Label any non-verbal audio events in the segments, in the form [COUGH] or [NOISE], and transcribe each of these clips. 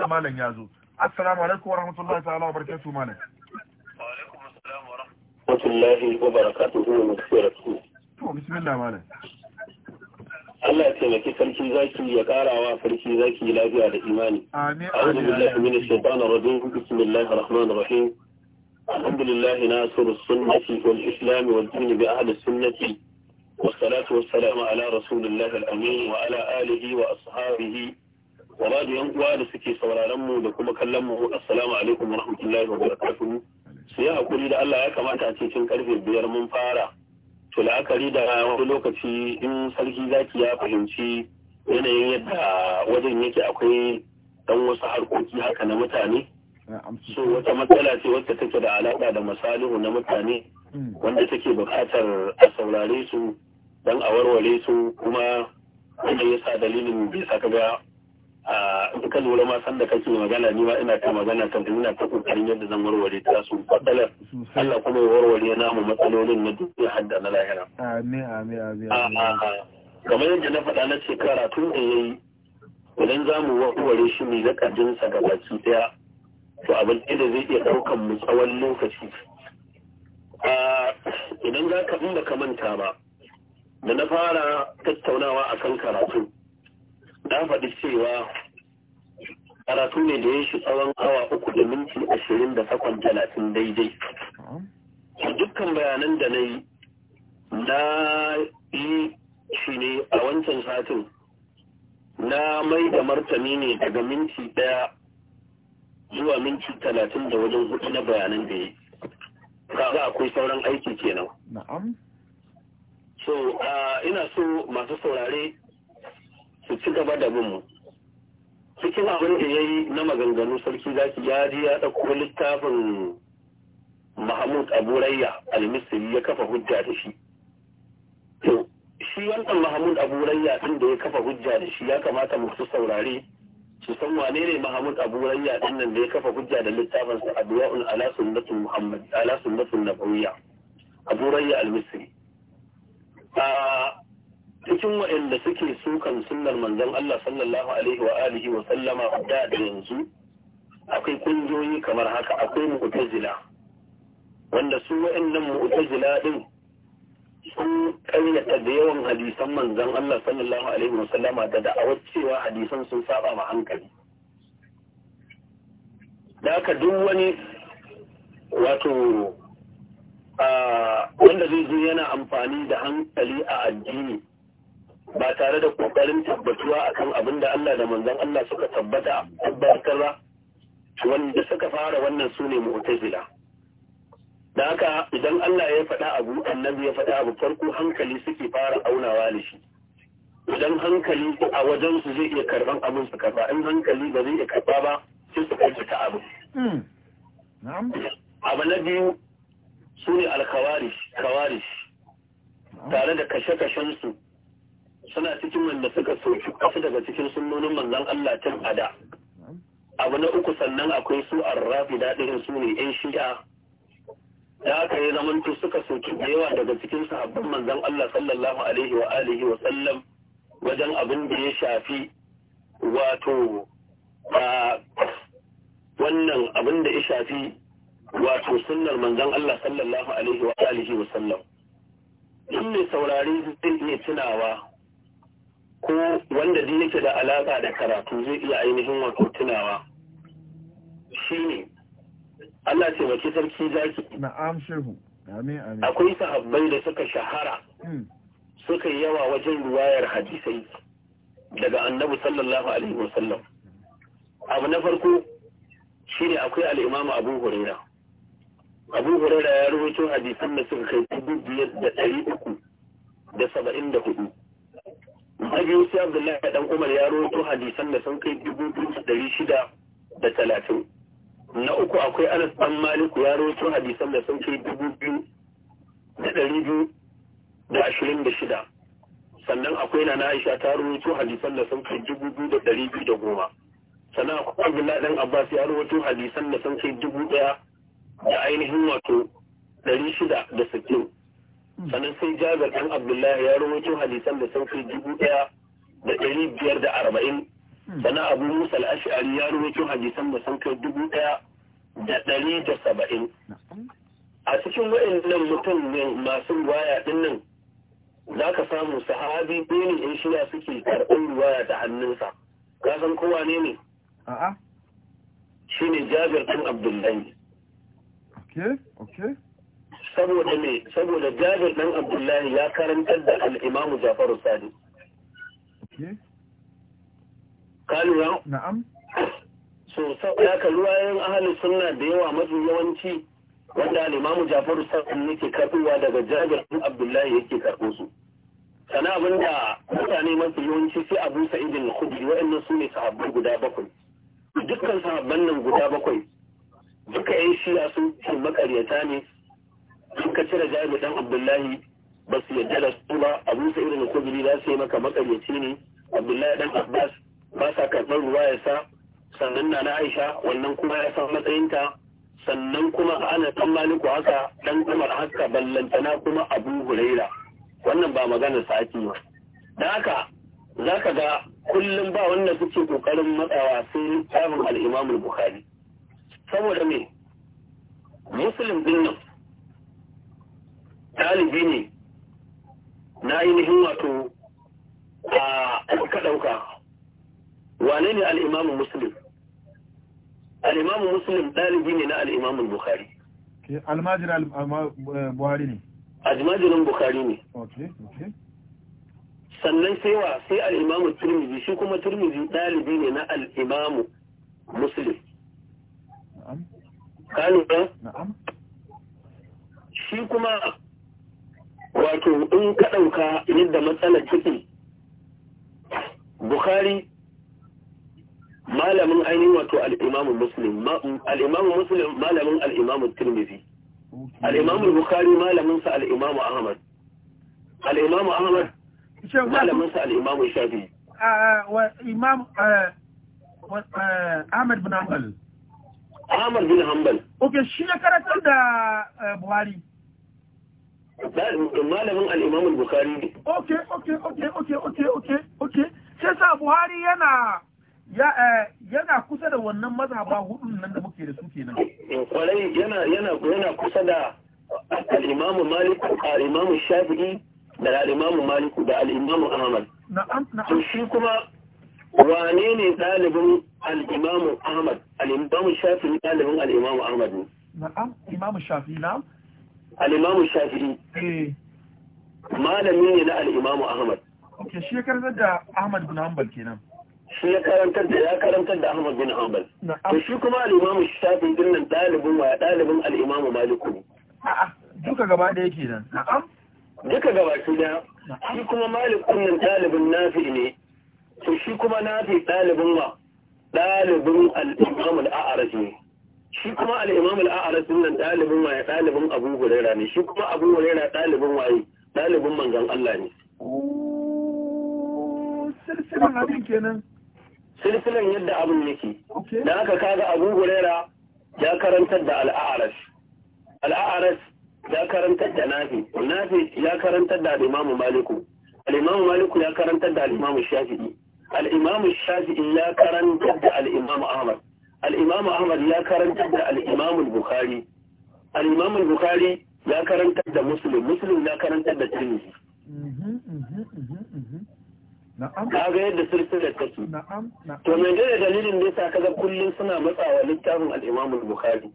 da malam ya zo assalamu alaikum wa rahmatullahi ta'ala wa barakatuhu malam wa Allah ya taimaki sarki zaki ya wa sarki zaki lafiya da imani. Amin. A'udhu billahi minash shaitanir rajim. Bismillahir rahmanir rahim. الحمد لله ناصر السنة والإسلام والدين بأهل السنة والصلاة والسلام على Amin. الله الأمين وعلى آله وأصحابه wa ba da uwa da suke sauraron mu da kuma kallon mu assalamu alaikum wa rahmatullahi wa barakatuhu su yi hakuri da Allah ya kamata a cikin karfe biyar mun fara to la'akari da wani lokaci in sarki zaki ya fahimci yanayin yadda wajen yake akwai dan wasu harkoki haka na mutane so wata matsala ce wacce take da alaƙa da masalihu na mutane wanda take buƙatar a saurare su dan a warware su kuma wanda ya sa dalilin bai saka ga in ka lura ma sanda kake magana ni ma ina ta magana kan da ina ta kokarin yadda zan warware ta su kwadala Allah kuma ya warware na mu matsalolin na duk hadda na lahira amin amin amin kamar yadda na faɗa na ce karatu da yayi idan za mu warware shi mu ga ga baki daya to abin da zai iya daukan mu tsawon lokaci idan za ka inda ka manta ba da na fara tattaunawa akan karatu na faɗi cewa karatu ne da ya shi tsawon awa uku da minti ashirin da sakon talatin daidai dukkan bayanan da na yi na yi shi ne a wancan satin na mai da martani ne daga minti ɗaya zuwa minti talatin da wajen hudu na bayanan da ya kaga akwai sauran aiki kenan so ah, ina so masu saurare su ci gaba da binmu cikin abin da ya yi na maganganu sarki zaki ya ji ya ɗauko littafin mahmud abu rayya al-misri ya kafa hujja da shi to shi wannan mahmud abu rayya ɗin da ya kafa hujja da shi ya kamata mu su saurare su san wane ne mahmud abu rayya ɗin nan da ya kafa hujja da littafin sa adwa'un ala sunnatul muhammad ala sunnatul nabawiyya abu rayya al-misri ah, cikin waɗanda suke sukan sunnar manzon Allah sallallahu alaihi wa alihi wa sallama da yanzu akwai kungiyoyi kamar haka akwai mu'tazila wanda su waɗannan mu'tazila din sun karyata da yawan hadisan manzon Allah sallallahu alaihi wa sallama da da'awar cewa hadisan sun saba ma hankali da haka duk wani wato wanda zai zo yana amfani da hankali a addini ba tare da kokarin tabbatuwa akan abin da Allah da manzon Allah suka tabbata tabbatar ba wanda suka fara wannan su ne mu'tazila da haka idan Allah ya faɗa abu annabi ya faɗa abu farko hankali suke fara aunawa da shi idan hankali a wajen su zai iya karban abin su karba in hankali ba zai iya karba ba sai su kai ta abu hmm. abu na biyu su ne alkawarish kawarish tare da kashe-kashen su suna cikin wanda suka soki kasu daga cikin sunnonin manzan Allah tun ada. abu na uku sannan akwai su arrafi daɗin su ne yan shi'a da aka yi zaman to suka soki da yawa daga cikin sahabban manzan Allah sallallahu alaihi wa alihi wa sallam wajen abin da ya shafi wato wannan abin da ya shafi wato sunnar manzan Allah sallallahu alaihi wa alihi wa sallam in ne saurari zai iya tunawa ko wanda duk yake da alaƙa da karatu zai iya ainihin wato tunawa ne. Allah ce wace sarki zaki na'am shehu akwai sahabbai da suka shahara hmm. suka yi yawa wajen ruwayar hadisai daga annabi sallallahu alaihi wasallam abu na farko shine akwai al-imam Abu Huraira Abu Huraira ya rubuto hadisan da suka kai dubu biyar da ɗari uku da saba'in da hudu na biyu abdullahi dan umar ya rawaito hadisan da sun kai dubu ɗari shida da talatin na uku akwai anas dan maliku ya rawaito hadisan da sun kai dubu biyu da ɗari biyu da ashirin da shida sannan akwai na aisha ta rawaito hadisan da sun kai dubu biyu da ɗari biyu da goma sannan akwai abdullahi dan abbas ya rawaito hadisan da sun kai dubu ɗaya da ainihin wato ɗari shida da sittin sannan sai jabir ɗan abdullahi ya rawaito hadisan da sun kai dubu ɗaya da ɗari biyar da arba'in sannan abu musa al'ashari ya rawaito hadisan da sun kai dubu ɗaya da ɗari da saba'in a cikin waɗannan mutum ne masu waya ɗin nan za ka samu sahabi ɗaya ne in shiya suke karɓar waya da hannunsa ka san kowa ne ne shi ne jabir ɗan abdullahi okay okay saboda me saboda jabir dan abdullahi ya karantar da al-imamu jafaru sadi ka lura na'am so ya ka ruwayoyin ahalin sunna da yawa mafi yawanci wanda al-imamu jafaru sadi yake karbuwa daga jabir dan abdullahi yake karbo su sana abinda mutane mafi yawanci sai abu sa'id al-khudri wa'annan su ne sahabbai guda bakwai dukkan sahabban nan guda bakwai duka yan shi'a sun ce makaryata ne in ka cire jami dan abdullahi ba su yadda da su ba abu sa irin kubiri za su yi maka makaryaci ne abdullahi dan abbas ba sa karɓar ruwa ya sa sannan na na aisha wannan kuma ya san matsayinta sannan kuma ana dan maliku haka dan kamar haka ballantana kuma abu huraira wannan ba magana sati ake ba da haka za ka ga kullum ba wanda suke kokarin matsawa sai littafin al'imamul bukhari saboda me muslim din nan ɗalibi ne na ainihin wato a ɗauka ɗauka wane ne al’imamun musulun al’imamun musulun ɗalibi ne na al'imamun bukari almajirin al’amari eh, ne almajirin bukari ne sannan sai wa sai al’imamun turmizi shi kuma turmizi ɗalibi ne na al'imamu muslim ka lura shi kuma wato in ka ɗauka yadda matsalar ciki bukhari malamin ainihin wato al'imamu muslim al'imamu muslim malamin al'imamu tirmidhi al'imamu bukhari malamin sa al'imamu ahmad al'imamu ahmad malamin sa al'imamu shafi uh, uh, imam uh, ahmad bin hanbal ahmad bin hanbal ok shi ne karatar da buhari malamin al al-Bukhari ne okay okay okay okay okay okay okay sai sa Buhari yana eh, yana kusa da wannan mazhaba hudun nan da muke da su kenan eh, kwarai yana yana yana kusa da al-Imam Malik al-Imam Shafi'i da al-Imam Malik da al-Imam Ahmad na'am na'am shi kuma wane ne ɗalibin al-Imam Ahmad al-Imam Shafi'i ɗalibin al-Imam Ahmad ne na'am Imam Shafi'i na'am alimamun shafi'i eh. malami ne na al'imamun ahmad ke shi ya karantar da ahmad bin hanbal kenan shi ya karantar da ya karantar da ahmad bin hanbal to shi kuma al'imamun shafi'i din nan dalibin wa dalibin al'imamun maliku ne duka gaba ɗaya kenan na'am duka gaba ɗaya shi kuma malikun nan dalibin nafi ne to shi kuma nafi dalibin wa dalibin al'imamun al'arashi ne shi kuma Al'imam imam sunan ɗalibin waye ɗalibin abu hurairah ne shi kuma abu hurairah ɗalibin waye ɗalibin mangan Allah ne silsilan abin kenan silsilan yadda abin yake da aka kaga abu hurairah ya karantar da al-a'ras ya karantar da nafi nafi ya karantar da al maliku al maliku ya karantar da al shafi'i al shafi'i ya karantar da al ahmad الإمام أحمد ahmad ya karantar da al bukhari al bukhari ya karantar da kaga mhm, mhm, mhm, yadda ta take to me ne dalilin da yasa kaga kullum suna matsawa littafin al-Imam al-Bukhari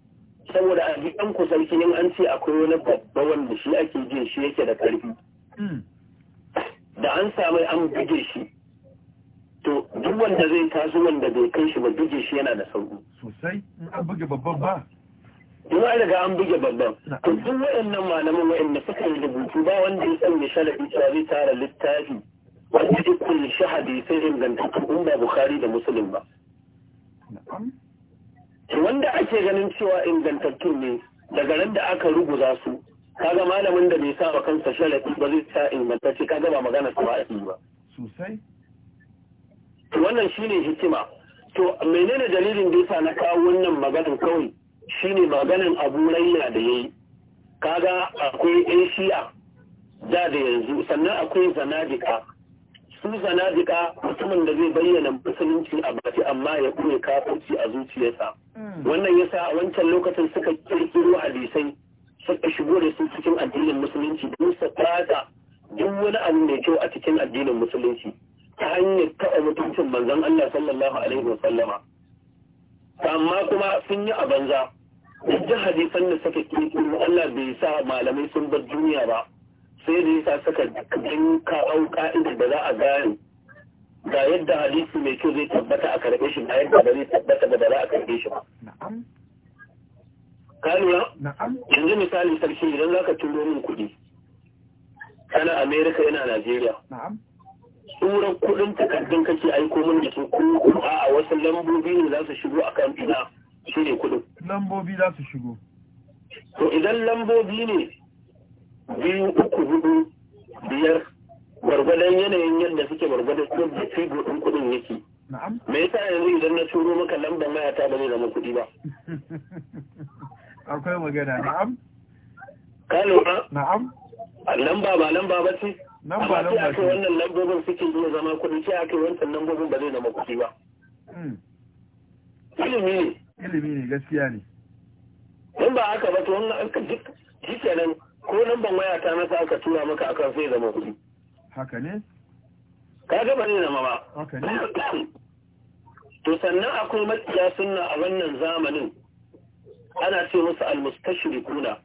saboda a gidan ku sarki in an ce akwai wani babba wanda shi ake jin shi yake da karfi mm. da an samu an buge shi to duk wanda zai taso wanda bai kai shi ba buge shi yana da sauƙi sosai in an buge babban ba in ai daga an buge babban to duk waɗannan malaman waɗanda suka yi rubutu ba wanda ya sanya sharaɗi cewa zai tara littafi wanda ya kunshi hadisai ingantattu in ba bukari da musulun ba wanda ake ganin cewa ingantattun ne daga ran da aka ruguza su kaga malamin da bai sa wa kansa sharaɗi ba zai sa ingantacce kaga ba magana su ba ba sosai wannan shine hikima to menene dalilin da yasa na kawo wannan maganan kawai shine maganan abu raina da yayi kaga akwai yan shi'a da da yanzu sannan akwai zanadika su zanadika mutumin da zai bayyana musulunci a baki amma ya kuma kafirci a zuciyarsa hmm. wannan yasa a wancan lokacin suka kirkiro hadisai suka shigo da su cikin addinin musulunci don su duk wani abu mai kyau a cikin addinin musulunci ta hanyar taɓa mutuncin manzon Allah sallallahu alaihi wa sallama amma kuma sun yi a banza duk hadisan da suka kirkiro Allah bai sa malamai sun bar duniya ba sai da yasa suka dan kawo ka'ida da za a gane ga yadda hadisi mai kyau zai tabbata a karɓe shi ga yadda ba zai tabbata ba da za a karɓe shi ba lura? Yanzu misali sarki idan za ka turo min kuɗi, kana Amerika yana Najeriya. tsoron kuɗin takardun kake aiko min da su ko kuma a wasu lambobi ne za su shigo a kan ina shi ne kudin. Lambobi za su shigo. To idan lambobi ne biyu uku hudu biyar gwargwadon yanayin yadda suke gwargwadon ko da figo ɗin kudin yake. Me yasa yanzu idan na turo maka lambar mayata ba zai zama kuɗi ba? [LAUGHS] Akwai magana na'am? Ka lura? Na'am. Lamba ba lamba ba ce? nan ba nan ba wannan lambobin suke iya zama kuɗi sai aka wancan lambobin ba zai zama kuɗi ba hmm. ilimi ne ilimi ne gaskiya ne in ba haka ba to wannan an ka nan ko nan ban waya ta nasa aka tura maka akan sai zama kuɗi haka ne ka ga ba zai zama ba haka ne [COUGHS] to sannan akwai makiya sunna a wannan zamanin ana ce musu almustashriquna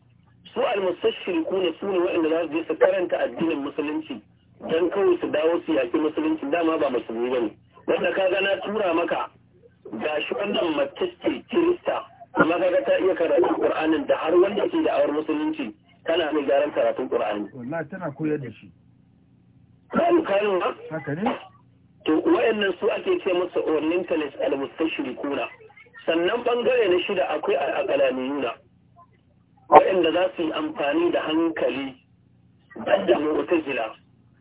su almustashriquna su ne waɗanda za su je su karanta addinin musulunci dan kawai su dawo su yaki musulunci dama ba musulmi bane wanda ka na tura maka shi wannan mace ce kirista amma ga ta iya karatun qur'anin da har wanda ke da awar musulunci tana mai garan karatun qur'ani wallahi tana koyar da shi kan kan haka ne to wayannan su ake ce musu orientalist al-mustashrikuna sannan bangare na shida akwai al-aqlaniyuna waɗanda za su yi amfani da hankali banda mu'tazila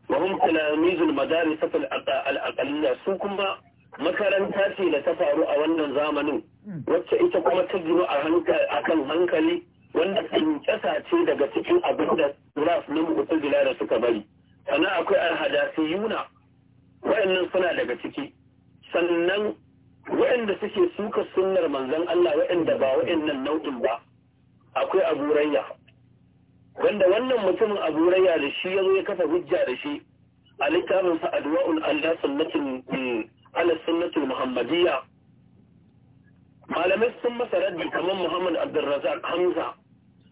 wa hum talamizul madaris al-aqaliyya su kuma makaranta ce da ta faru a wannan zamanin wacce ita kuma ta gino a kan hankali wanda kasa ce daga cikin abin da raf na mu'tazila da suka bari sannan akwai al-hadasiyuna waɗannan suna daga ciki sannan waɗanda suke suka sunnar manzon Allah waɗanda ba waɗannan nau'in ba akwai aburayya wanda wannan mutumin aburayya da shi ya zo ya kasa hujja da shi a littafinsa adwa'ul ala sunnatin eh, ala sunnatul muhammadiyya malamai sun masa raddi kamar muhammad abdurrazak hamza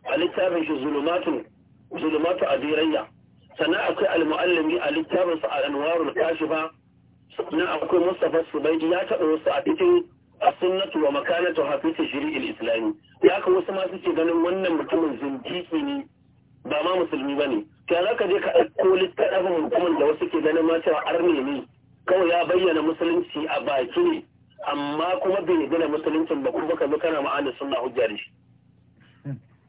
a littafin shi zulumatu zulumatu adirayya sannan akwai almuallimi a littafinsa al anwarul kashifa sannan akwai mustafa subaidi ya taɓa wasu a cikin a sunnatu wa makanatu hafi tashri'il islami ya ka wasu ma suke ganin wannan mutumin zindiki ne ba ma musulmi ne ka za ka je ka ɗauko ɗafin hukumar da wasu ke ganin ma cewa arne ne kawai ya bayyana musulunci a baki ne amma kuma bai gina musuluncin ba kuma ka zo kana ma'ana sunna hujja da shi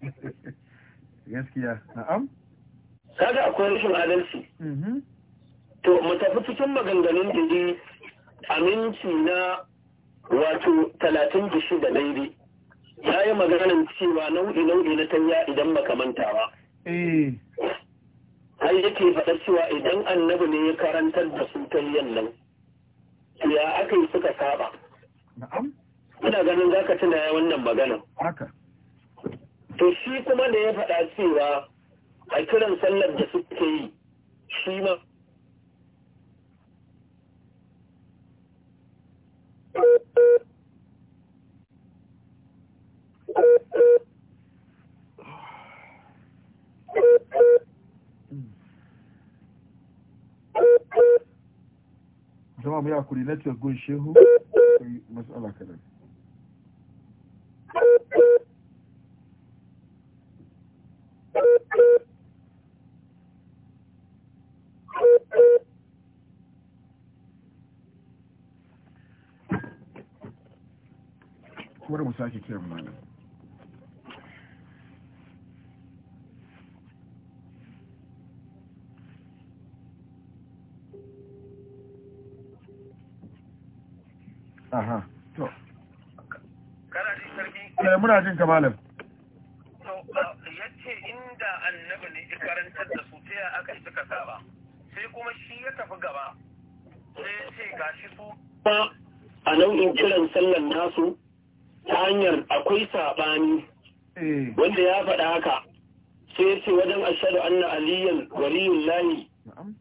[LAUGHS] gaskiya na'am kaga akwai rashin adalci mm-hmm. to mu tafi cikin maganganun da aminci na wato talatin da shida daidai ya yi maganin cewa nau'i nau'i na tanya idan makamantawa har eh. yake faɗa cewa idan annabi ne ya karantar da su tanyan nan ya aka yi suka saba ina ganin za ka tuna ya wannan magana to shi kuma da ya faɗa cewa a kiran sallar da suke yi shi ma zama mai hakuri na gun shehu matsala kadan bari mu sake kiran malam aha to kana jin sarki eh, muna jin ka malam to yace inda annabi ne ya da su ta aka yi suka saba sai kuma shi ya tafi gaba sai ya ce gashi su a nau'in kiran sallan nasu ta hanyar akwai saɓani eh. wanda ya faɗa haka sai ce wajen ashadu anna aliyan waliyun lahi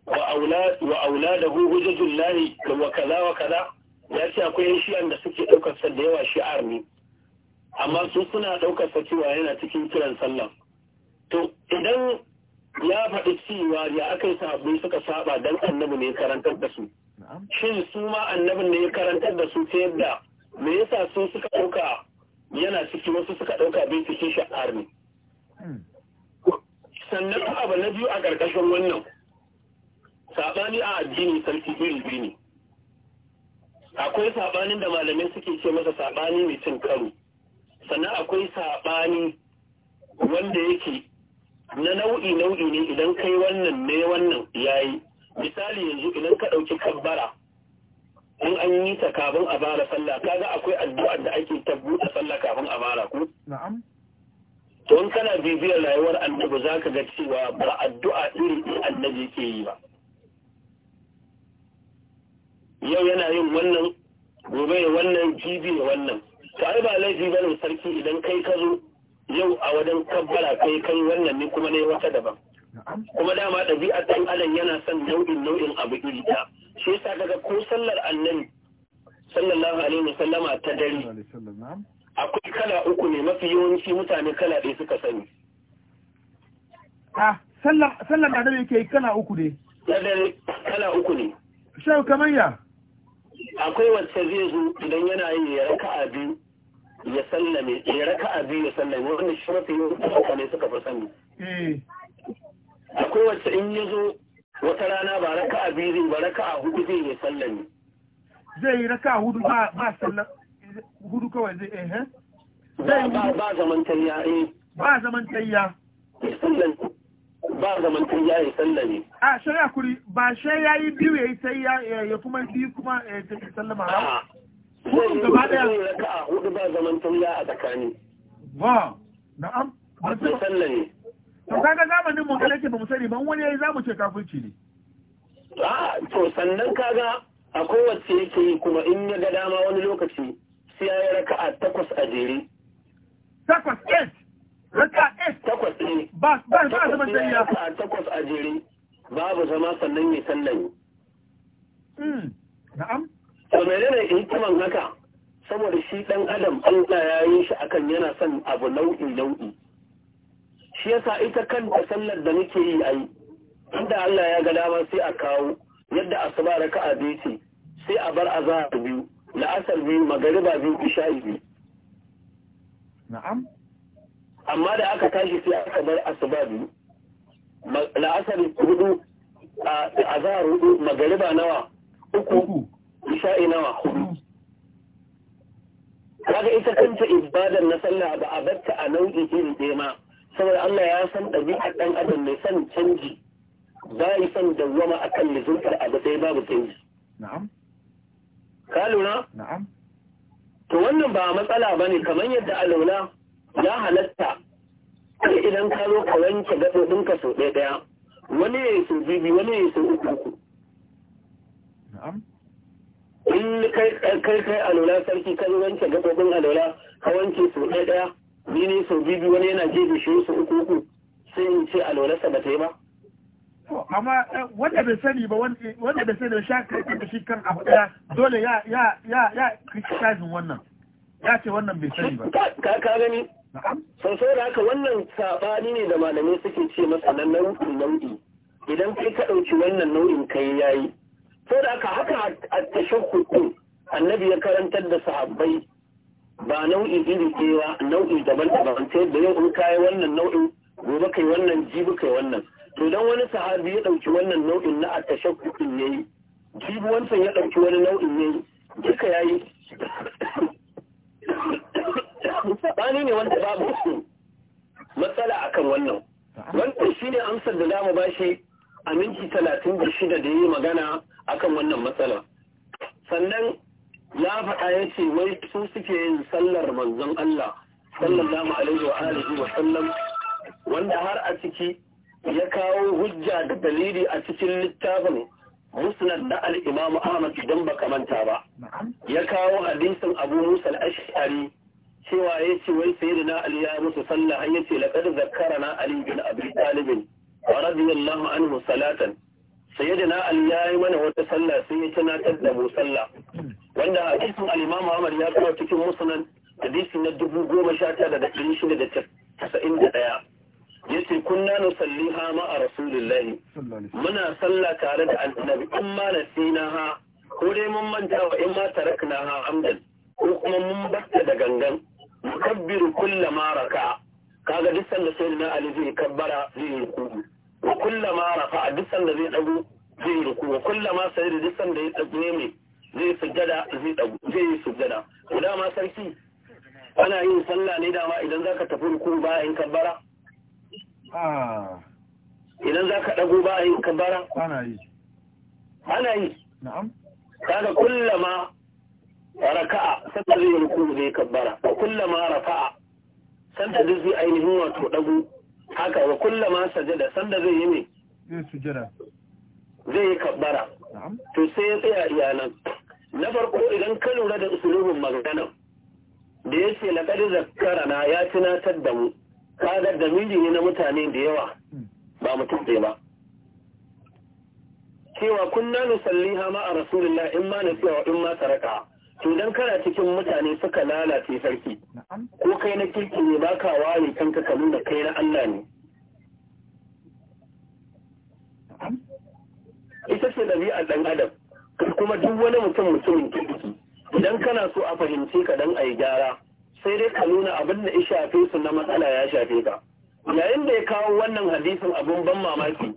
wa da hujjajun lahi wa kaza wa kaza ya ce akwai shi'an da suke ɗaukar da yawa shi'ar ne amma su suna ɗaukar sa cewa yana cikin kiran sallah to idan ya faɗi cewa ya aka yi sahabbai suka saba dan annabi ne ya karantar da su shin su ma annabin ne ya karantar da su ta yadda me yasa su suka ɗauka yana ciki wasu suka ɗauka bai cikin sha'ar ne hmm. sannan abu na biyu a ƙarƙashin wannan saɓani a addini sarki iri biyu ne akwai saɓanin da malamai suke ce masa saɓani mai cin karo sannan akwai saɓani wanda yake na nau'i nau'i ne idan kai wannan ne wannan yayi misali yanzu idan ka ɗauki kabbara in an yi ta kafin a fara sallah kaga akwai addu'ar da ake ta buɗe sallah kafin a fara ku na'am to in kana bibiyar rayuwar annabi zaka ga cewa ba addu'a irin annabi ke yi ba yau yana yin wannan gobe ya wannan jibi ya wannan ai ba laifi ba ne sarki idan kai ka zo yau a wajen kabbala kai kai wannan ne kuma ne wata daban kuma dama ɗabi'ar ɗan adam yana son nau'in nau'in abu iri ta shi yasa daga ko sallar annabi sallallahu alaihi sallama ta dare akwai kala uku ne mafi yawanci mutane kala ɗaya suka sani ah sallar sallar da dare yake kala uku ne na dare kala uku ne shau kamar ya akwai wacce zai zo idan yana yin ya raka'a biyu ya sallame ya raka'a biyu ya sallame wanda shi mafi yawanci mutane suka fi sani eh. akwai wacce in ya zo wata rana ba raka a biyu ba raka a hudu zai yi sallami zai yi raka a hudu ba sallan hudu kawai zai eh, eh. ba zaman tayya eh ba zaman tayya ba zaman tayya ya sallame a shari'a kuri ba shi ya yi biyu ya yi sai ya kuma biyu kuma ya eh, yi sallama ba zai gaba raka a hudu ba zaman tayya a tsakani ba na'am ba sallame to kaga zamanin mu kalake ba mu sani ban wani yayi zamu ce kafirci ne a to sannan kaga akwai wacce yake kuma in ya ga dama wani lokaci sai ya yi raka'a takwas a jere takwas eight raka'a eight takwas ne ba ba ba zama da ya takwas a jere babu zama sannan ya sallani mm na'am to menene hikiman haka saboda shi dan adam Allah ya yi shi akan yana son abu nau'i nau'i shi yasa ita kanta sallar da nake yi ai inda Allah ya ga dama sai a kawo yadda asuba raka'a biyu ce sai a bar azhar biyu la'asar biyu magariba biyu isha'i biyu na'am amma da aka tashi sai aka bar asuba biyu la'asar hudu azhar hudu magariba nawa uku isha'i nawa hudu kaga ita kanta ibadar na sallah ba a batta a nau'i iri ɗaya ma saboda Allah ya san ɗabi'ar ɗan adam mai son canji ba yi son zama a kan lizuntar abu sai babu canji. Na'am. Ka lura? Na'am. To wannan ba matsala ba ne kamar yadda a lura ya halatta idan ka zo ka wanke ka sau ɗaya ɗaya wani ya yi sau bibi wani ya yi sau uku uku. Na'am. In kai kai lura sarki ka zo wanke gaɓoɓin lura ka wanke sau ɗaya ɗaya ni ne sau biyu wani yana jefe shi su uku uku sai in ce alwalarsa ba ta yi ba amma eh, wanda bai sani ba wanda bai sani ba sha kai da shi kan abu daya dole ya ya ya ya kritikajin wannan ya ce wannan bai sani ba ka ka gani sau sau da haka wannan sabani ne da malamai suke ce masa na nau'in nau'i idan kai ka ɗauki wannan nau'in kai yayi sau da haka haka a hukun annabi ya karantar da sahabbai ba nau'in iri ɗaya nau'i daban-daban ta yadda yau in kayi wannan nau'in gobe kai wannan jibi kai wannan to dan wani sahabi ya ɗauki wannan nau'in na a tashakkukin ya yi jibi wancan ya ɗauki wani nau'in ya yi duka ya yi saɓani ne wanda babu matsala akan wannan wannan shine amsar da za mu bashi a minti talatin da shida da yi magana akan wannan matsala sannan ya faɗa ya ce wai su suke yin sallar manzon Allah sallallahu alaihi wa alihi wa sallam wanda har a ciki ya kawo hujja da dalili a cikin littafin musnad da al-Imam Ahmad idan baka manta ba ya kawo hadisin Abu Musa al-Ash'ari cewa ya ce wai sayyidina Ali ya musu sallah an yace laqad zakkarana Ali bin Abi Talib radiyallahu anhu salatan na ali ya yi mana wata sallah sai ya tunatar da mu sallah wanda hadisin al-imam Ahmad ya kawo cikin musnad hadisi na dubu goma sha da da casa'in kunna na salli ha a rasulullahi muna sallah tare da annabi in ma na sina ha ko dai mun manta wa in ma tarakna ha amdan ko kuma mun batta da gangan mukabbiru kulla ma raka kaga duk sanda sai na ali zai kabbara zai yi kudu wa kulla ma rafa dukkan da zai dagu zai ruku wa kulla ma sai da dukkan da ya dago ne zai sujjada zai dagu zai sujjada ko dama sarki ana yin sallah ne dama idan zaka tafi ruku ba in kabbara ah. idan zaka dagu ba in kabbara ana yi ana yi na'am kaga ma raka'a sai zai ruku zai kabbara wa ma rafa'a sanda zai ainihin wato dagu. haka wa ma sajada sanda zai yi ne zai yi kabbara to sai ya tsaya iyalan na farko idan ka lura da usulubin magana da ya ce laƙari zakara na ya tunatar da mu kaga da miji ne na mutane da yawa ba mutum zai ba cewa kunna nusalliha ma a rasulullah in ma na cewa in ma saraka to dan kana cikin mutane suka lalace sarki ko kai na kirki ne ba ka ware kanka ka nuna kai na Allah ne ita ce ɗabi'ar ɗan adam kuma duk wani mutum mutumin kirki idan kana so a fahimce ka dan ayi yi gyara sai dai ka nuna abin da ya shafe su na matsala ya shafe ka yayin da ya kawo wannan hadisin abin ban mamaki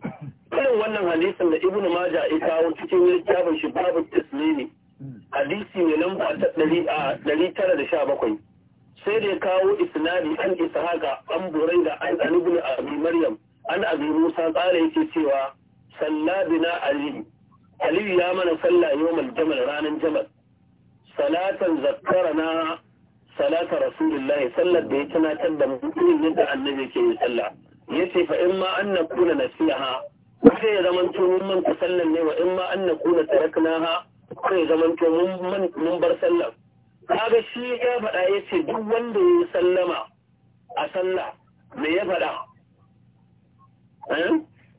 irin wannan hadisin da ibnu maja ya kawo cikin littafin shi babu taslimi hadisi mai lamba ta ɗari tara da sha bakwai sai da ya kawo isnadi an isa haka. an da an ibn abi maryam an abu musa tsara yake cewa sallabina Aliyu." Aliyu ya mana sallah yawmal jamal ranan jamal salatan zakkara zakkarana salata rasulullahi sallar da ya tunatar da mutumin yadda annabi ke yi sallah Ya ce fa in ma an na nakuna nasiha ko sai ya zama mun manta sallan ne wa in ma an na nakuna ha?" Kawai zaman to mun bar sallah kaga shi ya faɗa ya ce duk wanda ya sallama a sallah me ya faɗa eh?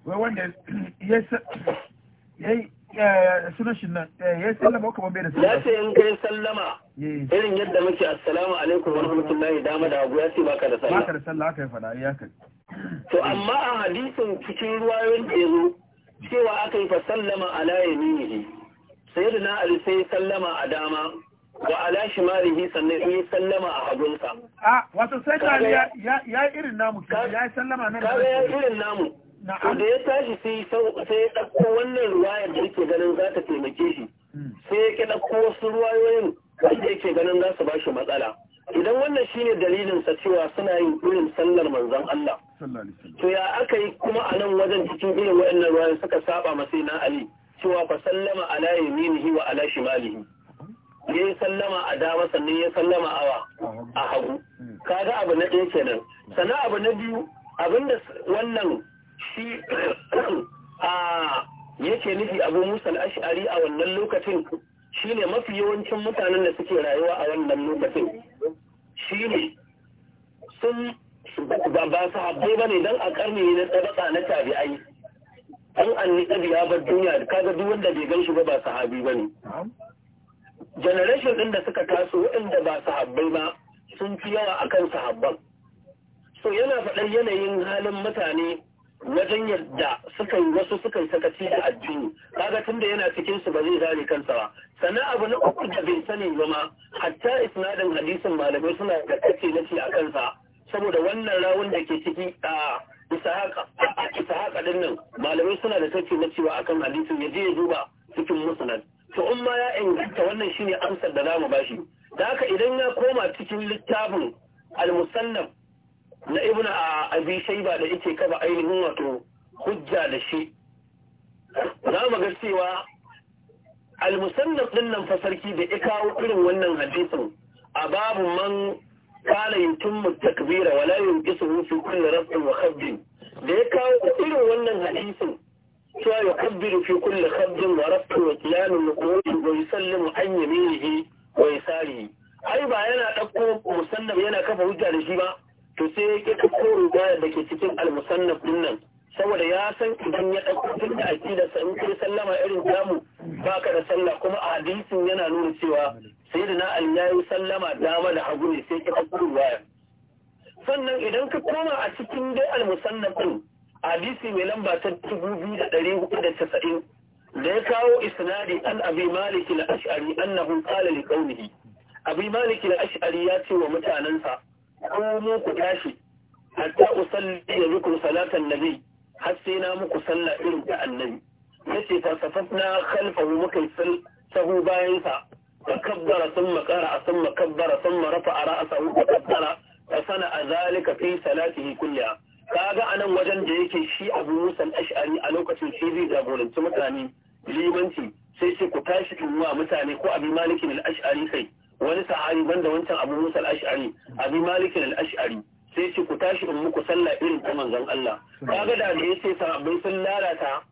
wai wanda ya shi nan eh, ya sallama kuma bai da sallama ya ce in ka yi sallama eh. irin yadda muke assalamu alaikum wa rahmatullahi dama da abu ya ce baka da sallah baka da sallah aka yi faɗa ya kai to amma a hadisin cikin ruwayoyin da ya zo cewa aka yi fa sallama ala yaminihi sayyidina ali sai sallama a dama wa ala shimalihi sannan in sallama a hagunsa a wato sai ka ya irin namu ya sallama nan kaga ya irin namu da ya tashi sai sai ya dauko wannan ruwayar da yake ganin za ta taimake shi hmm. sai ya dauko wasu ruwayoyin wanda yake ganin za su ba shi matsala idan wannan shine dalilin sa cewa suna yin irin sallar manzon Allah to ya aka yi kuma a nan wajen cikin irin waɗannan ruwayoyin suka saba masai na Ali cewa fa sallama ala yaminihi wa ala shimalihi ya yi sallama a dama sannan ya sallama awa a hagu kaga abu na ɗaya kenan sannan abu na biyu abinda wannan shi [CLEARS THROAT] a yake nufi abu musa al'ashari a wannan lokacin shine mafi yawancin mutanen da suke rayuwa a wannan lokacin shine sun ba su ba ne don a karni na tsabata na tabi'ai an ɗabi ya bar duniya da kaga duk wanda bai gan shi ba ba sahabi ba ne generation ɗin da suka taso waɗanda ba sahabbai ba sun fi yawa akan sahabban so yana faɗar yanayin halin mutane wajen yadda suka yi wasu suka yi sakaci da addini kaga tun da yana cikin su ba zai zare kansa ba sannan abu na uku da bai sani ba ma hatta isnadin hadisin malamai suna da kace na ci a kansa saboda wannan rawun da ke ciki a haka din nan malamai suna da take na cewa akan hadisin ya je ya duba cikin musnad to in ma ya inganta wannan shine amsar da zamu bashi da haka idan ya koma cikin littafin al-musannaf na ibn abi shayba da yake kafa ainihin wato hujja da shi za mu ga cewa al-musannaf din nan fa sarki da ya kawo irin wannan hadisin a babu man قال يتم التكبير ولا ينقصه في كل رفع وخفض da ya kawo irin wannan hadisin cewa ya kabbiru fi kulli khabdin wa rafu wa qiyamin nuqul wa yusallimu an yaminihi wa yasarihi ai ba yana ɗauko musannaf yana kafa hujja da shi ba to sai ya ki ɗauko riwayar da ke cikin al dinnan. nan saboda ya san idan ya ɗauko tun da aƙida sa in kai sallama irin tamu baka da sallah kuma a hadisin yana nuna cewa sai da na yi sallama dama da hagu ne sai ka ɗauko baya sannan idan ka koma a cikin dai almusannafin hadisi mai lamba ta dubu biyu da ɗari hudu da casa'in da ya kawo isnadi an abi maliki na ash'ari annahu qala li qaumihi abi maliki na ash'ari ya ce wa mutanansa ko mu ku tashi hatta usalli bikum salatan nabi har sai na muku sallah irin ta annabi yace fasafat na khalfahu muka sahu bayan sa kabbara thumma qara'a thumma kabbara thumma rafa'a ra'sahu wa kabbara fa sana'a zalika fi salatihi kulliha kaga anan wajen da yake shi Abu Musa al-Ash'ari a lokacin shi zai jagoranci mutane limanci sai sai ku tashi wa mutane ko Abi Malik al-Ash'ari kai wani sahabi banda wancan Abu Musa al-Ash'ari Abi Malik al-Ash'ari sai ce ku tashi in muku sallah irin ta manzon Allah kaga da da yace sahabbai sun lalata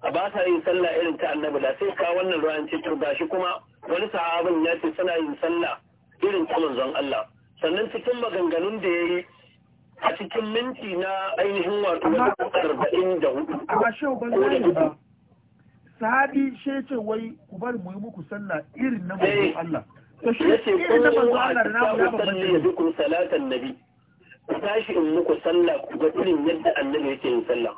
a ba sa yin sallah irin ta annabi da sai ka wannan ruwan ce to gashi kuma wani sahabin ya ce suna yin sallah irin ta manzon Allah sannan cikin maganganun da yayi a cikin minti na ainihin wato arba'in da hudu amma shehu ban gane ba sahabi shi ce wai ku bari mu yi muku sallah irin na manzon eh. Allah to shi irin na manzon Allah da na ku ya babban salatan nabi ku tashi in muku sallah ku ga irin yadda annabi yake yin sallah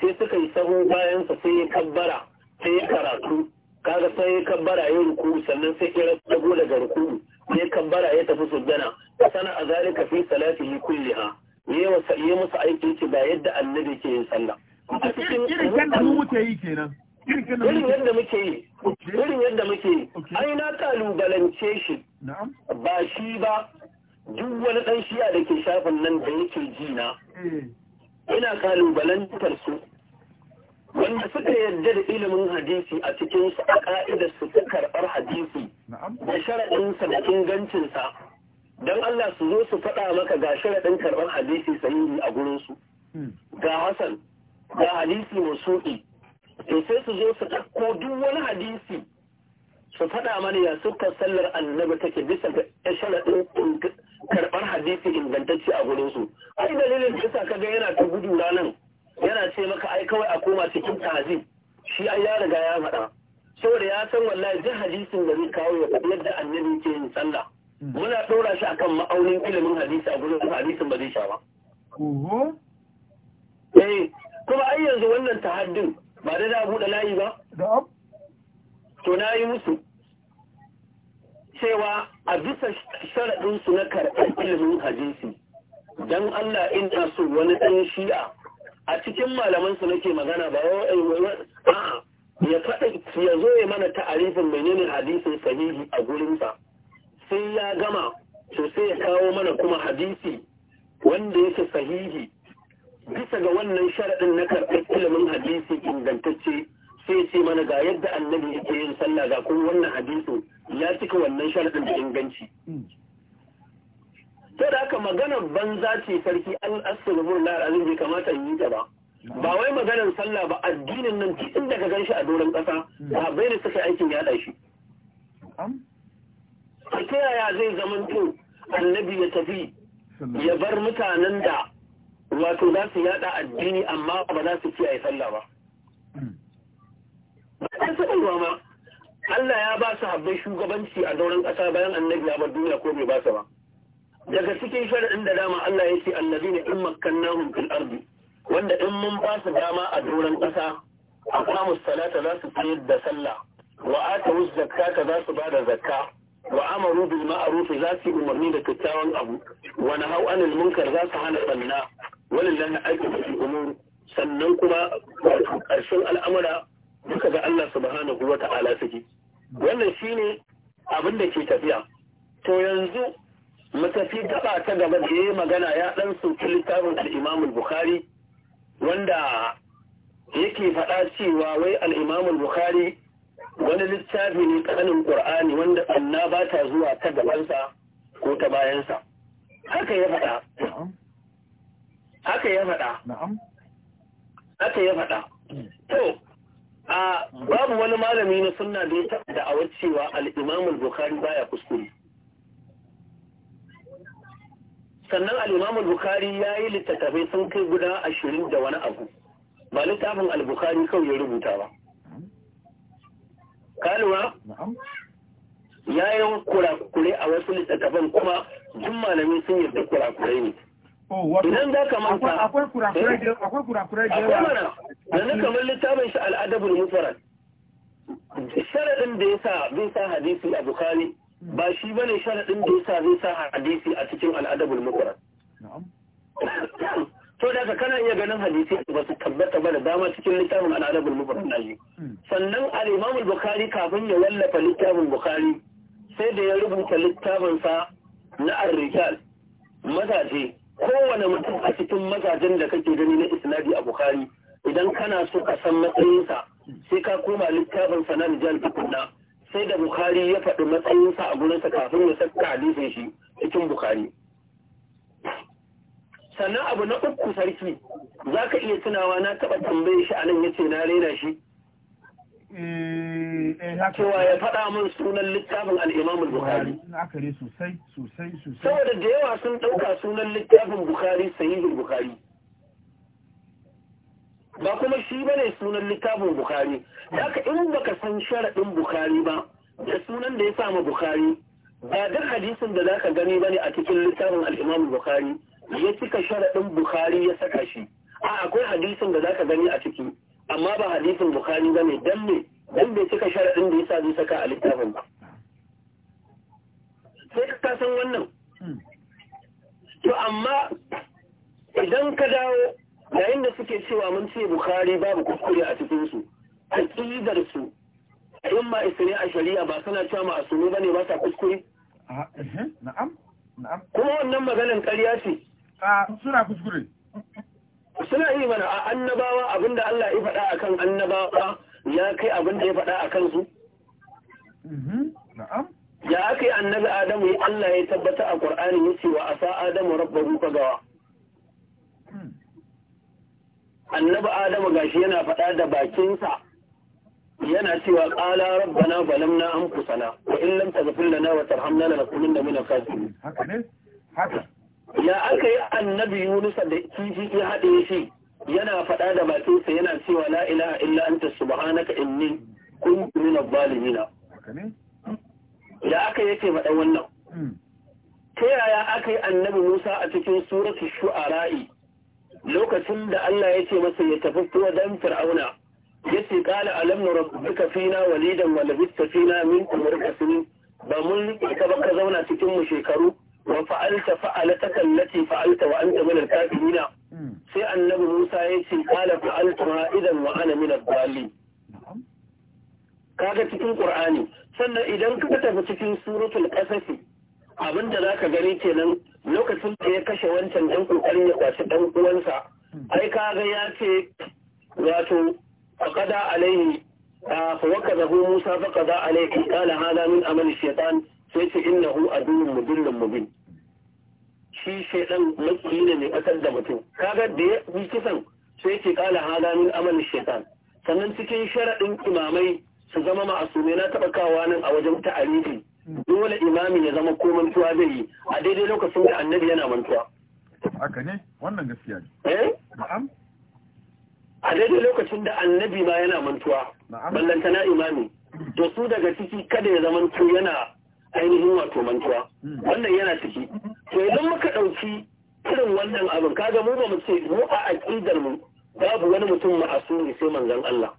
sai suka yi sahu bayan sa sai ya kabbara sai ya karatu kaga sai ya kabbara ya ruku sannan sai ya rago daga ruku sai kabbara ya tafi sujjana sana a zalika fi salatihi kulliha ya musu aiki ce ba yadda annabi yake yin sallah irin yadda mu muke yi kenan irin yadda muke yi irin yadda muke yi ai na kalubalance shi ba shi ba duk wani ɗan shiya da ke shafin nan da yake jina eh. ina kalubalantar su wanda suka yarda da ilimin hadisi a cikin su a ka'idar su ta karɓar hadisi da sharaɗinsa da ingancinsa don Allah su zo su faɗa maka ga sharaɗin karɓar hadisi sahihi a gurinsu hmm. ga Hassan ga hadisi masu'i to sai su zo su ɗauko duk wani hadisi su faɗa mana ya suka sallar annabi take bisa ga sharaɗin karɓar hadisi ingantacce a gurin su ai dalilin da yasa kaga yana ta gudu ranan yana ce maka ai kawai a koma cikin tazi shi ai ya riga ya faɗa saboda ya san wallahi duk hadisin da zai kawo ya faɗi yadda annabi ke yin sallah muna ɗora shi akan ma'aunin ilimin hadisi a gurin hadisin ba zai sha ba eh kuma ai yanzu wannan tahaddin ba da da buɗe layi ba to na yi musu cewa a bisa sharaɗinsu na karɓar ilimin hadisi don Allah ina so wani ɗan shi'a a cikin malamansu nake magana ba ya faɗa ya zo ya mana ta'arifin menene hadisin sahihi a gurinsa sai ya gama to sai ya kawo mana kuma hadisi wanda yake sahihi bisa ga wannan sharaɗin na karɓar ilimin hadisi ingantacce sai ce mana ga yadda annabi yake yin sallah ga kuma wannan hadisin ya cika wannan sharadin da inganci to da aka maganar banza ce sarki an asirur la azim bai kamata yi ta ba ba wai maganar sallah ba addinin nan duk inda ka ganshi a doron kasa ba bai da suka aikin yada shi ta yaya zai to annabi ya tafi ya bar mutanen da wato za su yada addini amma ba za su kiyaye sallah ba hmm. an sadarwa ma Allah ya ba su habbai shugabanci a dauran ƙasa bayan annabi ya bar duniya ko bai ba su ba daga cikin sharaɗin da dama Allah ya ce ne in makkannahum fil ardi wanda in mun ba su dama a doron ƙasa aqamu salata za su tsayar da sallah wa atu zakata za su bada zakka wa amaru bil ma'ruf za su umarni da kyakkyawan abu wa nahau anil munkar za su hana banna walillahi aqibu al umur sannan kuma wato ƙarshen al'amura duka ga Allah subhanahu wa ta'ala suke wannan shine abin da ke tafiya to yanzu mu tafi gaba ta gaba da yayi magana ya dan soki littafin al-Imam bukhari wanda yake faɗa cewa wai al-Imam bukhari wani littafi ne kanin Qur'ani wanda Allah ba ta zuwa ta gabansa ko ta bayansa haka ya faɗa haka ya faɗa haka ya faɗa to a babu wani malami na sunna da ya taɓa awar cewa al al-Bukhari baya kuskure sannan al-Imam al-Bukhari yayi littattafai sun kai guda ashirin da wani abu ba littafin al-Bukhari kawai ya rubuta ba kaluwa ya yi kurakure a wasu littattafan kuma jin malamai sun yarda kurakurai ne Oh, idan za ka manta akwai kurakurai da akwai kurakurai da akwai mana yanzu kamar littafin shi al'adabul mufarad sharadin da yasa zai sa hadisi a bukhari ba shi bane sharadin da yasa zai sa hadisi a cikin al'adabul mufarad na'am to da kana iya ganin hadisi ba su tabbata ba da dama cikin littafin al'adabul mufarad na shi hmm. sannan al-imam al-bukhari kafin ya wallafa littafin bukhari sai da ya rubuta littafinsa na ar-rijal mazaje kowane mutum a cikin mazajen da kake gani na isnadi a bukhari idan kana so ka san matsayinsa sai ka koma littafin sana rijal tukunna sai da bukhari ya faɗi matsayinsa a gurinsa kafin ya saka hadisin shi cikin bukhari sannan abu na uku sarki za ka iya tunawa na taɓa tambaye shi a nan ya ce na raina shi Eh, eh, cewa ya faɗa min sunan littafin al'imam al akare sosai sosai sosai saboda da yawa sun ɗauka sunan littafin bukhari sahihul bukhari ba kuma shi bane sunan littafin buhari haka in baka san sharaɗin buhari ba da sunan da ya sama buhari ba duk hadisin da zaka gani ne a cikin littafin al-imam ya cika sharaɗin buhari ya saka shi a akwai hadisin da zaka gani a ciki amma ba hadisin bukari ba ne dan me dan me cika sharaɗin da yasa zai saka a littafin ba sai ka san wannan hmm. to amma idan ka dawo yayin da suke cewa mun ce bukari babu kuskure a cikin su aqidar su in ma isne a shari'a ba suna cewa ma asumi bane ba sa kuskure ah, eh, eh, na'am na'am kuma wannan maganar ƙarya ce ah, suna kuskure suna yi mana a annabawa abinda Allah ya faɗa akan annabawa ya kai abinda ya faɗa a kansu? Mhm, ya aka yi annabi Adamu ya Allah ya tabbata a ya ce wa a sa Adamu ruka gawa? Hmm. annabi Adamu gashi yana faɗa da bakinsa yana cewa balam rabbana an kusana wa in lam na lana wa tarhamna lanakunanna minal kasu. haka ne haka ya aka yi annabi yunusa da kifi ya haɗe shi yana faɗa da bakinsa yana cewa la ilaha illa anta subhanaka inni kuntu min adh-dhalimin ya aka yake faɗa wannan hmm. ta yaya aka yi annabi Musa a cikin suratu shu'ara'i lokacin da Allah ya ce masa ya tafi wajen fir'auna ya ce qala alam nurabbika fina walidan wa labista fina min umrika ba mun ka zauna cikin mu shekaru wa fa'alta fa'alataka allati fa'alta wa anta min al-kafirin sai annabi Musa ya ce qala fa'altu kaga cikin Qur'ani sannan idan ka tafi cikin suratul qasas abinda zaka gani kenan lokacin da ya kashe wancan dan kokarin ya kwaci dan uwansa ai kaga ya ce wato faqada alaihi fa wakazahu Musa faqada alaihi qala hada min amali shaytan sai ce a aduwwun mudillun mubin shi shaidan makiyi ne mai kasar da mutum kaga da ya yi kisan sai ce kala hada min amal shaitan sannan cikin sharaɗin imamai su zama ma'asumai na taɓa kawa nan a wajen ta'arifi dole imami ya zama ko mantuwa zai yi a daidai lokacin da annabi yana mantuwa haka ne wannan gaskiya ne eh a daidai lokacin da annabi ma yana mantuwa ballantana imami da su daga ciki kada ya zama yana ainihin wato mantuwa hmm. wannan yana ciki to idan muka ɗauki irin wannan abin kaga mu ba mu ce mu a aqidar mu babu wani mutum ma ma'asumi sai manzon Allah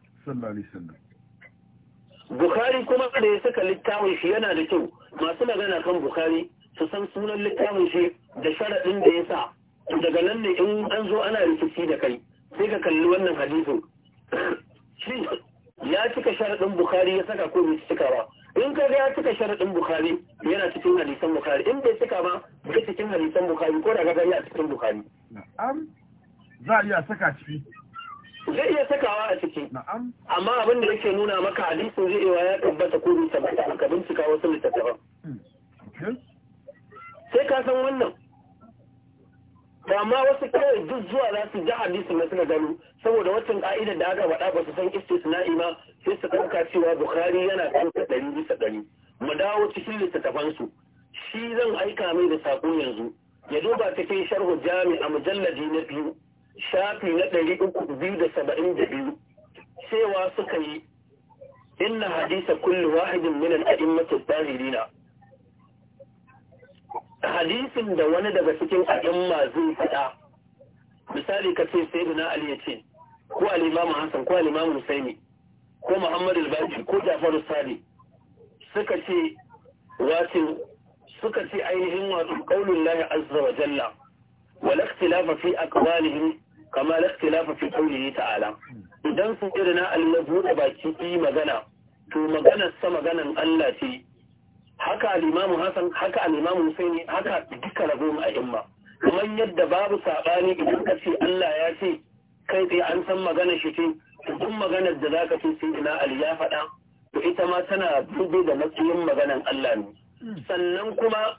Bukhari kuma da ya saka littafin shi yana da kyau masu magana kan Bukhari su san sunan littafin shi da sharaɗin da ya sa daga nan ne in an zo ana rikici da kai sai ka kalli wannan hadisin shi ya cika sharaɗin Bukhari ya saka ko bai cika ba in ka ga cika sharaɗin bukari yana cikin hadisan bukari in bai cika ba bai cikin hadisan bukari ko da gagari a cikin bukari na'am za a iya saka ciki zai iya sakawa a ciki na'am amma abin da yake nuna maka hadisin zai iya ya tabbata ko bai tabbata ka bincika wasu littattafan hmm. sai ka san wannan to amma wasu kawai duk zuwa za su ji hadisi na suna gano saboda wacin ka'idar da aka faɗa ba su san suna ima sai su ɗauka cewa bukari yana ɗauka ɗari bisa ɗari mu dawo cikin littattafan su shi zan aika mai da saƙo yanzu ya duba ta kai sharhu jami a mujalladi na biyu shafi na ɗari uku biyu da saba'in da biyu cewa suka yi inna hadisa kulli wahidin minan aimmatu zahirina hadisin da wani daga cikin a'imma zai faɗa misali ka ce sai na ali ya ce ko al'imamu hassan ko al'imamu husaini ko muhammad al ko jafaru sadi suka ce wato suka ce ainihin wato qaulul lahi azza wa jalla wal ikhtilafa fi aqwalihim kama la ikhtilafa fi qawlihi ta'ala idan sun irina al-mazhud baki magana to maganar sa maganan Allah ce haka al'imamu Hassan haka al'imamu Husaini haka duka rabo a'imma kamar yadda babu saɓani idan ka ce Allah ya ce kai tsaye an san magana shi ce duk maganar da zaka ce sai ina Ali ya faɗa to ita ma tana dubi da matsayin maganan Allah ne sannan kuma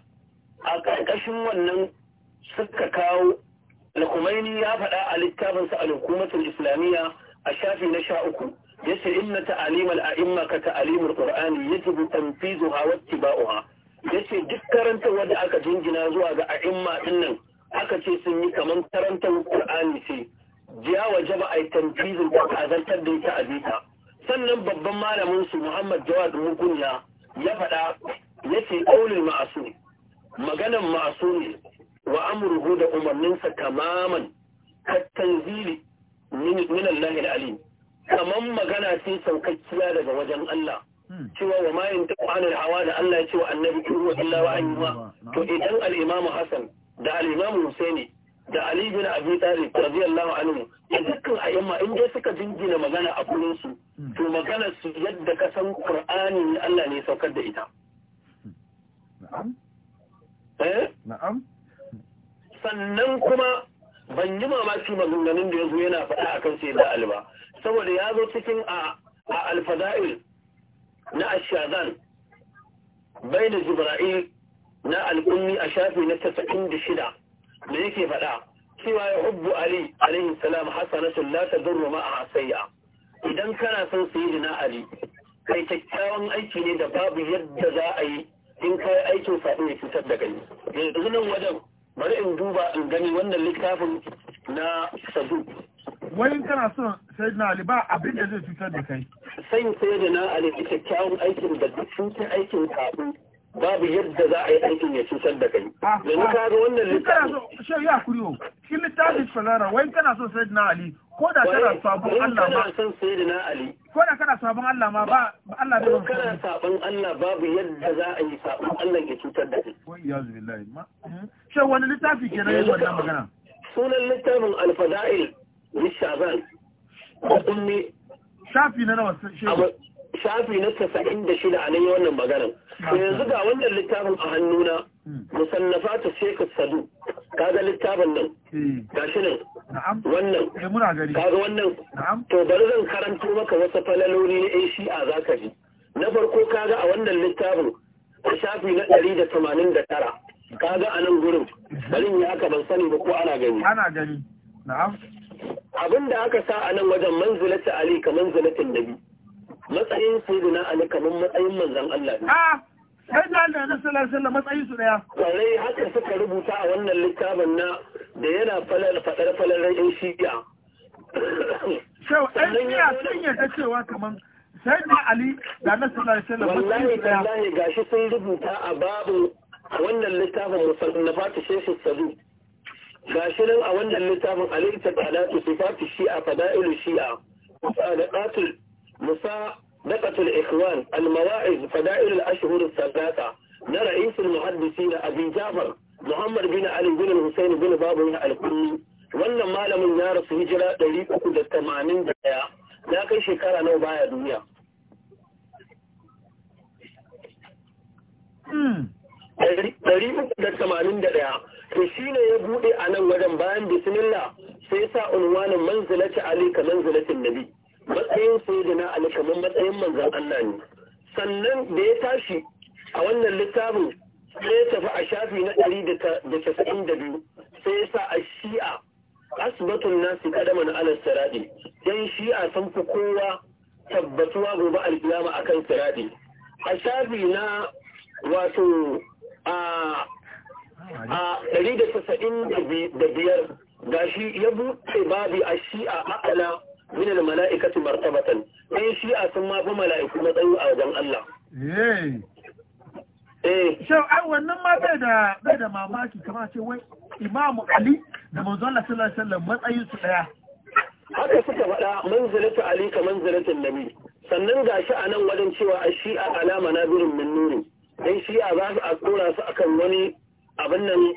a ƙarƙashin wannan suka kawo al ya faɗa a littafinsa al-hukumatul islamiyya a shafi na sha uku yace inna ta'alimal aimma ka ta'alim al-qur'ani yajibu tanfizuha wa ittiba'uha yace duk karantarwa da aka jingina zuwa ga a'imma dinnan aka ce sun yi kaman karantar qur'ani ce jiya wa ai tanfizin ko da ita azita sannan babban malamin su Muhammad Jawad Mugunya ya faɗa yace qaulul ma'sum maganan ne wa amruhu da umarninsa tamaman katanzili tanzili min Allah alim Kaman magana ce saukakkiya daga wajen Allah hmm. cewa wa ma yin taku hawa da Allah ya ce wa annabi ruwa illa wa ayyuha to hmm. idan al'imamu Hassan da al'imamu Husaini da Ali bin Abi Talib radiyallahu anhu ya dukkan yamma, in dai suka jingina magana a gurin su hmm. to magana su yadda ka san Qur'ani Allah ne saukar da ita eh? na'am sannan kuma ban yi mamaki maganganun da ya zo yana faɗa a kan sai da alba saboda ya zo cikin a alfada'il na ashazan bai da jibra'il na al'ummi a shafi na tasa'in da shida da yake faɗa cewa ya hubbu ali alaihi salam hasanatun la tadurru ma ahsaya idan kana son sayyidina ali kai kyakkyawan aiki ne da babu yadda za a yi in kai aikin saɓo ya cutar da kai yanzu nan wajen bari in duba in gani wannan littafin na sadu wai kana son sayyidina ali ba abin da zai cutar da kai da na ali kyakkyawan aikin da duk cutar aikin kafin babu yadda za a yi aikin ya cutar da kai ah, yanzu ah. ka ga wannan littafin shi ya kuriyo oh. shi littafin falara wai kana son na ali ko da kana sabon Allah ma son na ali ko da kana sabon Allah ma ba Allah bai son kana sabon Allah babu yadda za a yi sabon Allah ya cutar da kai wai ya zubillahi ma hmm? shi wani littafi kenan yayin wannan magana sunan littafin al-fada'il ni shaban kudin shafi na nawa shafi na tasa'in da shida a nan wannan maganar yanzu ga wannan littafin a hannuna hmm. musannafa ta shekar sadu kaga littafin nan eh. gashi nan wannan eh, kaga wannan to bari zan karanto maka wasu falaloli na yan shi'a za ka ji na farko kaga a wannan littafin a shafi na ɗari da tamanin da tara kaga a nan gurin balin ya aka ban sani ba ko ana gani ana gani na'am abin da aka sa a nan wajen manzilati ali ka manzilatin nabi matsayin sayyidina ali kamar matsayin manzan Allah ne ah, sai da Allah na sallallahu alaihi matsayin su daya kwarai haka suka rubuta a wannan littafin na da yana falar fadar falar ran shi'a shau ɗan shi'a sun yarda cewa kamar sai da Ali da na matsayin alaihi wasallam wallahi wallahi gashi sun rubuta a babu wannan littafin musannafatu shehu sadu gashi nan a wannan littafin alayhi su sifatu shi'a fada'ilu shi'a da Musa musadaqatul ikhwan al-mawa'iz fada'il al-ashhur as na Raisul al-muhaddisin abi jafar muhammad bin ali bin husayn bin babu al-kulli wannan malamin ya rasu hijira ɗari uku da da tamanin ɗaya ya kai shekara nawa baya duniya hmm. ɗari uku da tamanin da ɗaya to shi ne ya buɗe a nan wajen bayan bismillah sai sa unwanin manzilati ali ka manzilatin nabi matsayin sayyidina ali kamar matsayin manzan Allah ne sannan da ya tashi a wannan littafin sai ya tafi a shafi na ɗari da casa'in da biyu sai ya sa a shi'a asibatun nasu kadaman ala siraɗi yan shi'a sun fi kowa tabbatuwa gobe alkiyama akan siraɗi a shafi na wato a a ɗari da tasa'in da biyar gashi ya buɗe babi a shi'a akala min al-mala'ikati martabatan ɗan shi'a sun ma fi mala'iku matsayi a wajen Allah eh. Shau, ai wannan ma bai da bai da mamaki kamar ce wai Imamu Ali da manzo Allah sallallahu alaihi wasallam matsayin su daya. Haka suka faɗa manzilatu Ali ka manzilatin Nabi. Sannan gashi a nan wajen cewa a shi'a alama na birin min nuri. Dan shi'a za su a kora su akan wani abin nan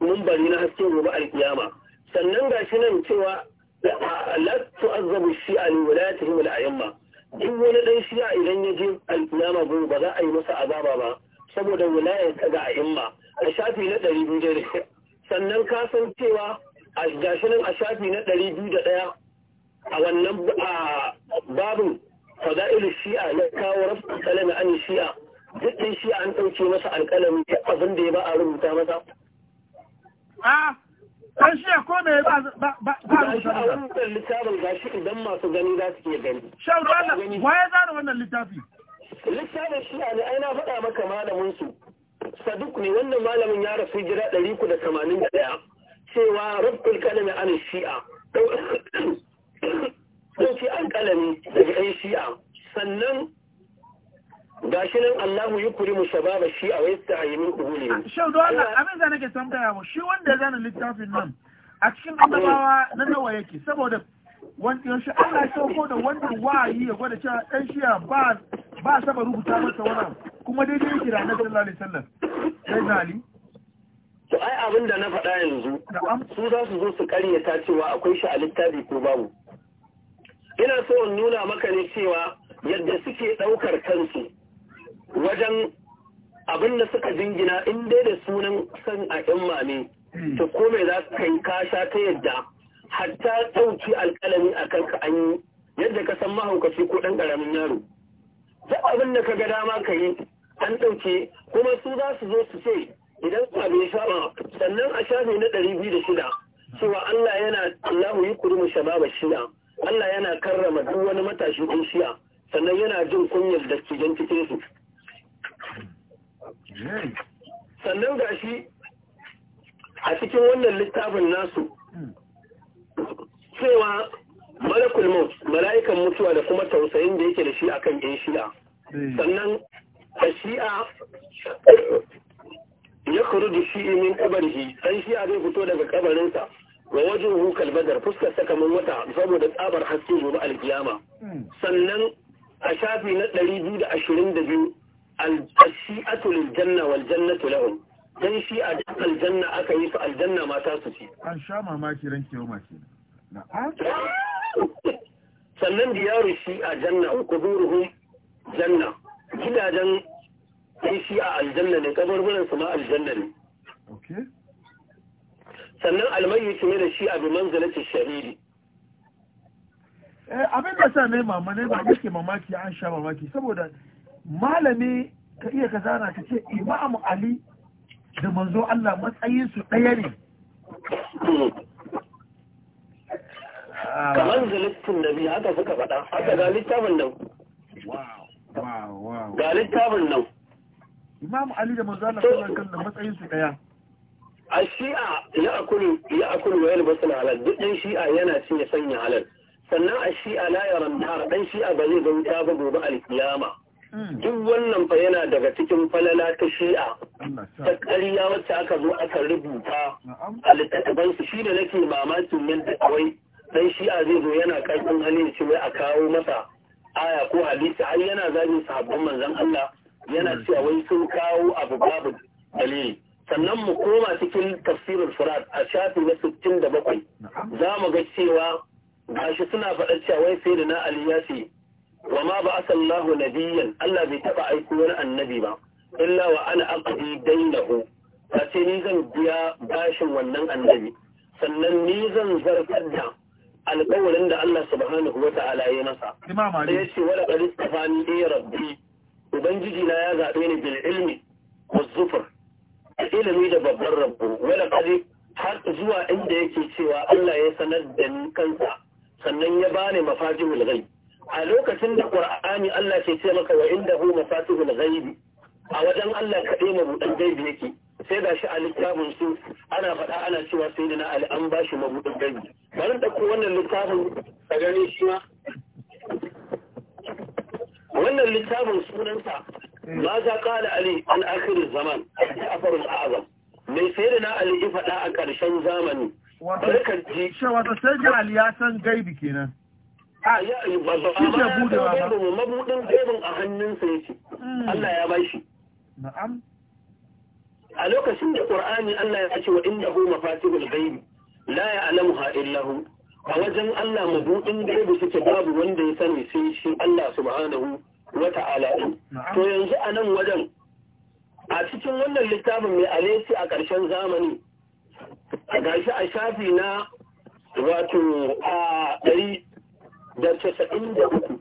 mumbari na haske gobe alkiyama sannan gashi nan cewa la tu'azzabu shi'a li wilayatihim al-a'imma duk wani dan shi'a idan ya je alkiyama gobe ba za a yi masa azaba ba saboda wilayar ta ga a'imma a shafi na ɗari biyu da sannan ka san cewa a gashi nan a shafi na ɗari biyu da ɗaya a wannan babin fada'ilu shi'a na kawo rafi kalama an shi'a duk ɗin shi an ɗauke masa alƙalami abin da ya ba a rubuta masa? A, ɗan shi ko me ba ba rubuta littafin ba shi idan masu gani za su iya gani. Shan ruwan wa ya zara wannan littafi? Littafin shi ne aina faɗa maka malamin su. Saduk ne wannan malamin ya rasu jira ɗari ku da tamanin da ɗaya. Cewa rabkul kalami an shi'a. [COUGHS] Ɗauki alƙalami daga ɗan shi'a. Sannan shi nan Allahu yukrimu shababa shi'a wa yastahi min qubulihim ah, shau don Allah abin da nake tambaya mu shi wanda zana littafin nan a cikin annabawa na nawa yake saboda wani yaushe Allah ya ko da wanda wayi ya gwada cewa shi shi'a ba ba saba rubuta masa wannan kuma daidai yake da Annabi sallallahu alaihi wasallam sai zali to ai abin da na faɗa yanzu su za su zo su ƙaryata cewa akwai shi a littafi ko babu ina so in nuna maka ne cewa yadda suke ɗaukar kansu wajen abin da suka jingina in dai da sunan san a ƴan mami hmm. to ko za ka yi kasha ta yadda hatta ɗauki alƙalami a ka an yi yadda ka san mahaukaci ko ɗan ƙaramin yaro duk abin da ka ga dama ka yi an ɗauke kuma su za su zo su ce idan ka ya shaɓa sannan a shafe na ɗari biyu da shida cewa Allah yana Allahu yi mu shababa shida Allah yana karrama duk wani matashi ɗin shiya sannan yana jin kunyar da cikin su sannan ga shi a cikin wannan littafin nasu hmm. cewa malakul maut mala'ikan mutuwa da kuma tausayin da yake da shi akan yan shi'a sannan a shi'a ya kuru da shi'i min shi dan shi'a zai fito daga kabarinsa wa wajen hukal badar fuskar kamar wata saboda tsabar haske gobe alkiyama hmm. sannan a shafi na 222 al-shi'atu lil janna wal jannatu lahum dan shi a duk aljanna aka yi su aljanna mata su ce an sha mamaki ran kewa mace sannan diyaru shi a janna kuburuhum janna gidajen sai shi a aljanna ne kabarburan su ma aljanna ne sannan su ne da shi a bi manzalatin shariri eh, abin da sa ne mama ne ba yake mamaki an sha mamaki saboda malami ka iya ka zana ka ce imam ali da manzo Allah matsayinsu su ɗaya ne kamar zalittun da biyu haka suka faɗa haka ga littafin nan ga littafin nan imam ali da manzo Allah suna kan da matsayinsu ɗaya a shi'a ya akulu ya akulu wa yalba suna halar. duk ɗan shi'a yana cinye sanya halar. sannan a shi'a la yaran dar ɗan shi'a ba zai ga wuta ba gobe alkiyama duk wannan fa yana daga cikin falala ta shi'a ta ƙarya wacce aka zo aka rubuta a su shi da nake mamakin yadda kawai dan shi'a zai zo yana ƙarfin hali shi wai a kawo masa aya ko hadisi har yana zabi sabon manzon Allah yana cewa wai sun kawo abu babu dalili sannan mu koma cikin tafsirin furat a shafi na 67 za mu ga cewa gashi suna faɗa cewa wai sai da na ali ya ce wa ma ba na biyan Allah bai taba aiko wani annabi ba illa wa ana aqdi dainahu ta ce ni zan biya bashin wannan annabi sannan ni zan zartar da alƙawarin da Allah subhanahu wa ta'ala ya masa sai ya ce wala qad istafani ya rabbi ubangiji na ya zabe ni bil ilmi wa zufur ilimi da babban rabbu wala qad har zuwa inda yake cewa Allah ya sanar da ni kansa sannan ya bani mafajihul ghaib a lokacin da qur'ani Allah ke ce maka wa inda indahu mafatihul ghaib a wajen Allah kaɗai mabuɗin gaibi yake sai ga shi a littafin su ana faɗa ana cewa sai da na ali an ba shi mabuɗin gaibi bari ɗauko wannan littafin ka gani shi ma wannan littafin sunansa ma za ƙala ali an akhirin zaman a afarul azam mai sai da na ali faɗa a ƙarshen zamani wato sai da ali ya san gaibi kenan a ya ba ba mabudin a hannunsa yake hmm. Allah ya bashi a lokacin da qur'ani Allah ya ce wa innahu mafatihul ghaib la ya'lamuha illa hu a wajen Allah mabudin gaibi suke babu wanda ya sani sai shi Allah subhanahu wa ta'ala to yanzu a nan wajen a cikin wannan littafin mai alesi a ƙarshen zamani a gashi a shafi na wato a da casa'in da uku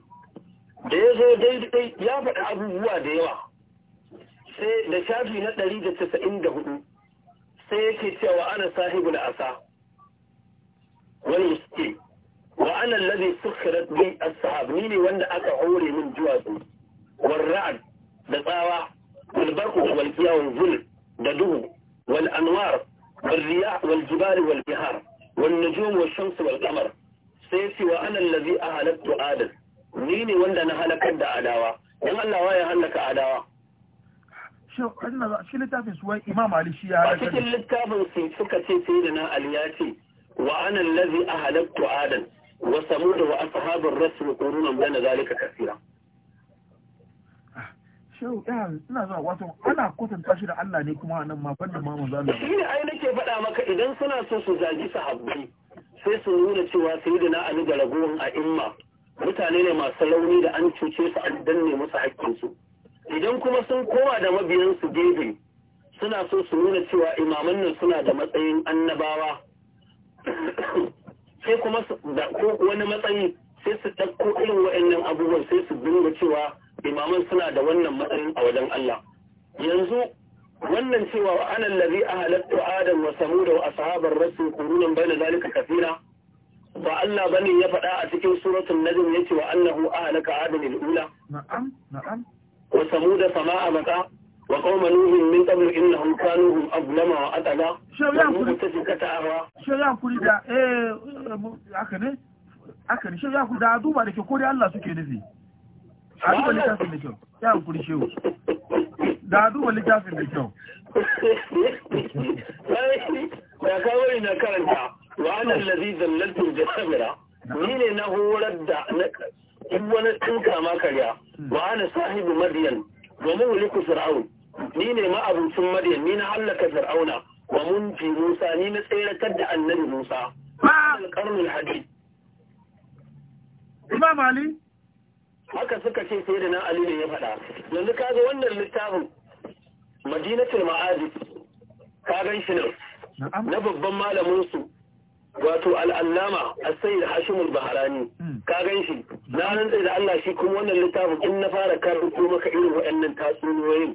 da ya zo daidai ya faɗi abubuwa da yawa sai da shafi na ɗari da casa'in da hudu sai yake cewa ana sahibu asa wani miski wa ana lalazi sukhirat bi ashab ni ne wanda aka hore min duwatsu warra'ad da tsawa da walkiya wal da duhu wal anwar wal riya wal jibari, wal bihar wal nujum wal shamsu, wal qamar sai ce wa anan lazi a halattu adal ni ne wanda na halakar da adawa don Allah wa ya halaka adawa shi littafin suwa imam ali shi ya halaka a cikin littafin su suka ce sai da na ali ya ce wa anan lazi a halattu adal wa samuda wa ashabin rasul qurunan bana zalika kasira shehu ya ina zuwa wato ana kwatanta shi da Allah ne kuma nan ma banda ma manzo Allah shi ne ai nake faɗa maka idan suna so su zagi sahabbai sai su nuna cewa sai da na ali da ragowar a imma mutane ne masu launi da an cuce su an danne musu haƙƙinsu idan kuma sun kowa da mabiyansu gefe suna so su nuna cewa imaman nan suna da matsayin annabawa [COUGHS] sai kuma da ko wani matsayi sai su ɗauko irin waɗannan abubuwan sai su dinga cewa imaman suna da wannan matsayin a wajen Allah yanzu wannan cewa wa anan lazi a halattu adam wa da wa ashabar rasu kurunan bai zalika kafira ba Allah bane ya faɗa a cikin suratul najm yace wa annahu ahlaka adam al-ula na'am na'am wa samuda fama abqa wa qauma nuhin min qabl innahum kanu hum wa atala kuri kuri da eh, eh ne ne kuri da duba a duba kuri da duba littafin da kyau ya da kawai na karanta wa anan lazi zallaltu jasamira ni ne na horar da wani tsinka ma karya wa ana sahibu madiyan wa muliku fir'aun ni ne ma abincin madiyan ni na hallaka fir'auna wa mun fi musa ni na tseratar da annabi musa alƙarnin ah! hadid imam ali haka suka ce sai da na ali ne ya faɗa yanzu kaga wannan littafin madinatul ma'adi ka gan shi nan na babban malamin su wato al'allama a sayyid hashimul baharani hmm. ka gan shi na rantsa da Allah shi kuma wannan littafin in na fara karanto maka irin waɗannan tatsuniyoyin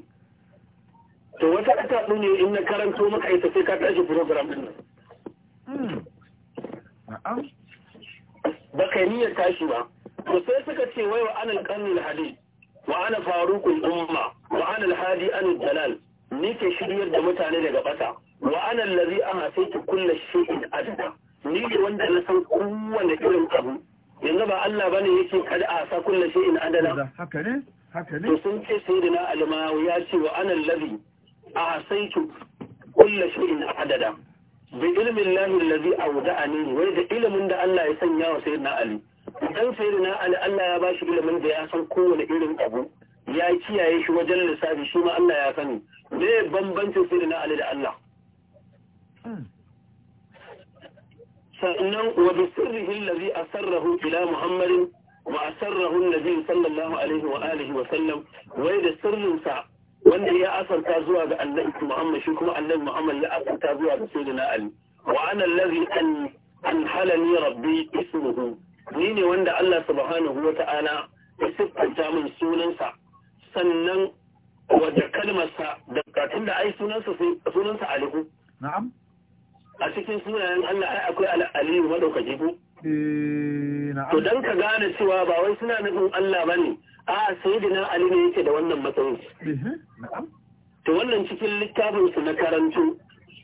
to wata ne in na karanto maka ita sai ka tashi program din nan hmm. ba ka niyyar tashi ba to sai suka ce wai wa anal qarnul hadith wa'ana farukun umma wa ana alhadi an dalal ni ke shiryar da mutane daga bata wa ana allazi ahasaitu kullu shay'in adda ni ne wanda na san kowanne irin abu yanzu ba Allah bane yake kada a sa kullu shay'in adada haka ne haka ne to sun ce sayyidina almawu ya ce wa ana allazi ahasaitu kullu shay'in adada bi ilmi allazi allazi awda'ani wai da ilimin da Allah ya sanya wa sayyidina ali dan sayyidina ali Allah ya bashi ilimin da ya san kowane irin abu ya kiyaye shi wajen lissafi shi ma Allah ya sani me bambancin sayyidina ali da Allah sannan wa bi sirrihi allazi asarrahu ila muhammadin wa asarrahu annabi sallallahu alaihi wa alihi wa sallam wai da sirrin sa wanda ya asarta zuwa ga annabi Muhammad shi kuma annabi Muhammad ya asarta zuwa ga sayyidina Ali wa ana allazi an an halani rabbi ismuhu ni ne wanda Allah subhanahu wa ta'ala ya siffanta min sunansa sannan wajen kalmarsa da katun da ai sunansa sunansa alihu na'am a cikin sunayen Allah ai akwai al madaukaki ko eh, to dan ka gane cewa ba wai suna nufin Allah bane a sayyidina Ali ne yake da wannan matsayin eh, to wannan cikin littafin su na karanto,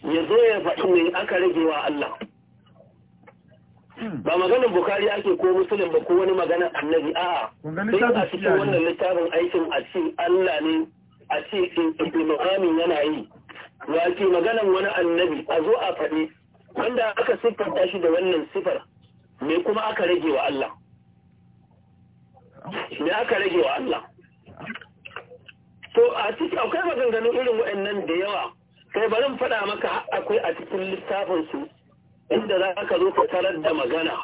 ya zo ya faɗi ne aka rage wa Allah ba maganin bukari ake ko musulun ba ko wani maganin annabi a'a sai a cikin wannan littafin aikin a ce Allah ne a ce ibnu amin yana yi wace maganar wani annabi a zo a faɗi wanda aka siffanta shi da wannan sifar me kuma aka rage wa Allah me aka rage wa Allah to a cikin akwai maganganun irin wa'annan da yawa kai bari faɗa maka akwai a cikin littafin su inda za ka zo ka tarar da magana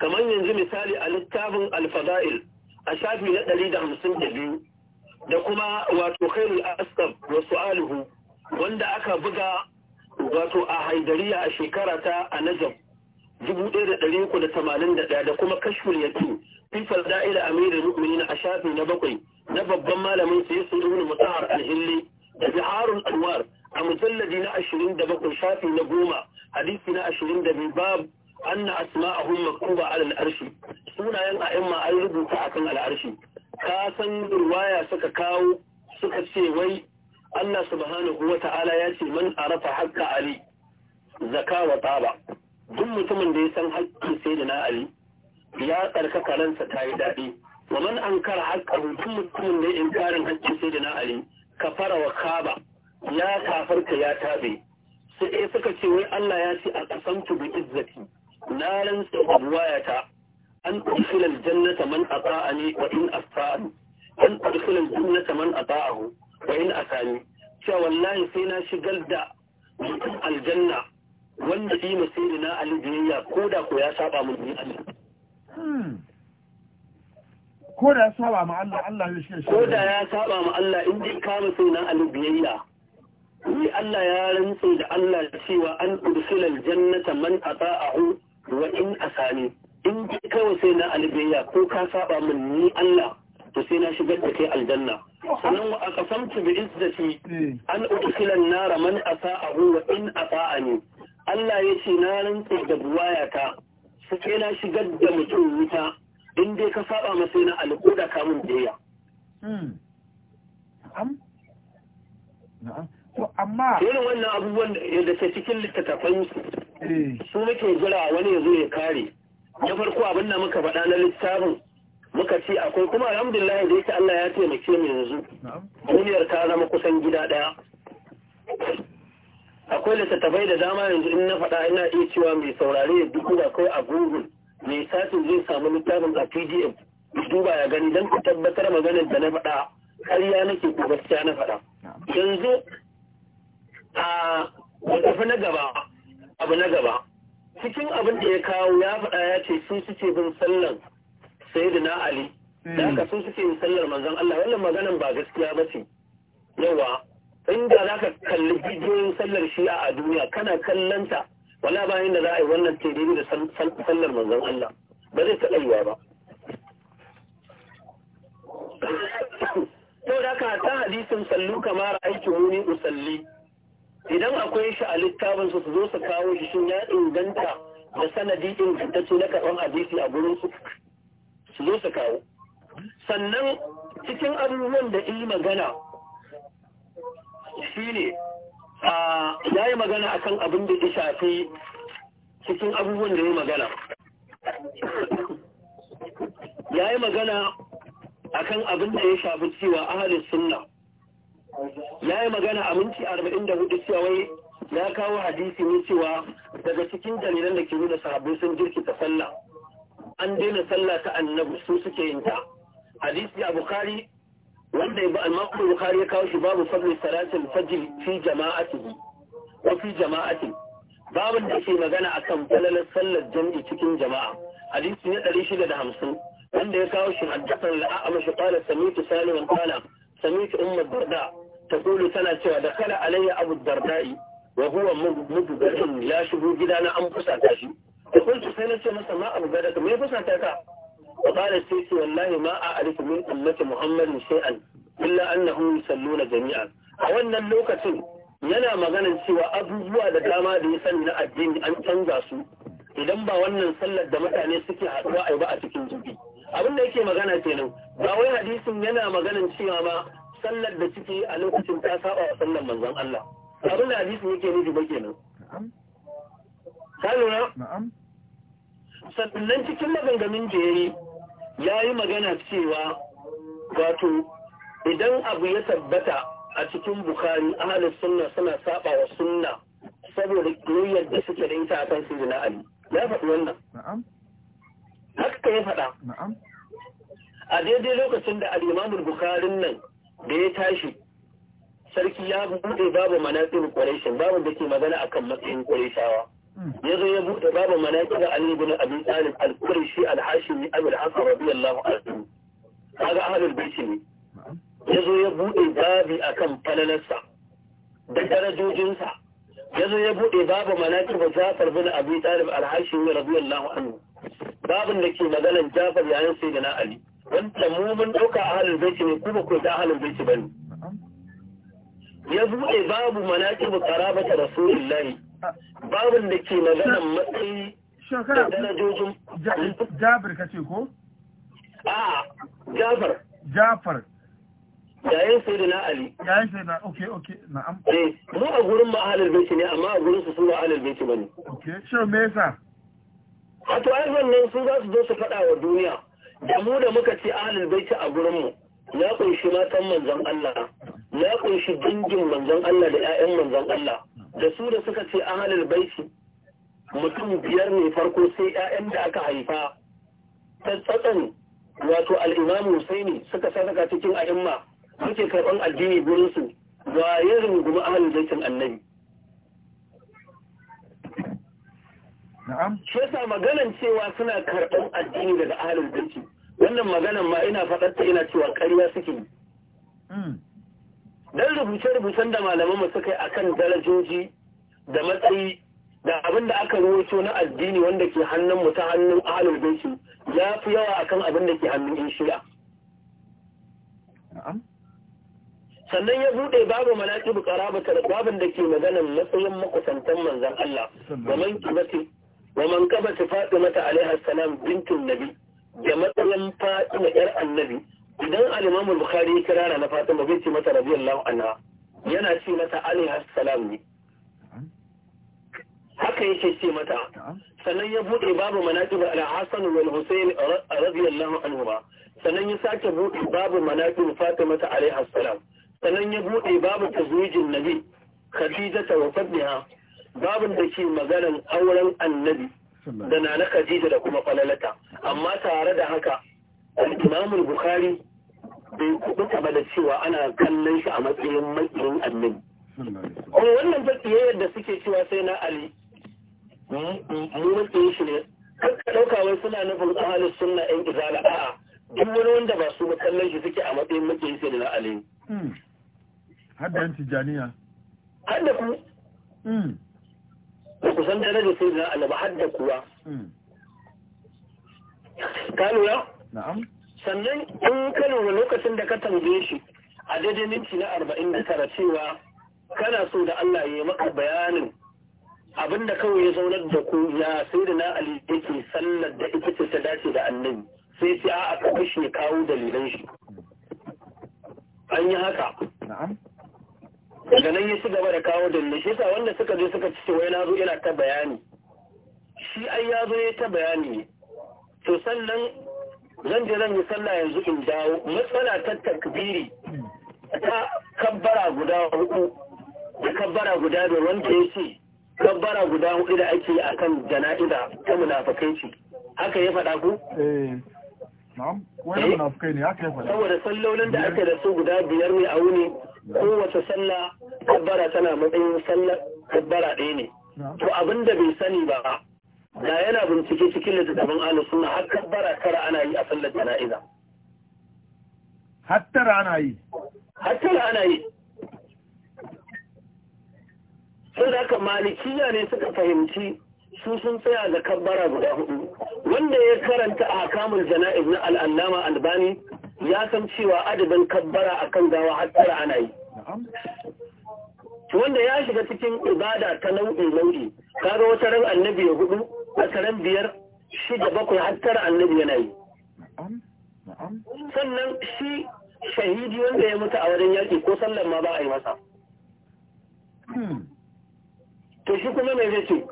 kamar yanzu misali a littafin alfada'il a shafi na ɗari da hamsin da biyu da kuma wato khairul asqab wa su'aluhu wanda aka buga wato a haidariya a shekara ta a najab dubu ɗaya da ɗari uku da tamanin da ɗaya da kuma kashful yakin fi fada'il amirul mu'minin a shafi na bakwai na babban malamin su yusuf ibn mutahar al-hilli da biharul anwar a mujalladi na ashirin da bakwai shafi na goma hadisi na ashirin da biyu babu anna a maktuba ala a al'arshi sunayen a yamma an rubuta akan kan al'arshi ka san ruwaya suka kawo suka ce wai Allah subhanahu wa ta'ala ya ce man arafa haqqa ali zaka wa taba duk mutumin da ya san haƙƙin na ali ya tsarkaka ransa ta yi daɗi wa man an kara haƙƙa duk mutumin da ya inkarin haƙƙin na ali kafara wa kaba ya kafarta ya tabe Sai ɗaya suka ce wai Allah ya ce a ƙasamtu bi izzati na rantsa da buwayata an udkhilal jannata man ata'ani wa in asta'ani an udkhilal jannata man ata'ahu wa in asani cewa wallahi sai na shigar da mutum aljanna wanda yi masiri na alibiyayya ko da ko ya saba mu ni Allah hmm. ko da ya saba ma Allah Allah ya shiga ko da ya saba ma Allah in dai ka masiri na alibiyayya Ni Allah ya rantse da Allah cewa an ursilal jannata man ata'ahu wa in asani. In ji kawai sai na albeya ko ka saba min ni Allah to sai na shigar da kai aljanna. Sannan wa a kasamtu bi izzati an ursilan nara man ata'ahu wa in ata'ani. Allah ya ce na rantse da buwayata sai na shigar da mutum wuta in dai ka saba masa na alƙuda kamun biya. Hmm. Na'am. Na'am. to amma irin wannan abubuwan da ke cikin littattafan eh. su muke jira wani ya zo ya kare na farko abin da muka faɗa na littafin muka ce akwai kuma alhamdulillah da yake Allah ya taimake mu yanzu duniyar ta zama kusan gida ɗaya akwai littattafai da dama yanzu in na faɗa ina iya cewa mai saurare ya duk da kai a google mai satin zai samu littafin a pdf duba ya gani don ku tabbatar maganar da na faɗa ƙarya nake ko gaskiya na faɗa yanzu a wadafi na gaba abu na gaba cikin abin da ya kawo ya faɗa ya ce sun suke bin sallan sai da na'ali ali da aka sun suke yin sallar manzan Allah wannan maganan ba gaskiya ba ce yawa inda za ka kalli bidiyoyin sallar shi'a a duniya kana kallanta wala bayan da za a yi wannan tediri da sallar manzan Allah ba zai taɓa yiwa ba to da ka ta hadisin sallu kamar aikin muni usalli idan akwai shi a littafin su zo su kawo shi shin ya inganta da sanadi ingantacce na karɓar hadisi a gurin su su zo su kawo sannan cikin abubuwan da yi magana shine ya yi magana akan abin da ya shafi cikin abubuwan da ya magana ya yi magana akan abin da ya shafi cewa ahalin sunna ya yi magana a minti arba'in da hudu cewa wai kawo hadisi ne cewa daga cikin dalilan da ke nuna sahabbai sun jirkita sallah an daina sallah ta annabi su suke yin ta hadisi a bukari wanda imam bukari ya kawo shi babu fadli salatin fajr fi jama'atihi wa fi jama'ati da ke magana akan falalar sallar jam'i cikin jama'a hadisi ne hamsin wanda ya kawo shi haddasan la'a'ama shi qala samitu saliman qala samitu umma darda تقول سنة سوى دخل علي أبو الدرداء وهو مدبر لا شبه جدانا أم فساتاشي فقلت سنة سوى ما أبو الدرداء ما فساتاكا وقال السيسي والله ما أعرف من أمة محمد شيئا إلا أنهم يصلون جميعا wannan lokacin yana maganin cewa abubuwa da dama da ya sani na addini an canza su idan ba wannan sallar da mutane suke haɗuwa a yi ba a cikin jirgi abin da yake magana kenan ba wai hadisin yana maganin cewa ma sallar da ciki a lokacin ta saba wa sallar manzon Allah abin da hadisi yake nufi ba kenan ka lura sannan cikin maganganun da ya yi magana cewa wato idan abu ya tabbata a cikin bukhari ahalin sunna suna saba wa sunna saboda kiyayyar da suke da ita su zina ali ya faɗi wannan haka ya faɗa a daidai lokacin da al'imamul bukarin nan da ya tashi sarki ya buɗe babu manasir ƙwarishin babu da ke magana akan matsayin ƙwarishawa ya zo ya buɗe babu manasir ali bin abin tsarin al-qurashi al-hashimi abul hasan radiyallahu anhu kaga ahlul bait ne ya zo ya buɗe babi akan falalarsa da darajojinsa ya zo ya buɗe babu manasir jafar bin abi talib al-hashimi radiyallahu anhu babin da ke maganan jafar yayin na ali wanda mu mun dauka halin baiti ne ba ku da ahlul baiti bane ya bude babu karaba ta rasulullahi babun da ke maganar matsayi da darajojin Jabir kace ko a jabir Jafar yayin sai na Ali yayin sai na okay okay na'am eh mu a gurin ma ahlul baiti ne amma a gurin su su ahlul ci bane okay shin me yasa a to ai wannan su za su zo su faɗa wa duniya da mu da muka ce ahlul baiti a gurinmu na kunshi matan manzon Allah na kunshi dangin manzon Allah da 'ya'yan manzon Allah da su da suka ce ahlul baiti mutum biyar ne farko sai 'ya'yan da aka haifa tsatsan wato al-Imam Husaini suka saka cikin a'imma suke karban addini gurinsu su wa ya rungumi ahlul baitin annabi na'am shi maganan cewa suna karɓar addini daga ahalin baiti wannan maganan ma ina faɗar ta ina cewa ƙarya suke yi hmm. dan rubuce-rubucen da malamanmu suka yi kan darajoji da matsayi da abin da aka rubuto na addini wanda ke hannun mu ta hannun ahalin baiti ya fi yawa a kan abin da ke hannun in shi'a sannan ya bude babu manaqibu qarabata babin da ke maganan matsayin makusantan manzan Allah wa man kimati wa man kafa su Fatima ta alaiha salam bintun nabi da matsayin Fatima yar annabi idan al-Imam al-Bukhari ya kirara na Fatima bai mata yana haka yake ce mata sannan ya bude babu manaqib al-Hasan wal Husayn radiyallahu anhuma sannan ya sake bude babu manaqib Fatima ta alaiha salam sannan ya bude babu tazwijin nabi Khadija ta wa fadliha babin da ke maganan auren annabi da na na Khadija da kuma falalata amma tare da haka al-Imam Bukhari bai kubuta ba da cewa ana kallon shi a matsayin matsayin annabi kuma wannan fakiyayyar yadda suke cewa sai na Ali mu matsayin shi ne ka ɗauka wai suna nufin ahalus suna ƴan izala a'a duk wani wanda ba su kallon shi suke a matsayin matsayin sai na Ali hmm. hadda yan tijaniya hadda ku hmm. kusan tare san sai da alaba hadda kuwa hmm. ka lura sannan in ka lura lokacin da ka tambaye shi a daidai minti na arba'in da tara cewa kana so da Allah ya yi maka bayanin abinda kawai ya zaunar da ku ya sai da na ali yake sallar da ita ce ta dace da annabi sai sai a aka kashe kawo dalilan shi an yi haka daga nan ya ci gaba da kawo dalilai shi yasa wanda suka je suka ci wai na zo yana ta bayani shi ai ya zo ya ta bayani to sannan zan je zan yi sallah yanzu in dawo matsala ta takbiri ta kabbara guda hudu da kabbara guda da wanda ya ce kabbara guda hudu da ake a kan jana'iza ta munafakai ce haka ya faɗa ku? Eh, eh? Saboda sallolin da ake da su guda biyar ne a wuni kowace sallah kabbara tana matsayin sallar kabbara ɗaya ne to abin da bai sani ba da yana bincike cikin littattafan ahlus sunna har kabbara tara ana yi a sallar jana'iza har tara ana yi har tara ana yi sai da haka malikiya ne suka fahimci su sun tsaya da kabbara guda hudu wanda ya karanta a kamun jana'iz na al'allama albani ya san cewa adadin kabbara akan gawa har tara ana yi wanda ya shiga cikin ibada ta nau'i nau'i kaga wata ran annabi ya hudu a ran biyar da bakwai har tara annabi yana yi sannan shi shahidi wanda ya mutu a wajen yaƙi ko sallan ma ba a yi masa hmm. to shi kuma mai zai ce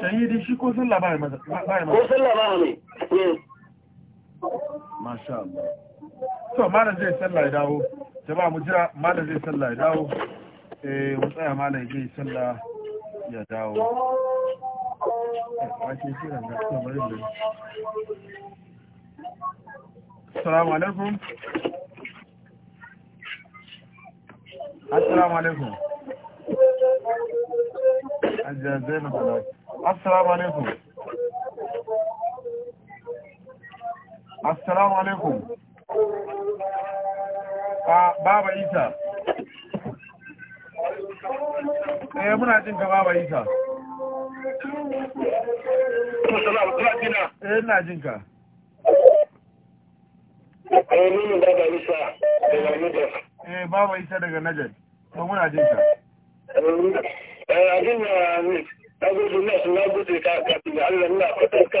shahidi shi ko sallah ba a yi masa ko sallah ba a mai eh. masha Allah so Mara zai sallah ya dawo jama'a mu jira malam zai salla ya dawo eh mu tsaya malam zai salla ya dawo eh, Assalamu alaikum. Assalamu alaikum. Ajazai na bala. Assalamu alaikum. Assalamu alaikum. Baba Isa. Eh muna jin ka Baba Isa. Eh ina jin ka. Eh Baba Isa daga Najar. Eh Baba Isa daga Najar. Ba muna jin ka. Eh abin na na gode na gode ka ka Allah na fatan ka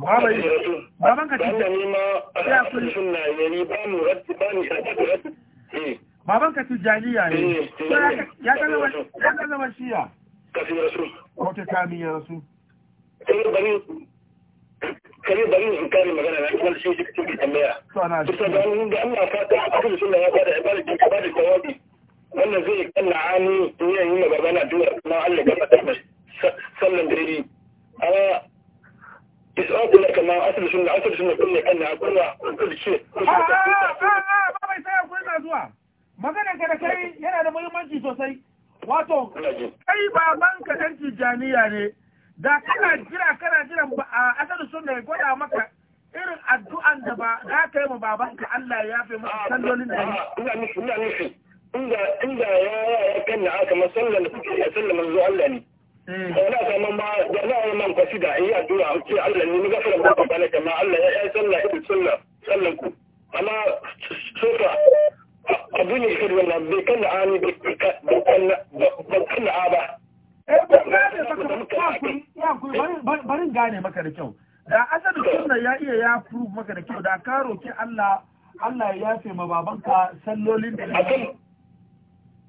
Baba baban eh. eh, ka Ya Baban ka ne. Ya ka zama shiya. Kafin rasu. Wata ya rasu. Kare bari kare magana na kuma shi cikin tambaya. Sana shi. Kusa da Allah ka ta abin sunna ya bada ibada bada jawabi. Wannan zai kalla ne in yayin magana duwa na Allah ka fata sallan dare. يتعاقل لك مع أصل سنة أصل سنة كل أنا كل كل شيء magana ka da kai yana da muhimmanci sosai wato kai baban ka dan tijaniya ne da kana jira kana jira ba a asali sunna ya gwada maka irin addu'an da ba za ka yi ma baban ka Allah ya yafe maka sallolin da ah, ina nufi ina nufi inda inda ya ya kan na aka masallala kuke ya sallama zuwa Allah ne wala hmm. ta man ma jama'a man kasida in yi addu'a ce Allah ne ni gafara ba ba ne jama'a Allah ya yi sallah ibi sunna sallan ku amma sofa abu ya shi na, bai kan da ani bai kan da ba eh, barin gane maka da kyau da asalin sunna ya iya ya prove maka da kyau da ka roki Allah Allah ya yafe ma babanka sallolin da ya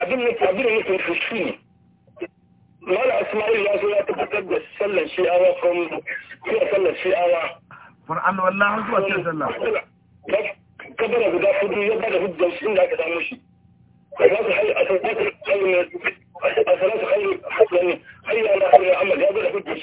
abin da abin da nake so shi ne mala ismail ya zo ya tabbatar da sallar shi'awa from kuma sallar shi'awa qur'an wallahi zuwa cikin sallah kabara guda fudu ya bada hujjar shi inda aka samu shi salatu a salatu hayy a salatu hayy haslan hayy ala hayy amal ya bada hujjar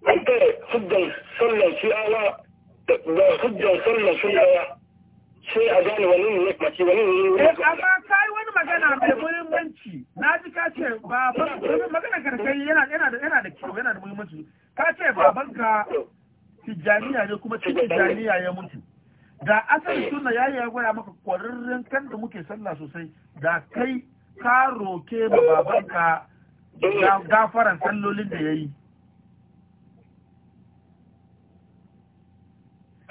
ita hujjan sallar shi'awa da hujjan sallar shi'awa sai a gane wani ne mace wani ne ne eh, amma yi wani magana mai muhimmanci na ji ka ce baban magana karkai yana yana da yana da kyau yana da muhimmanci ka ce baban ka tijaniya ne kuma cikin tijaniya ya mutu da asali suna yayi ya gwada maka kwararren kan da muke sallah sosai da kai ka roke ma babanka gafaran sallolin da yi.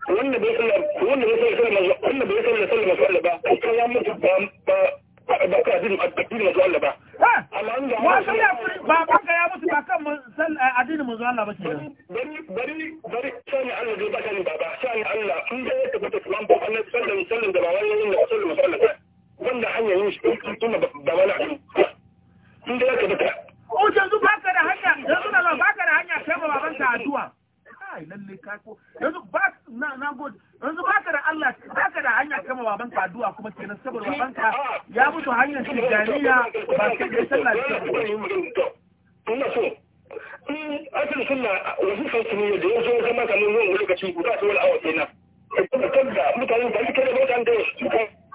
wanda bai san bai bai sallar manzo Allah ba kan ya mutu ba ba ba ka addini addini manzo Allah ba wa ba ba ka ya mutu ba kan addini manzo Allah ba kenan bari bari bari sai Allah zai baka ni baba sai Allah in dai ya tabbata Islam ba Allah sallar da ba wani yin da sallallahu alaihi wasallam ba wanda hanyar yin shi kuma ba wani abu in dai ya tabbata o yanzu baka da hanya yanzu da baka da hanya kai ba babanka addu'a kai lalle kai ko yanzu ba na na gode yanzu baka da Allah baka da hanya kama baban ka addu'a kuma kenan saboda baban ka ya mutu hanyar tijaniya ba sai da sallah ce ina so in asali sunna wasu su ne da yanzu zo zama kamar yawan lokaci guda ta wani awa kenan ka tabbata mutane ba da suke ba mutane da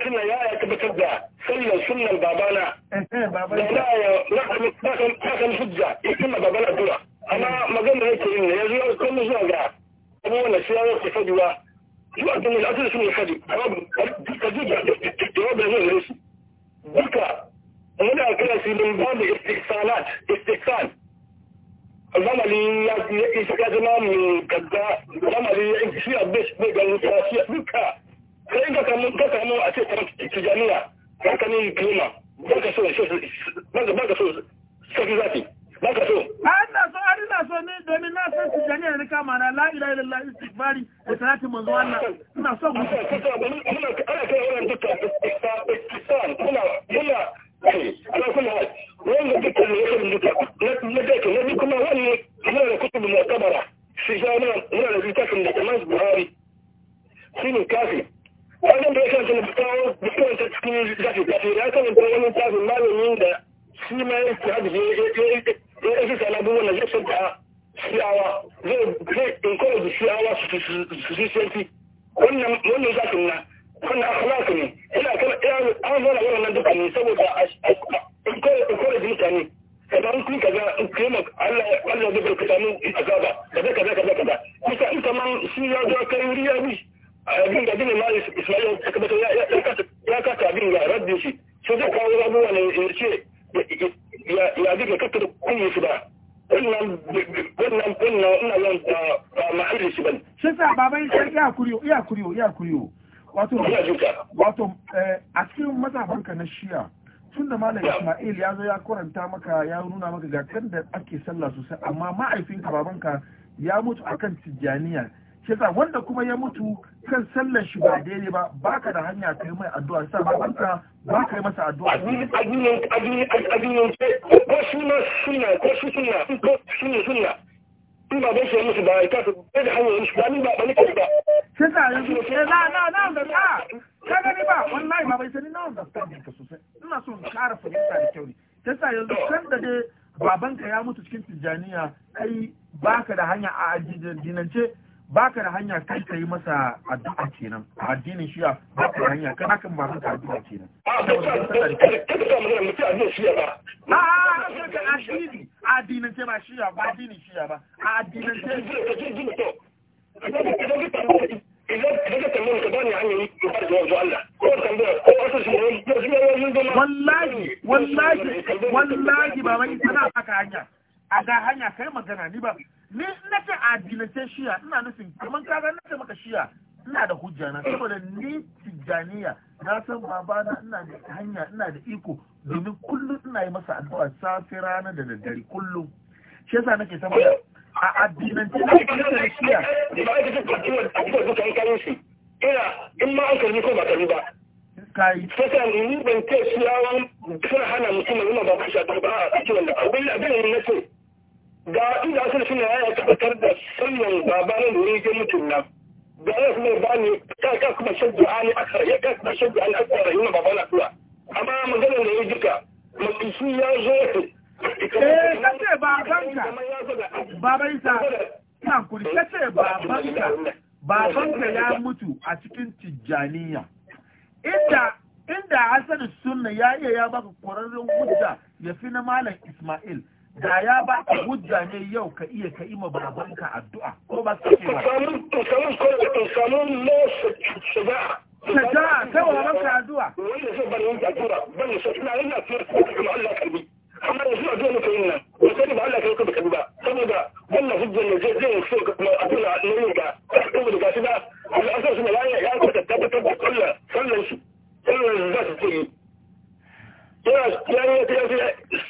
tunda ya ya tabbatar da sallar sunnan babana da na ya rakan hujja ya kuma babana dura amma magana yake yin ne yanzu ya kuma zuwa ga abubuwan da shi ya wasu faduwa zuwa ga mai asali sun yi fadi ka ji da jawabin zai ne su duka muna kira su don ba da istiksalat istiksal zamani ya isa ya zama mai gadda zamani ya shi abin shi ne ganin ta shi duka sai ka kamu ka kamu a ce kamar tijaniya ka kani kalma ba ka so ba ka so sai zaki ba ka so ba ina so har so ne domin na san tijaniya ne kama na la ilaha illallah istighfari da salati manzo Allah ina so mu ana ana kai wannan dukkan istisal muna muna eh, ana kuma wanda dukkan ne yake duka na dake na kuma wannan da kutubu mu'tabara shi ja muna da littafin da Imam Buhari shine kafin wajen da ya kanta na kawo da kawai ta cikin zafi zafi da aka manta wani tafin malamin da shi ma ya ci hadu ya ya ya sana abubuwan da zai santa shi'awa zai zai encourage shi'awa su su su wannan zafin na wannan akhlaq ne ina kana ina an zana wannan duka ne saboda encourage mutane kaza in kun kaza in kuma Allah Allah zai barkata mu azaba kaza kaza kaza kaza kusa in kaman shi ya zo kai riya ne abin da mali ismail ya kasa shi sai kawo ne ya ce ya su wannan ba wato eh, a cikin mazafanka na Shia tun da malam ismail ya zo ya koranta maka ya nuna maka ga kan da ake sallah sosai amma mahaifinka babanka ya mutu akan tijjaniya yasa wanda kuma ya mutu kan sallar shi ba daidai ba baka da hanya kai mai addu'a sa ba banka ba yi masa addu'a ko suna suna ko suna ko suna suna in ba shi musu ba ka su da hanyar shi ba ni ba ba ni ba sai sa yanzu eh, na na na da ta ka gani ba wallahi ma bai sani na da ta ka sosai ina so in kara fahimta da kyau ne sai sa yanzu kan da dai babanka ya mutu cikin tijjaniya kai baka da hanya a addinance baka da hanya kai ka yi masa addu'a kenan a addinin shiya baka da hanya kai akan ba masa addu'a kenan ka da addini addinin ce ba shiya ba addinin shiya ba addinin ce wallahi wallahi wallahi ba wai sana'a aka hanya a ga hanya kai magana ni ba ni na ce ta shiya ina nufin kamar kaga na ta maka shiya ina da hujja na saboda ni tijjaniya na san babana ina da hanya ina da iko domin kullum ina yi masa addu'a safe rana da daddare kullum shi yasa nake da. a addinance na shiya ba ai da cikin addu'a duka in kare shi ina in ma an karbi ko ba karbi ba kai saka ni ban ce shiyawan suna hana mutum yana ba ku shi ba a cikin wanda abin da abin ne ce ga inda asali suna ya tabbatar da sannan babanin da wurin mutum nan da ya kuma ba ni ka ka kuma shaddu ani aka ya ka kuma shaddu ani aka rayu baba na kuwa amma magana da ya duka mutum ya zo eh kace babanka babanka kuri kace babanka ya mutu a cikin tijjaniya inda inda asali sunna ya iya ya baka kwararren hujja ya fi na malam Ismail da ya ba ka hujja ne yau ka iya ka ima babanka addu'a ko ba su ce ba ka samu ka samu nasa shiga shaja'a kai wa babanka addu'a wani zai bari wani addu'a bari sai ina ina fiyar ko kuma Allah karbi amma yanzu a zuwa muka yin nan ba sai ba Allah kai ka baka ba saboda wannan hujjar ne zai zai so ka kuma addu'a ne yin ka saboda ga shi ba Allah an san su malaya ya ka tabbatar da sallar sallar su sallar za su ce yana yana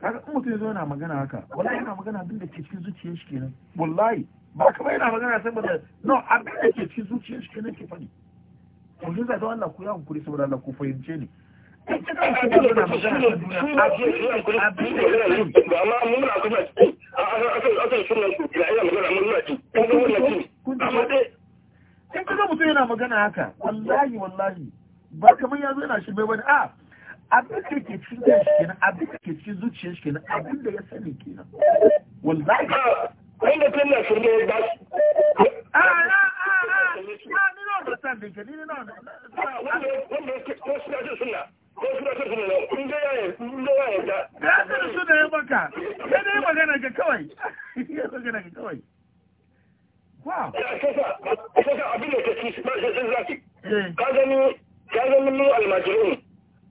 kaga in mutum zo yana magana haka wallahi yana magana abin da ke cikin zuciyar shi kenan wallahi ba kuma yana magana saboda no abin da ke cikin zuciyar shi kenan ke faɗi ko shi zai Allah ku ya hankuri saboda Allah ku fahimce ni in ga mutum yana magana haka wallahi wallahi ba kamar ya zo yana shirme ne a abin da ke cikin da shi kenan abin da ke cikin zuciyar shi kenan abin da ya sani kenan wallahi wanda ah, kan na shirme ya ba shi a ah, a ah, a a ni na da din ka ni na wanda wanda ko suna jin sunna ko suna jin sunna na in ya in da ya da ya san ya baka ya dai magana kawai [LAUGHS] ya magana ka kawai wow kasa kasa abin da ke cikin ba shi eh. ka gani ka gani mu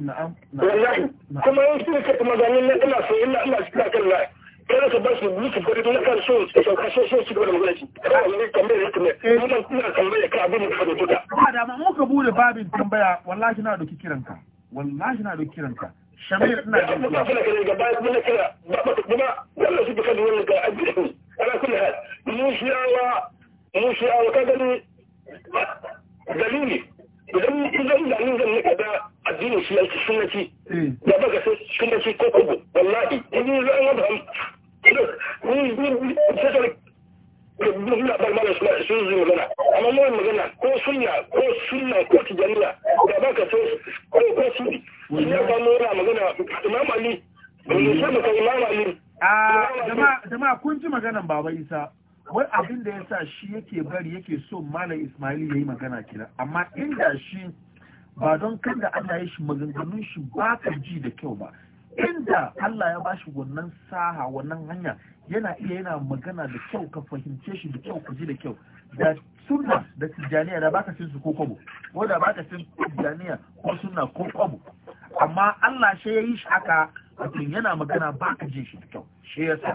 wallahi kuma yin su ka kuma ganin na ina so ina ina su kan na kada ka ba su musu gari na kan so su sauka so so su gaba da magana shi kada wani tambayar ya tambayar eh. kuma ina tambaya ka abin da ka rubuta ba da ma muka bude babin tambaya wallahi na doki kiranka wallahi na doki kiranka kare kuma kira ka gani dalili idan zan da ni zan nika da addini shi yanki sunnaci da baka sai sunnaci ko kogo wallahi idan za a wata ni ni sai na bar mana suna sun zuwa magana amma mun magana ko sunna ko sunna ko tijaniya da baka sai ko ko sunni ina ba mu na magana imam ali mun sai maka imam ali jama'a jama'a kun ji maganan baba isa wai abin da ya sa shi yake bari yake so malam ismail ya yi magana kira amma inda shi ba don kan da allah ya shi maganganun shi ba ka ji da kyau ba inda allah ya ba shi wannan saha wannan hanya yana iya yana magana da kyau ka fahimce shi da kyau ka ji da kyau da sunna da tijjaniya da baka cin su ko kwabo ko da baka cin tijjaniya ko sunna ko kwabo amma allah shi ya yi shi haka wato yana magana baka ji shi da kyau shi ya sa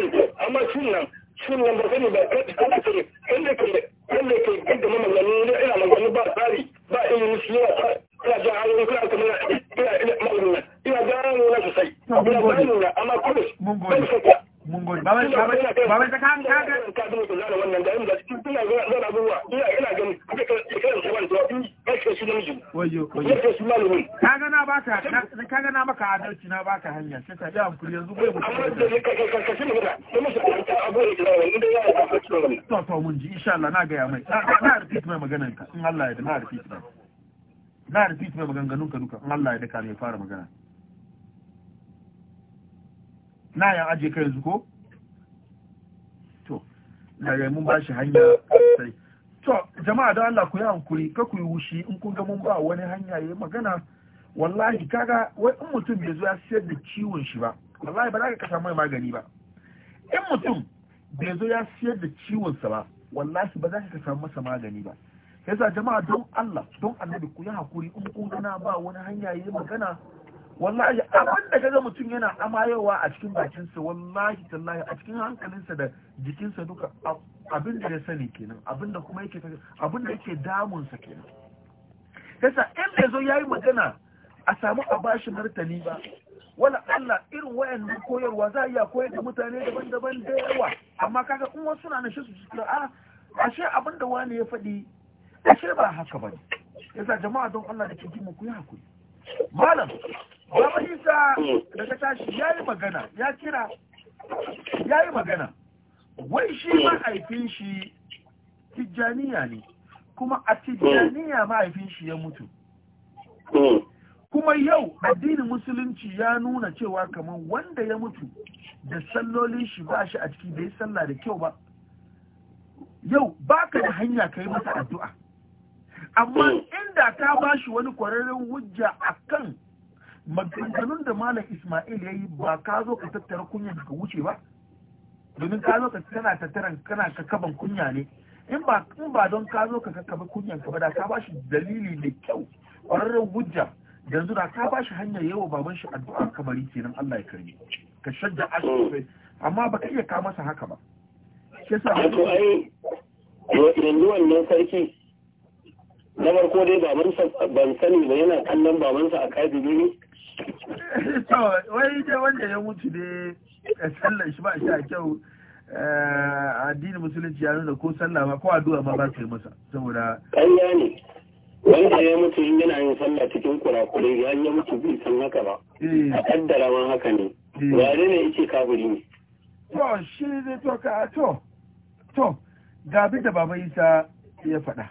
shirka amma sunan sunan ba sani ba kada kai yi kai ka kai kada ka yi kada mamallani ne ina mamallani kai tsari ba ilimi shi yana ina jin hanyoyi kuna kuma ina kai ma'ulina ina gano na sosai ina gano na amma kuma ban saka mun gode ba wai ba wai saka an kaga ka dubo da wannan da inda cikin ina zan abubuwa ina ina gani da kan saban to kai kashe shi namiji wayo wayo kashe shi ka kaga na baka kaga na maka adalci na baka hanya sai ka ji hankuri yanzu bai mu amma da kai to to mun ji insha Allah na gaya mai na repeat mai maganar ka in Allah ya da na repeat mai na repeat mai maganganun ka duka in Allah ya da ka ne fara magana na yan aje ka yanzu ko to daga mun ba shi hanya sai to jama'a don Allah ku yi hankuri ka ku yi wushi in kun ga mun ba wani hanya ya magana wallahi kaga wai in mutum bai zo ya siyar da ciwon shi ba wallahi ba za ka kasa mai magani ba in mutum bai zo ya siyar da ciwonsa ba wallahi ba za ka samu masa magani ba yasa jama'a don Allah don annabi ku yi hakuri in kun gana ba wani hanya yi magana wallahi abin da kaga mutum yana amayowa a cikin bakinsa wallahi tallahi a cikin hankalinsa da jikinsa duka abin da ya sani kenan abin da kuma yake abin da yake damunsa kenan yasa in bai zo yayi magana a samu a bashi martani ba wala Allah irin wayannan koyarwa za a iya koyar da mutane daban-daban da yawa amma kaga in wasu na nashi su cikin a ashe abin da wani ya faɗi ashe ba haka ba ne yasa jama'a don Allah da cikin mu ku yi hakuri malam baba Isa daga tashi tashi yayi magana ya kira yayi magana wai shi aifin shi tijjaniya ne kuma a tijjaniya mahaifinshi shi ya mutu hmm. kuma yau addinin musulunci ya nuna cewa kamar wanda ya mutu da sallolin shi ba shi a ciki da ya salla da kyau ba yau baka da hanya ka yi masa addu'a amma inda ka ba shi wani kwararren hujja kan maganganun da malam Ismail ya yi ba ka zo ka tattara kunya ka wuce ba domin ka zo ka tana tattaran kana ka kaban kunya ne in ba don ka zo ka kaba kunyanka ba da ka ba shi dalili da kyau kwararren hujja yanzu da ka bashi hanyar yawa baban shi addu'a kamari kenan Allah ya karbi ka shadda ashi amma baka iya ka masa haka ba shi yasa to ai yanzu wannan sarki na farko dai babansa ban sani ba yana kallon babansa a kajibi ne to wai da wanda ya mutu ne eh, sallan shi ba shi a kyau eh, addinin musulunci ya nuna ko sallah ma ko addu'a ma ba ta yi masa saboda ƙarya ne wanda ya mutu in yana yin sallah cikin kurakurai ya ya mutu bai san haka ba hmm. a kaddara ma haka ne hmm. wane ne yake kaburi ne to shi zai to ka to to ga bi da baba isa ya faɗa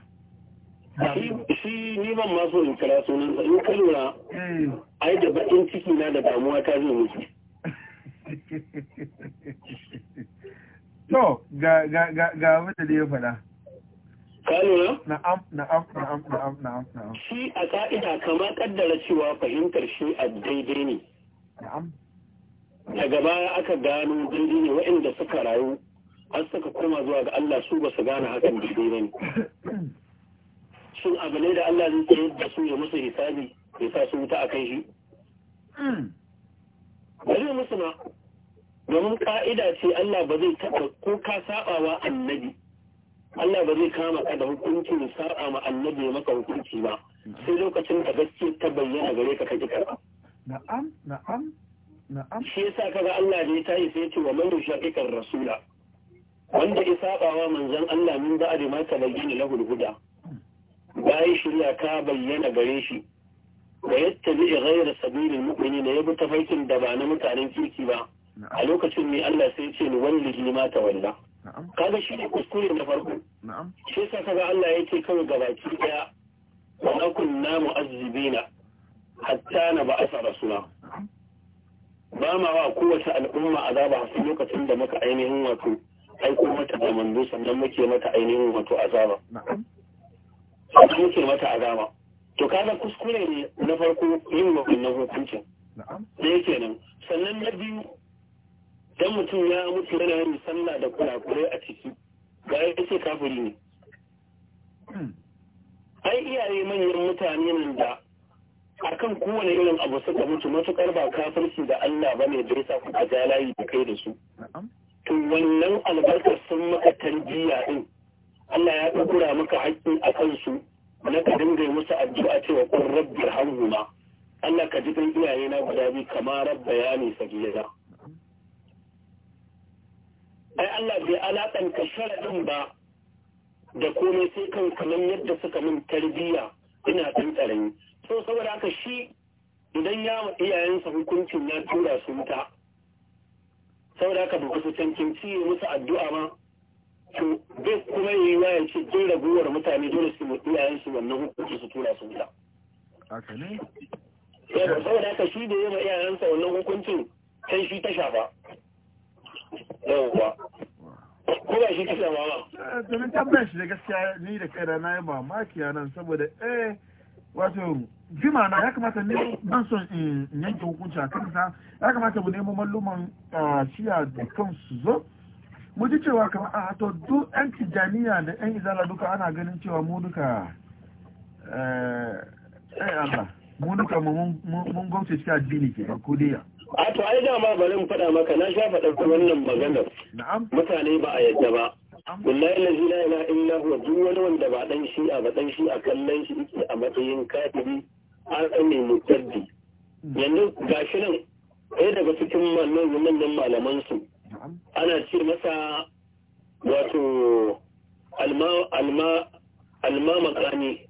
shi ni ban ma so in kira sunan sa in ka lura hmm. ai da bakin ciki na da damuwa ta zai mutu [LAUGHS] to ga ga ga ga abin da ya faɗa ka na'am na'am na'am na'am na'am shi a ka'ida kama kaddara cewa fahimtar shi a daidai ne na'am daga baya aka gano daidai ne waɗanda suka rayu An suka koma zuwa ga Allah su ba su gane hakan daidai ba ne sun abu ne da Allah zai tsaye da su ya musu hisabi ya sa su wuta a kan shi bari musu ma domin ka'ida ce Allah ba zai taɓa ko ka saɓawa annabi Allah ba zai kama ka da hukuncin sa'a ma annabi ya maka hukunci ba sai lokacin da gaske ta bayyana gare ka kake karba na'am na'am na'am shi yasa kaga Allah da ya tayi sai ya ce wa man yushaqiqar rasula wanda ya sabawa manzon Allah min ba'di ma tabayyana lahu huda bai shirya ka bayyana gare shi wa yattabi ghayra sabilil mu'minin ya bi tafarkin da ba na mutanen kirki ba a lokacin ne Allah sai ya ce ni wallahi ma tawalla kaga shi ne kuskure na farko shi yasa kaga Allah yake kawai baki daya wa na kunna mu'azzibina hatta na ba'asa rasula ba ma wa kowace al'umma azaba a cikin lokacin da muka ainihin wato aiko mata da mando sannan muke mata ainihin wato azaba sannan muke mata azaba to kaga kuskure ne na farko yin wannan hukuncin da yake nan sannan na biyu dan mutum ya mutu yana yin sallah da kurakurai a ciki ga ya ce kafiri ne hmm. ai iyaye manyan mutane nan da akan kowane irin abu suka mutu matukar ba kafirci da Allah ba ne da yasa kuka ja layi da kai da su to wannan albarkar sun maka tarbiyya din Allah ya kura maka hakki a kansu na ka dinga yi musu addu'a cewa kun rabbi hamhuma Allah ka ji dan iyaye na guda biyu kamar rabbayani sabiyya ai Allah bai alaƙanta sharaɗin ba da komai sai kan kamar yadda suka min tarbiyya ina ɗan tsarin so saboda haka shi idan ya ma iyayensa hukuncin ya tura su wuta saboda haka ba su cancanci musu addu'a ma to bai kuma yi wa ya ce dole raguwar mutane dole su ma iyayensu wannan hukunci su tura su wuta. Haka ne? Saboda haka shi da yi ma iyayensa wannan hukuncin kan shi ta shafa. yawwa kuma shi kisa mama domin eh, tambayar shi da gaskiya ni da kaina na yi mamaki a nan saboda eh wato jima na ya kamata ne ban son in yanke hukunci a kansa ya kamata mu nemo malluman shiya da kansu zo mu ji cewa kamar a to duk yan tijjaniya da yan izala duka ana ganin cewa mu duka eh, eh Allah mu duka mun gwamce cikin addini ke ko dai a to ai dama bari mu faɗa maka na sha faɗa wannan maganar mutane ba a yadda ba wallahi lazi la ilaha illa huwa duk wani wanda ba dan a ba dan a kallon shi yake a matsayin kafiri an ne mutaddi. tardi hmm. yanzu gashi nan ɗaya daga cikin wannan manyan malaman su ana ce masa wato alma alma alma makani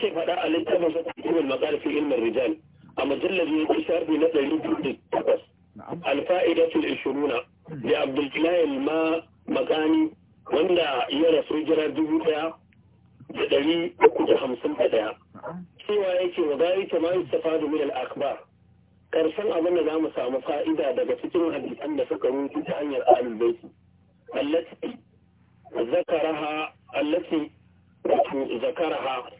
ke faɗa a littafin sa cikin makarfi ilmin rijal a mujallar ne ta sharbi na ɗari biyu da takwas alfa'idatul ishiruna da hmm. abdullahi ma magani wanda ya rasu jira dubu ɗaya da ɗari uku da hamsin da ɗaya cewa yake wa gari ta mayu safadu min al-akbar karshen abin da za mu samu fa'ida daga cikin hadisan da suka rutu ta hanyar alubaiti allati zakaraha allati zakaraha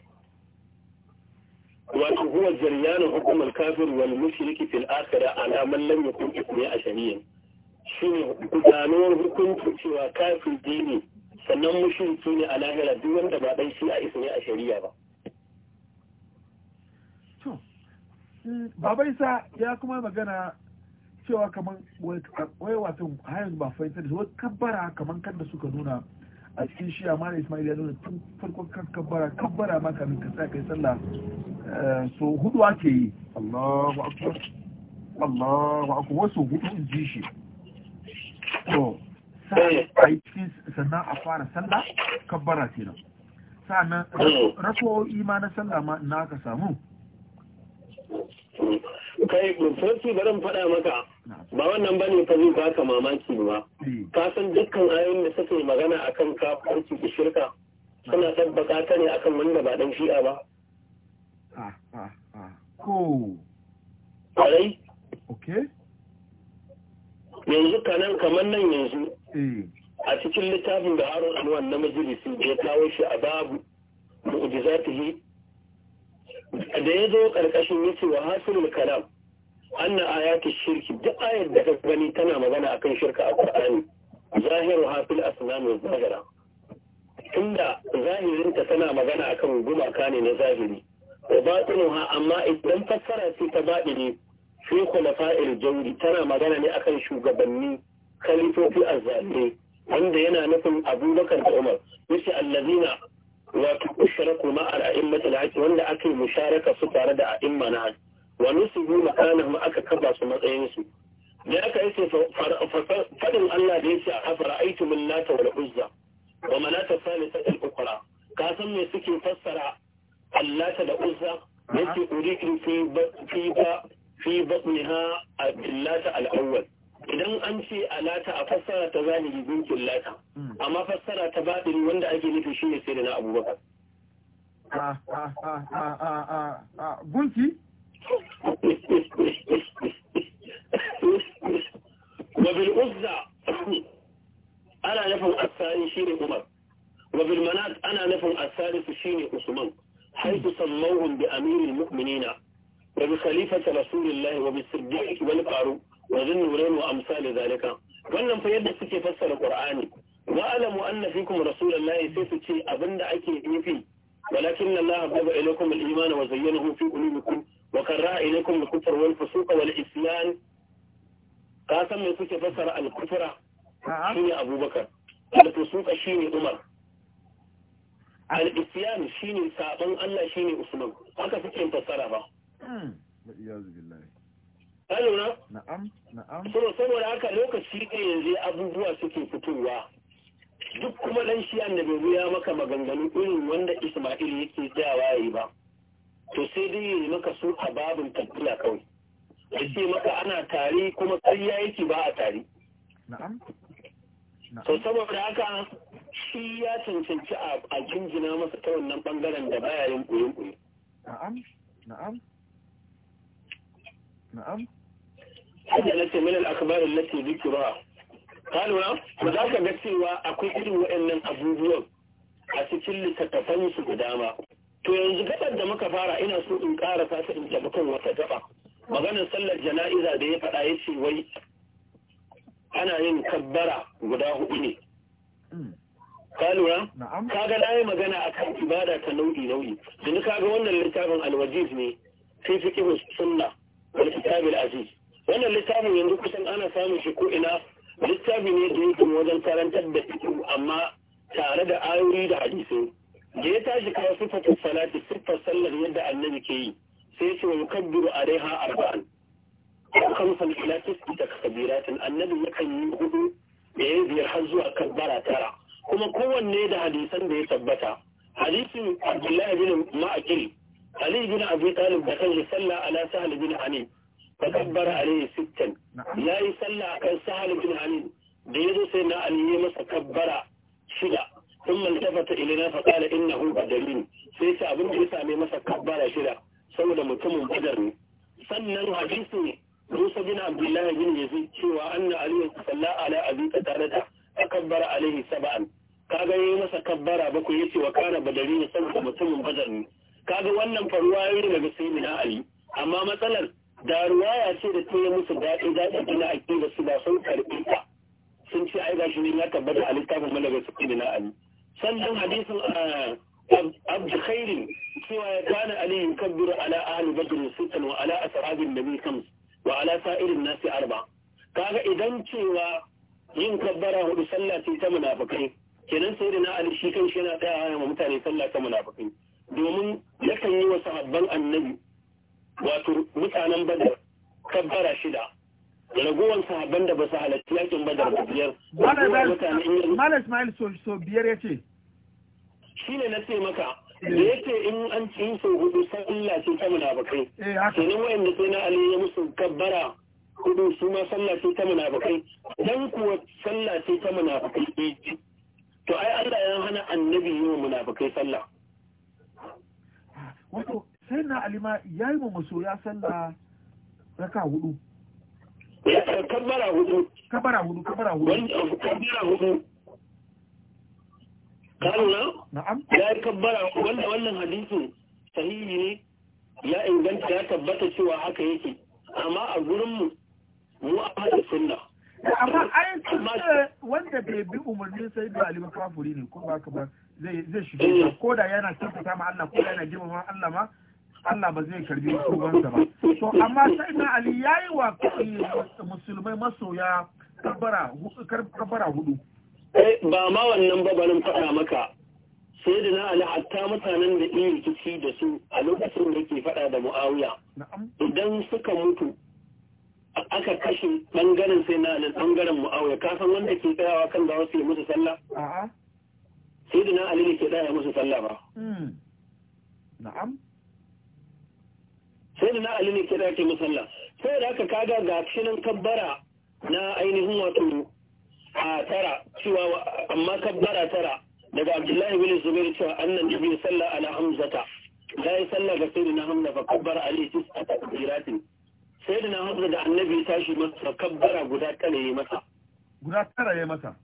wato huwa jariyanu hukumar kafir wal mushriki fil akhirah ala man lam yakun ismi ashariyan shine gudanuwar hukunci cewa kafir dini sannan mushriki ne a lahira duk wanda ba dai shi a ismi a shari'a ba Baba Isa ya kuma magana cewa kamar wai wato hayan ba fahimta da wai kabbara kamar kanda suka nuna a cikin shi amma da Ismail ya nuna tun farkon kan kabbara kabbara ma kamin ka sa kai sallah Eh, so hudu ake yi Allahu akbar wasu hudu ji shi so eh. a yi sannan a fara sallah kabbara nan sannan eh. rako ima na sallah ma na ka samu kai musulunci barin faɗa maka ba wannan bane ka zai ka mamaki ba ka san dukkan ayoyin da suke magana akan kafirci da shirka suna tabbata ne akan wanda ba dan shi'a ba Ah, Kwarai? Ok. Yanzu kanan kamar nan yanzu. Eh. A cikin littafin da Harun Anwar na majalisi da ya kawo shi a babu yi. da ya zo ƙarƙashin ya ce wa hasilul kalam anna ayati shirki duk ayar da ka gani tana magana akan shirka a Qur'ani zahiru hafil asnam zahira tunda zahirinta tana magana akan gumaka ne na zahiri wa batinuha amma idan fassara ce ta baɗi ne fi khulafa'il jawri tana magana ne akan shugabanni khalifofi azzalimi wanda yana nufin Abubakar da Umar yace allazina wato ushraku ma al-a'immati al wanda aka yi musharaka su tare da a'imma na haqq wa nusibu aka kaba su da aka yi fadin Allah da yace a fara'aytum lata wal uzza wa manata salisat al-ukhra ka san me suke fassara allata da uzza yake uridu fi fi ba fi batniha allata al-awwal idan an ce alata a fassara ta zahiri gunkin lata hmm. amma fassara ta baɗin wanda ake nufi shine ne sai da na abubakar ah, ah, ah, gunki wa uzza ana nufin asali shi umar wa manat ana nufin asali shi ne usman حيث سموهم بأمير المؤمنين وبخليفة رسول الله وبالصديق والفاروق وذن نورين وأمثال ذلك wannan fa yadda suke fassara Qur'ani wa alamu anna fikum rasulullahi sai su ce abinda ake nufi walakin Allah habba ilaykum al-iman wa zayyanahu fi qulubikum wa karra ilaykum al-kufr wal fusuq wal isyan ka san me suke fassara Abubakar al shine Umar al-isyan shine sabon Allah shine usman haka suke fassara ba hmm. Alura? Na'am, na'am. saboda haka lokaci ɗaya yanzu abubuwa suke fitowa. Duk kuma ɗan shi bai ya maka maganganu irin wanda Ismail yake tsayawa yayi ba. To sai dai yi maka su a babin tafiya kawai. Ya ce maka ana tare kuma ya yake ba a tare. Na'am. to saboda haka shi ya cancanci a jinjina masa ta wannan bangaren da baya yin ɓoyin na'am na'am na'am hajji na ce al'akabarin lati zikira ka lura ba za ka ga cewa akwai irin waɗannan abubuwan a cikin littattafan su da dama to yanzu gabar da muka fara ina so in ƙara ta in tafi wata gaba Maganin sallar jana'iza da ya faɗa ya ce wai ana yin kabbara guda hudu ne hmm. ka lura kaga na yi magana akan ibada ta nau'i nau'i yanzu kaga wannan littafin alwajiz ne fi fiqh sunna wal littafin aziz wannan littafin yanzu kusan ana samun shi ko ina littafi ne da yake wajen karantar da fiqh amma tare da ayoyi da hadisai da ya tashi kawo sifatul salati sifar sallar yadda annabi ke yi sai ce wa yukabbiru alaiha arba'an ko kamfan filatis da kabiratin annabi yakan yi hudu da ya biyar har zuwa kabbara tara kuma kowanne da hadisan da ya tabbata hadisin abdullahi bin ma'akil ali bin abi talib da kan yi sallah ala sahal bin ani da kabbara alaihi sittan ya yi sallah akan sahal bin ani da ya zo sai na ali ya masa kabara shida sun maltafa ta ilina fa kala inna hu badalin sai sa abin da ya same masa kabbara shida saboda mutumin badar ne sannan hadisin Musa bin Abdullahi bin Yazid cewa anna Ali salla ala abi qatada akabbara alaihi sab'an kaga yayi masa kabbara ku yace wa kana badari ne saboda mutumin badar ne kaga wannan faruwa yayi daga sayyidina Ali amma matsalar da ruwaya ce da ta yi musu daɗi daɗi tana da su ba sun karɓi ta sun ce ai gashi ne ya tabbata a littafin malaga sayyidina Ali sannan hadisin ah, abdu khairin cewa ya kana Ali yukabbiru ala ahli badr sittan wa ala ashabin nabi khamsa wa ala sa'irin nasi arba kaga idan cewa yin kabbara hudu sallah ce ta munafikai kenan sai na ali shi kan shi yana tsayawa ya mutane sallah ta munafikai domin yakan yi wa sahabban annabi wato mutanen badar kabbara shida ragowar sahabban da ba su halarci yakin badar da biyar malam ismail so biyar ya ce shi ne na ce maka da yake in an ci so hudu sallah ce ta munafikai eh, kenan wayanda sai na ali ya musu kabbara hudu su ma sallah ce ta bakai dan kuwa sallah ce ta munafikai eh, to ai Allah ya hana annabi yi wa bakai sallah wato sai na alima ya yi masoya sallah raka hudu kabbara hudu kabbara hudu kabbara hudu kabbara hudu Kano na'am wannan ne ya inganta ya tabbata haka yake amma a gurinmu mu a hada sunna wanda bai bi sai kafuri ne ko ba ka ba zai ko da yana tabbata ma Allah ko yana girmama Allah ma Allah ba zai karbi tubansa ba. To amma sai na Ali yayi wa musulmai masoya kabara hudu. Eh, ba ma wannan ba barin faɗa maka sai da na ala hatta mutanen da iya rikici da su a lokacin da ke faɗa da mu'awiya idan suka mutu aka kashe ɓangaren sai na ala ɓangaren mu'awiya ka san wanda ke tsayawa kan da wasu yi musu sallah sai da na ala ke tsaya musu sallah ba hmm. na'am sai da na ala ke tsaya musu sallah sai da aka kaga ga shi nan kabbara na ainihin wato a tara cewa amma kabbara tara daga abdullahi bin zubair cewa annan nabi sallah ala hamzata la yi sallah ga sayyidina hamza fa kabbara ali tis'ata kabiratin sayyidina hamza da annabi tashi masa kabbara guda tara yayi masa guda tara yayi masa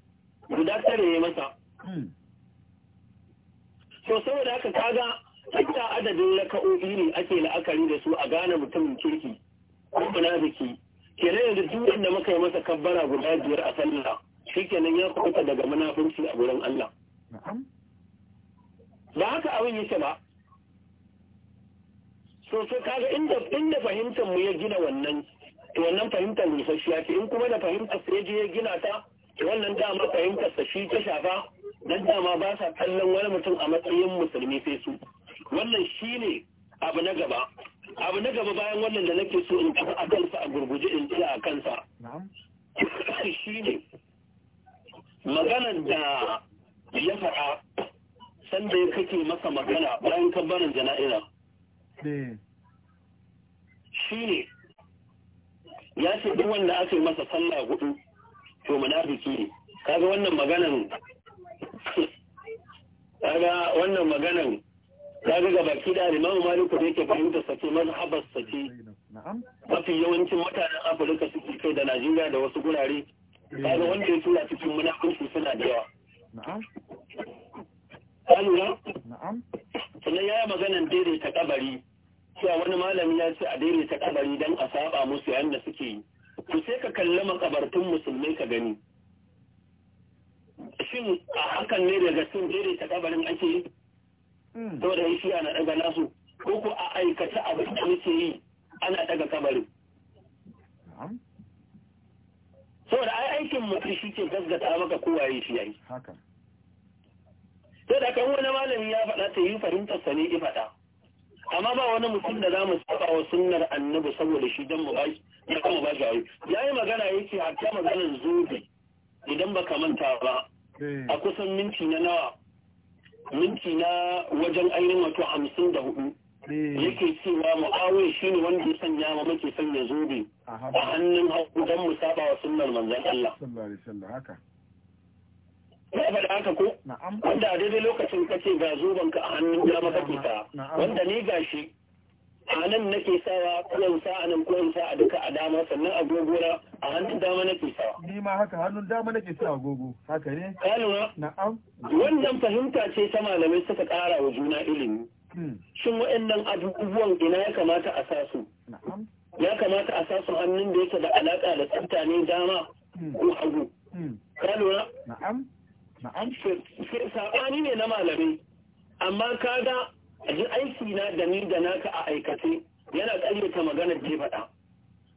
guda tara yayi masa so hmm. saboda haka kaga hatta adadin raka'o'i ne ake la'akari da su a gane mutumin kirki ko munafiki kenan yanzu duk wanda muka yi masa kabbara guda biyar a sallah shi kenan ya kuɓuta daga munafunci a wurin Allah ba haka abin yake ba so so kaga inda inda fahimtar mu ya gina wannan to wannan fahimtar rusasshiya ce in kuma da fahimtar sai je ya gina ta to wannan dama fahimtar sa shi ta shafa dan dama ba sa kallon wani mutum a matsayin musulmi sai su wannan shine abu na gaba abu na gaba bayan wannan da nake so in tafi a kansa a gurguje in tsaya a kansa [COUGHS] shine maganan da ya faɗa sanda ya kake masa magana bayan kabbarin jana'iza shi ne ya ce duk wanda ake masa sallah hudu to munafiki ne kaga wannan maganan kaga wannan maganan kaga ga baki da Imam Malik da yake fahimta sace habas sake mafi yawancin mutanen Afirka suke kai da Najeriya da wasu gurare kaga wanda ya tura cikin munafurci suna da yawa na'am Na'am. Sannan ya yi maganan daidaita kabari, cewa wani malami ya ce a daidaita kabari don a saba musu yadda suke yi. To sai ka kalli makabartun musulmai ka gani. Shin a hakan ne daga sun daidaita kabarin ake yi? Hmm. Saboda na daga nasu, ko ko a aikata abin da muke yi ana daga kabarin. Na'am. saboda ai aikin mutum shi ke gaggata maka kowaye shi yayi yi sai da kan wani malami ya faɗa ta yi fahimtar sa ne ya faɗa amma ba wani mutum da za mu saba wa sunnar annabi saboda shi dan mu bashi ya kuma bashi aure yayi magana yace hatta maganar zobe idan baka manta ba eh. a kusan minti na nawa minti na wajen ainihin wato hamsin da hudu eh. yake cewa mu'awai ne wanda ya sanya ma muke sanya zobe a hannun hagu don mu saba wa sunnar manzon Allah sallallahu alaihi wasallam haka ya faɗa haka ko wanda a daidai lokacin kace ga zuban ka a hannun dama kake sa. wanda ni gashi a nan nake sawa kuwan sa a nan kuwan sa a duka a dama sannan agogora a hannun dama nake sawa. Ni ma haka hannun dama nake sawa agogo haka ne? Kalima? Na'am. Wannan fahimta ce ta malamai suka ƙara wa juna ilimi. Hmm. Shin waɗannan abubuwan ina ya kamata a sa su? Na'am. ya kamata a sasu hannun da yake da alaƙa da tsafta ne dama hmm. ko hagu hmm. ka lura na'am na'am sabani ne na malami. amma ka kaga ji aiki na da ni da naka a aikace yana ƙaryata maganar je faɗa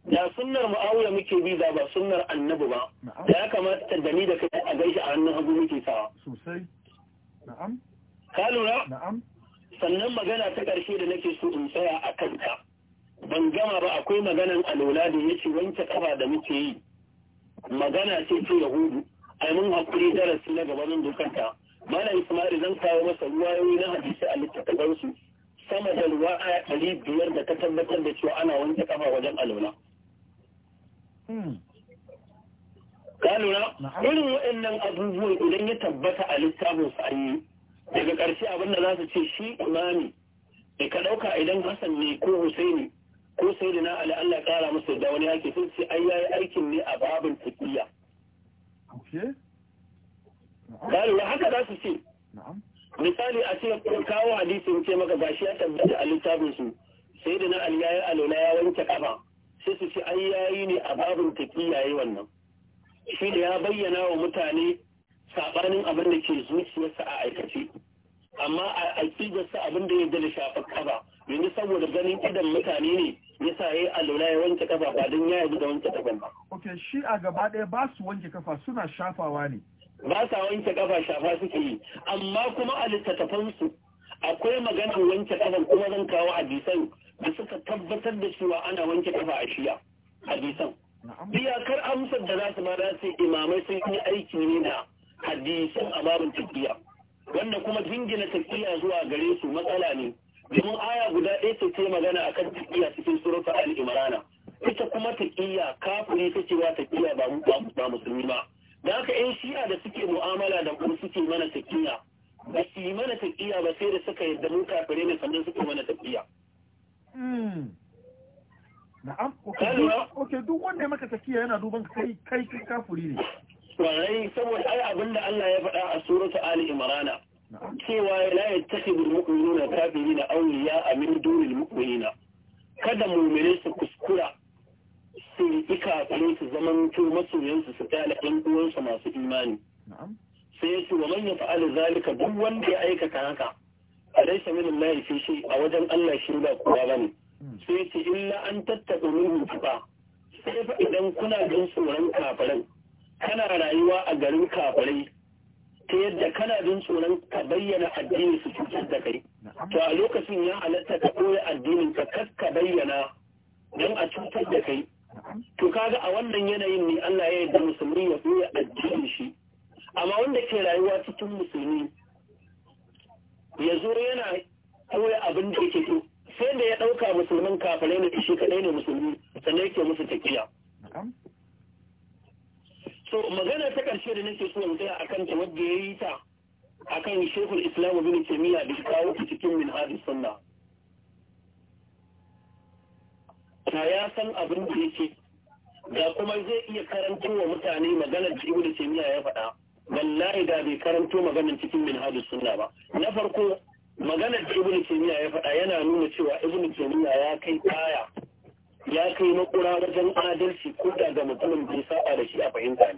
da sunnar mu'awiya muke bi da ba sunnar annabi ba da ya kamata da ni da kai a gaishe a hannun hagu muke sawa sosai na'am ka lura na'am sannan magana ta ƙarshe da nake so in tsaya a kanka ban gama ba akwai maganan alola da ya ce wanke kafa da muke yi magana ce ce yahudu ai mun hakuri darasi na gabanin dukanta malam ismail zan kawo masa ruwayoyi na hadisi a su sama da ruwa a ɗari biyar da ta tabbatar da cewa ana wanke kafa wajen alola hmm. ka lura irin waɗannan abubuwan idan ya tabbata a littafin su an yi daga ƙarshe abin da za su ce shi imami da ka ɗauka idan hassan ne ko husaini ko sai da na ala Allah kara musu da wani yaki sun ce ai yayi aikin ne a babin tafiya Kalu haka za su ce. Misali a ce kawo hadisi ce maka gashi ya tabbata a littafin su sai da na aliyayi alona ya wanke kafa sai su ce an yayi ne a babin tafiya yayi wannan. Shi da ya bayyana wa mutane saɓanin abin da ke zuciyarsa a aikace. amma a sa abin da ya gani shafar kafa yanzu saboda ganin idan mutane ne sa ya yi alula ya wanke kafa ba don ya yi da wanke kafa ba. ok shi a gaba ɗaya ba su wanke kafa suna shafawa ne. ba sa wanke kafa shafa suke yi amma kuma a littattafansu akwai maganar wanke kafa kuma zan kawo bisan da suka tabbatar da cewa ana wanke kafa a shiya hadisan iyakar amsar da za su ma za su imamai sun yi aiki ne na hadisin a babin tafiya wanda kuma jingina tafiya zuwa gare su matsala ne domin aya guda ɗaya ta ce magana akan tafiya cikin suratul al-imran ita kuma taqiya kafiri ta cewa tafiya ba ba musulmi ba da haka yan shi'a da suke mu'amala da kuma suke mana tafiya ba su yi mana tafiya ba sai da suka yarda mu kafirai ne sannan suke mana tafiya. Hmm. na'am okay duk wanda ya maka tafiya yana duban kai kai kafiri ne kwarai saboda ai abin da Allah ya faɗa a suratu Ali Imrana cewa la yattakhidul mu'minuna kafirina awliya min dunil mu'minina kada mu'mini su kuskura su yi kafirai su zaman to masoyansu su tala ɗan masu imani sai su ce wa man fa'ala zalika duk wanda ya aikata haka alaysa min Allah fi shi a wajen Allah shi ba kowa bane hmm. sai su illa an tattaɓa minhu tuqa sai fa idan kuna jin tsoron kafaran kana rayuwa a garin kafirai ta yadda kana jin tsoron ka bayyana addini su cutar da kai to a lokacin ya halatta ka koya addinin ka kar ka bayyana don a cutar da kai to kaga a wannan yanayin ne Allah ya yarda musulmi ya koya addinin shi amma wanda ke rayuwa cikin musulmi ya zo yana koya abin da yake so sai da ya ɗauka musulmin kafirai ne shi kaɗai ne musulmi sannan yake musu tafiya so magana ta karshe da nake so in tsaya akan ta wadda ya yi ta akan shekul islamu bin taimiyya da kawo ta cikin min hadis sunna ta ya san abin da ya ce ga kuma zai iya karanto wa mutane maganar da ibnu taimiyya ya faɗa wallahi da bai karanto maganar cikin min hadis sunna ba na farko maganar da ibnu taimiyya ya faɗa yana nuna cewa ibnu taimiyya ya kai kaya ya kai makura wajen adalci ko da ga mutumin bai saba da shi a fahimta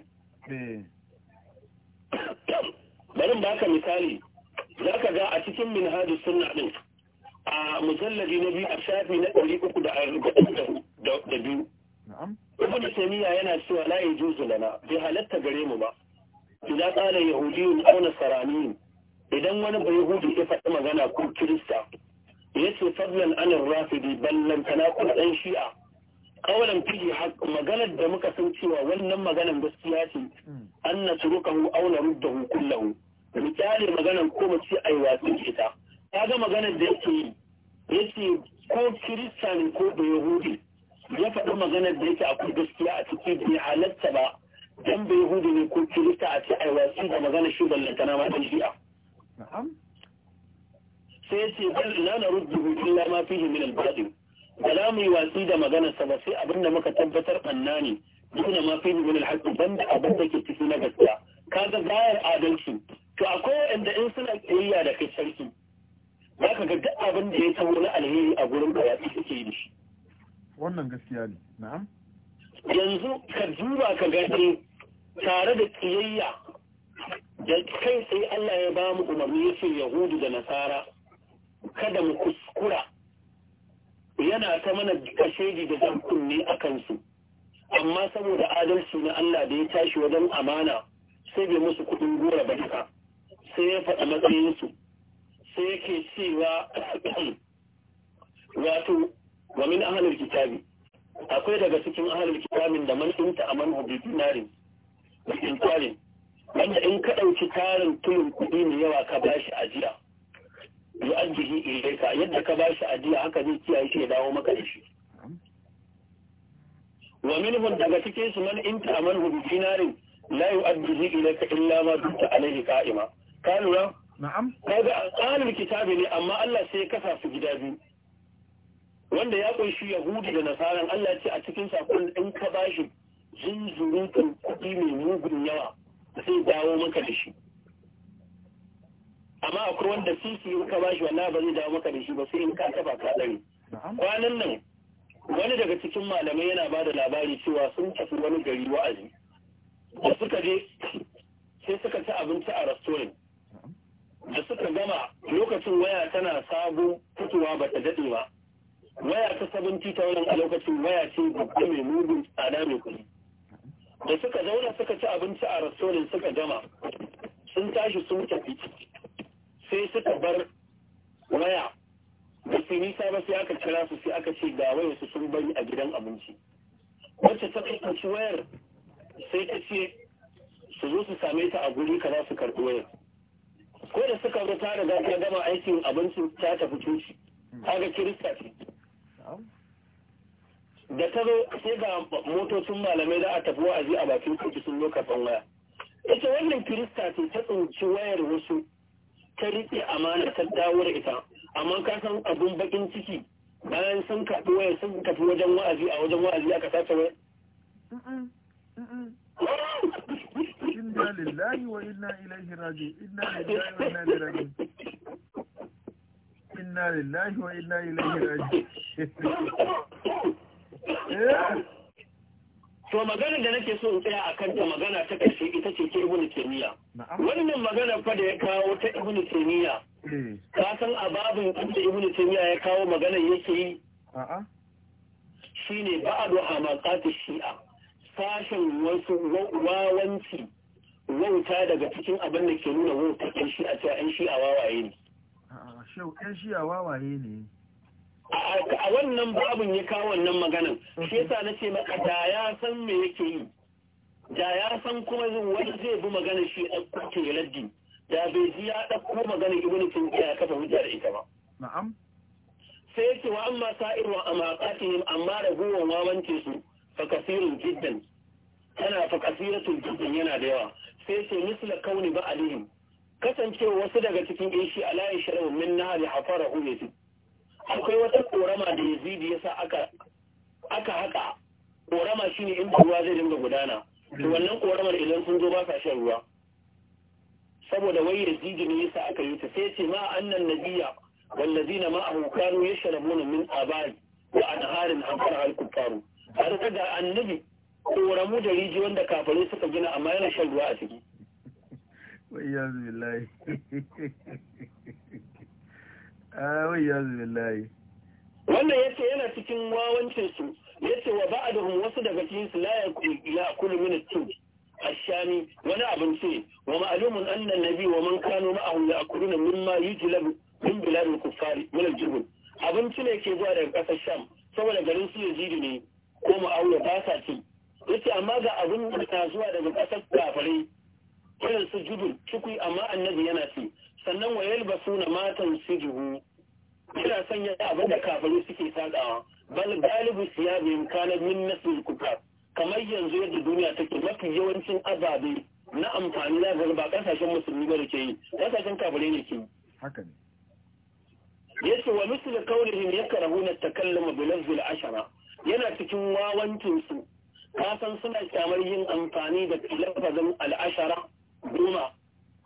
ne. Bari baka misali, za ka ga a cikin minhajus suna ɗin a musallabi na biyu a shafi na ɗari uku da da biyu. Ibn Taymiyyah yana cewa la yajuzu lana bai halatta gare mu ba. Idan qala yahudiyyun aw nasraniyyun idan wani bai yahudi ya faɗi magana ko kirista yace fadlan anin rafidi ballan kana kun ɗan shi'a kawalan fiye haƙƙin maganar da muka san cewa wannan maganar gaskiya ce an na turu kahu aula ruddahu kullahu mu kyale maganar ko mu ce ai wasu ce ta ga maganar da yake yi yace ko kirista ne ko da yahudi ya faɗi maganar da yake akwai gaskiya a ciki bai halatta ba dan bai yahudi ne ko kirista a ce ai wasu da maganar shi ballantana ma dan shi'a sai yace bal na naruddu illa ma fihi min al-batil ba za mu yi watsi da maganarsa ba sai abin da muka tabbatar ɓanna ne duk da ma fi min alhaƙi ban da abin da ke ciki na gaskiya kaga bayar adalci to akwai wanda in suna tsayayya da kai sarki za ka ga duk abin da ya taho na alheri a gurin kayaƙi suke yi da shi. wannan gaskiya ne na'am yanzu ka duba ka gani tare da kiyayya da kai sai Allah ya ba mu umarni ya ce Yahudu da Nasara kada mu kuskura yana ta mana kashedi da zan kunne a kansu amma saboda adalci na Allah da ya tashi wajen amana sai bai musu kudin gora ba duka sai ya faɗa matsayinsu sai yake cewa [CLEARS THROAT] wato wa min ahlul kitabi akwai daga cikin ahlul kitabin da man inta aman hubi dinarin da intarin wanda in ka ɗauki tarin tulun kudi mai yawa ka bashi ajiya ya an jihi yadda ka ba shi ajiya haka zai kiyaye shi ya dawo maka da shi wa minhum daga cikin su man inta amanhu bi dinarin la yu'addihi ilayka illa ma dutta alayhi qa'ima ka lura na'am kaga alal kitabi ne amma Allah sai ya kasa su gida biyu wanda ya kunshi yahudi da Nasarar, Allah ya ce a cikin sakon in ka ba shi zunzurutun kuɗi mai mugun yawa sai dawo maka dashi. akwai wanda sisi ka bashi wannan ba zai dawo maka da shi ba sai in ka taba ka dare kwanan nan wani daga cikin malamai yana ba da labari cewa sun tafi wani gari wa'azi da suka je sai suka ci abinci a restaurant da suka gama lokacin waya tana sabo fitowa ba ta daɗe ba waya ta sabunci ta wani a lokacin waya ce babba mai mugun tsada mai kuɗi da suka zauna suka ci abinci a restaurant suka gama sun tashi sun tafi sai suka bar waya da su nisa ba sai aka kira su sai aka ce ga waya su sun bari a gidan abinci wacce ta ɗauki wayar sai ta ce su zo su same ta a guri kaza su karɓi wayar ko da suka zo ta riga ta gama aikin abinci ta tafi coci ga kirista ce da ta zo sai ga motocin malamai za a tafi wa'azi a bakin kotu sun zo karɓan waya ita wannan kirista ce ta tsinci wayar wasu ta riƙe amana ta dawo da ita amma ka san abun bakin ciki bayan sun kaɗi waya sun kaɗi wajen wa'azi a wajen wa'azi aka sace waya. Inna lillahi wa inna ilaihi raji inna lillahi wa inna ilaihi raji inna lillahi wa inna ilaihi raji [LAUGHS] eh? to maganar da nake so in tsaya a kanta magana ta ƙarshe ita ce ta Ibn taymiya wannan magana fa da ya kawo ta Ibn taymiya hmm. ka san a babin inda ibnu ya kawo magana yake yi shine ba'adu makata shi'a sashen wasu wawanci wauta daga cikin abin da ke nuna wauta ƴan shi'a cewa ƴan shi'a wawaye ne. Shau shi'a wawaye ne. a wannan babin ya kawo wannan maganan shi yasa na ce maka da ya san me yake yi da ya san kuma wani zai bi magana shi a kuke laddi da bai ji ya ɗauko magana ibn taymiya ya kafa hujjar ita ba na'am sai yake wa amma sa'iru amaqatihim amma raguwan wawance su fa kasirun jiddan tana fa kasiratul jiddan yana da yawa sai yake misla kauni ba alihim kasancewa wasu daga cikin ishi ala yashrabu min nahari hafarahu su. akwai wata korama da yazidi ya sa aka haka korama shine inda ruwa zai dinga gudana to wannan koramar idan sun zo ba sa shan ruwa saboda wai yazidi ne ya sa aka yi ta sai ce ma annan nabiyya wallazina ma'ahu kanu yashrabuna min abad wa anharin amfara al a har da annabi koramu da riji wanda kafare suka gina amma yana shan ruwa a ciki Ah, wannan ya ce yana cikin wawancinsu ya ce wa ba'adahum wasu daga cikinsu la ya kulu min ashami wani ce wa ma'alumun annan nabi wa man kano ma'ahu ya kuluna mimma yujlabu min biladul kuffari min aljubun abinci ne ke zuwa daga kasar sham saboda garin su yazidi ne ko ma'auya ba sa ci yace amma ga abin da zuwa daga kasar kafirai irin su jubul cikui amma annabi yana ci sannan wa yalbasu na matan sujuhu yana sanya abin da kafaru suke sadawa bal galibu siyabihim kana min nasil kuta kamar yanzu yadda duniya take mafi yawancin ababe na amfani da gari ba kasashen musulmi ba da ke yi kasashen kafirai ne ke haka ne yace wa mislu kaulihim yakrahuna takallama bi lafzil ashara yana cikin wawancin su kasan suna kyamar yin amfani da lafazin al'ashara goma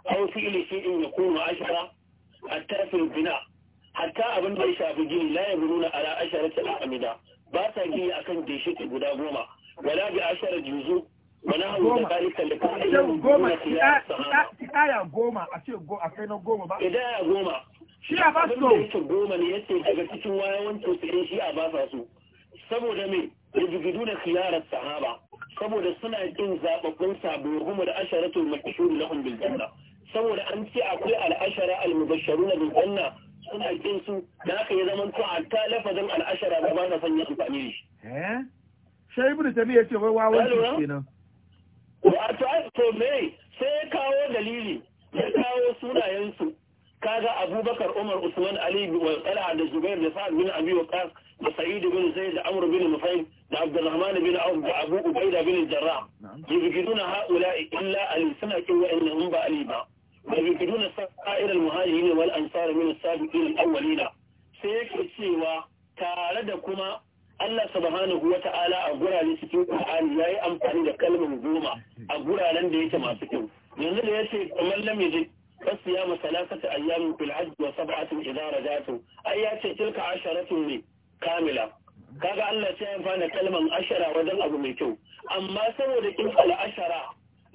aw fi'li ya yakunu ashara hatta fil bina hatta abin bai ya shafi gini la yabruna ala asharati al-amida ba sa gini akan ta guda goma wala bi ashara juzu Idaya goma a ce a kai na goma ba. Idaya goma. Shi a ba su yake goma ne yace daga cikin wayawancin su shi a ba sa su. Saboda me rigidu na siyarar sahaba. Saboda suna ƙin zaɓaɓɓun da hukumar asharatul shuru na bil janna. saboda an ce akwai al'ashara al-mubashsharuna na janna suna jin su da haka ya zama to hatta lafazin al'ashara ba ba san yin amfani da shi eh sai ibnu tabi yace wai wawan kenan wa ta to me sai ya kawo dalili ya kawo sunayen su kaga Abubakar Umar Usman Ali wa Talha da Zubair da Sa'ad bin Abi Waqqas da Sa'id bin Zaid da Amr bin Nufayl da Abdurrahman bin Auf da Abu Ubaida bin Jarrah yuzkiruna haula illa al-sunaki wa innahum ba ali ba ne ويجدون سائر المهاجرين والأنصار من السابقين الأولين سيكي tare da kuma Allah subhanahu wa ta'ala a gurare cikin Qur'ani yayi amfani da kalmar goma a guraren da yake masu kyau yanzu da ya ce kamar lam yaji fasiyama salasata ayyamin fil hajj wa sab'atin idza rajatu ai yace tilka asharatun ne kamila kaga Allah sai ya amfana kalmar ashara wajen abu mai kyau amma saboda kin al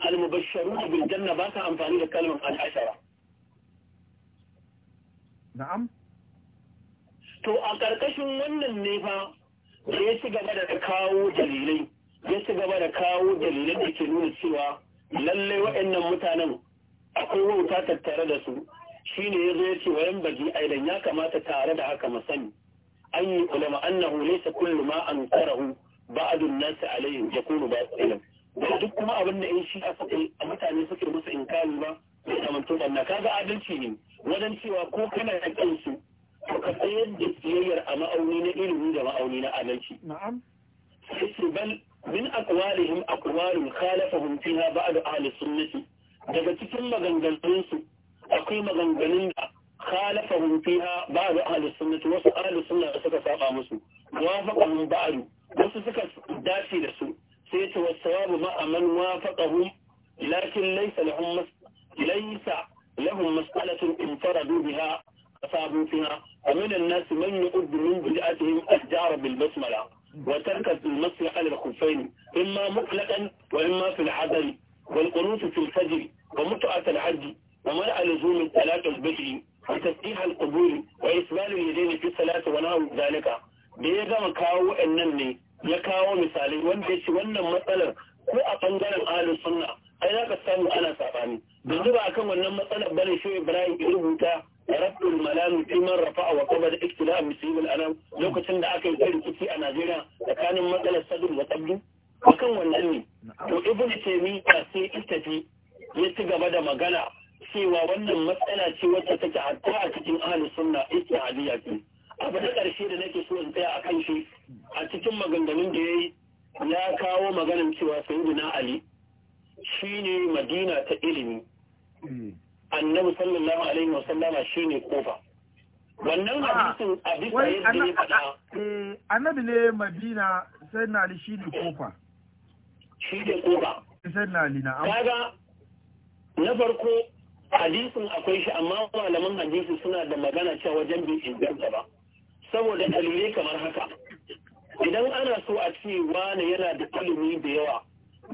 al-mubashsharuna bil janna ba ta amfani da kalmar al to a ƙarƙashin wannan ne fa da ya ci da kawo dalilai ya ci gaba da kawo dalilan da ke nuna cewa lallai waɗannan mutanen akwai wauta tattare da su shine ya zo ya ce wayan baji aidan ya kamata tare da haka musani an yi ulama annahu laysa kullu ma ankarahu ba'dun nas alayhi yakunu ba'ilan duk kuma abin da yan shi a mutane suke musu in inkari ba zai zamanto banna kaga adalci ne wajen cewa ko kana da kansu to ka tsayar da siyayyar a ma'auni na ilimi da ma'auni na adalci na'am sai su bal min aqwalihim aqwalun khalafahum fiha ba'd ahli sunnati daga cikin maganganun su akwai maganganun da khalafahum fiha ba'd ahli sunnati wasu ahli sunna suka saba musu wafaqahum ba'd wasu suka dace da su سيت والثواب مع من وافقهم لكن ليس لهم ليس لهم مسألة انفردوا بها أصابوا فيها ومن الناس من يؤد من بدعتهم الجار بالبسملة وترك المصلحة على إما مطلقا وإما في العدل والقنوط في الفجر ومتعة الحج ومنع لزوم الصلاة البشر وتسبيح القبور وإسبال اليدين في الصلاة ونحو ذلك بيجا مكاو أنني ya kawo misalai wanda ya ci wannan matsalar ko a bangaren ahlus sunna ai za ka samu ana sabani yanzu ba akan wannan matsalar ba ne shi Ibrahim ya rubuta rabbul malam iman rafa'a wa da iktila musib al anam lokacin da aka yi rikici a Najeriya tsakanin matsalar sadr da qabdu akan wannan ne to ibn taymiya sai ittafi ya ci gaba da magana cewa wannan matsala ce wacce take hatta a cikin ahlus sunna istihadiyya ce abu na ƙarshe da nake so in tsaya a kan shi a cikin maganganun da ya yi ya kawo maganin cewa na ali shine madina ta ilimi annabi sallallahu alaihi wa shi shine kofa wannan ah, hadisin a bisa yadda ya faɗa eh, annabi ne madina sai na ali shine kofa ne kofa sai na ali na kaga na farko hadisin akwai shi amma malaman hadisi suna da magana cewa wajen bai inganta ba saboda dalilai kamar haka idan ana so a ce wani yana da ilimi da yawa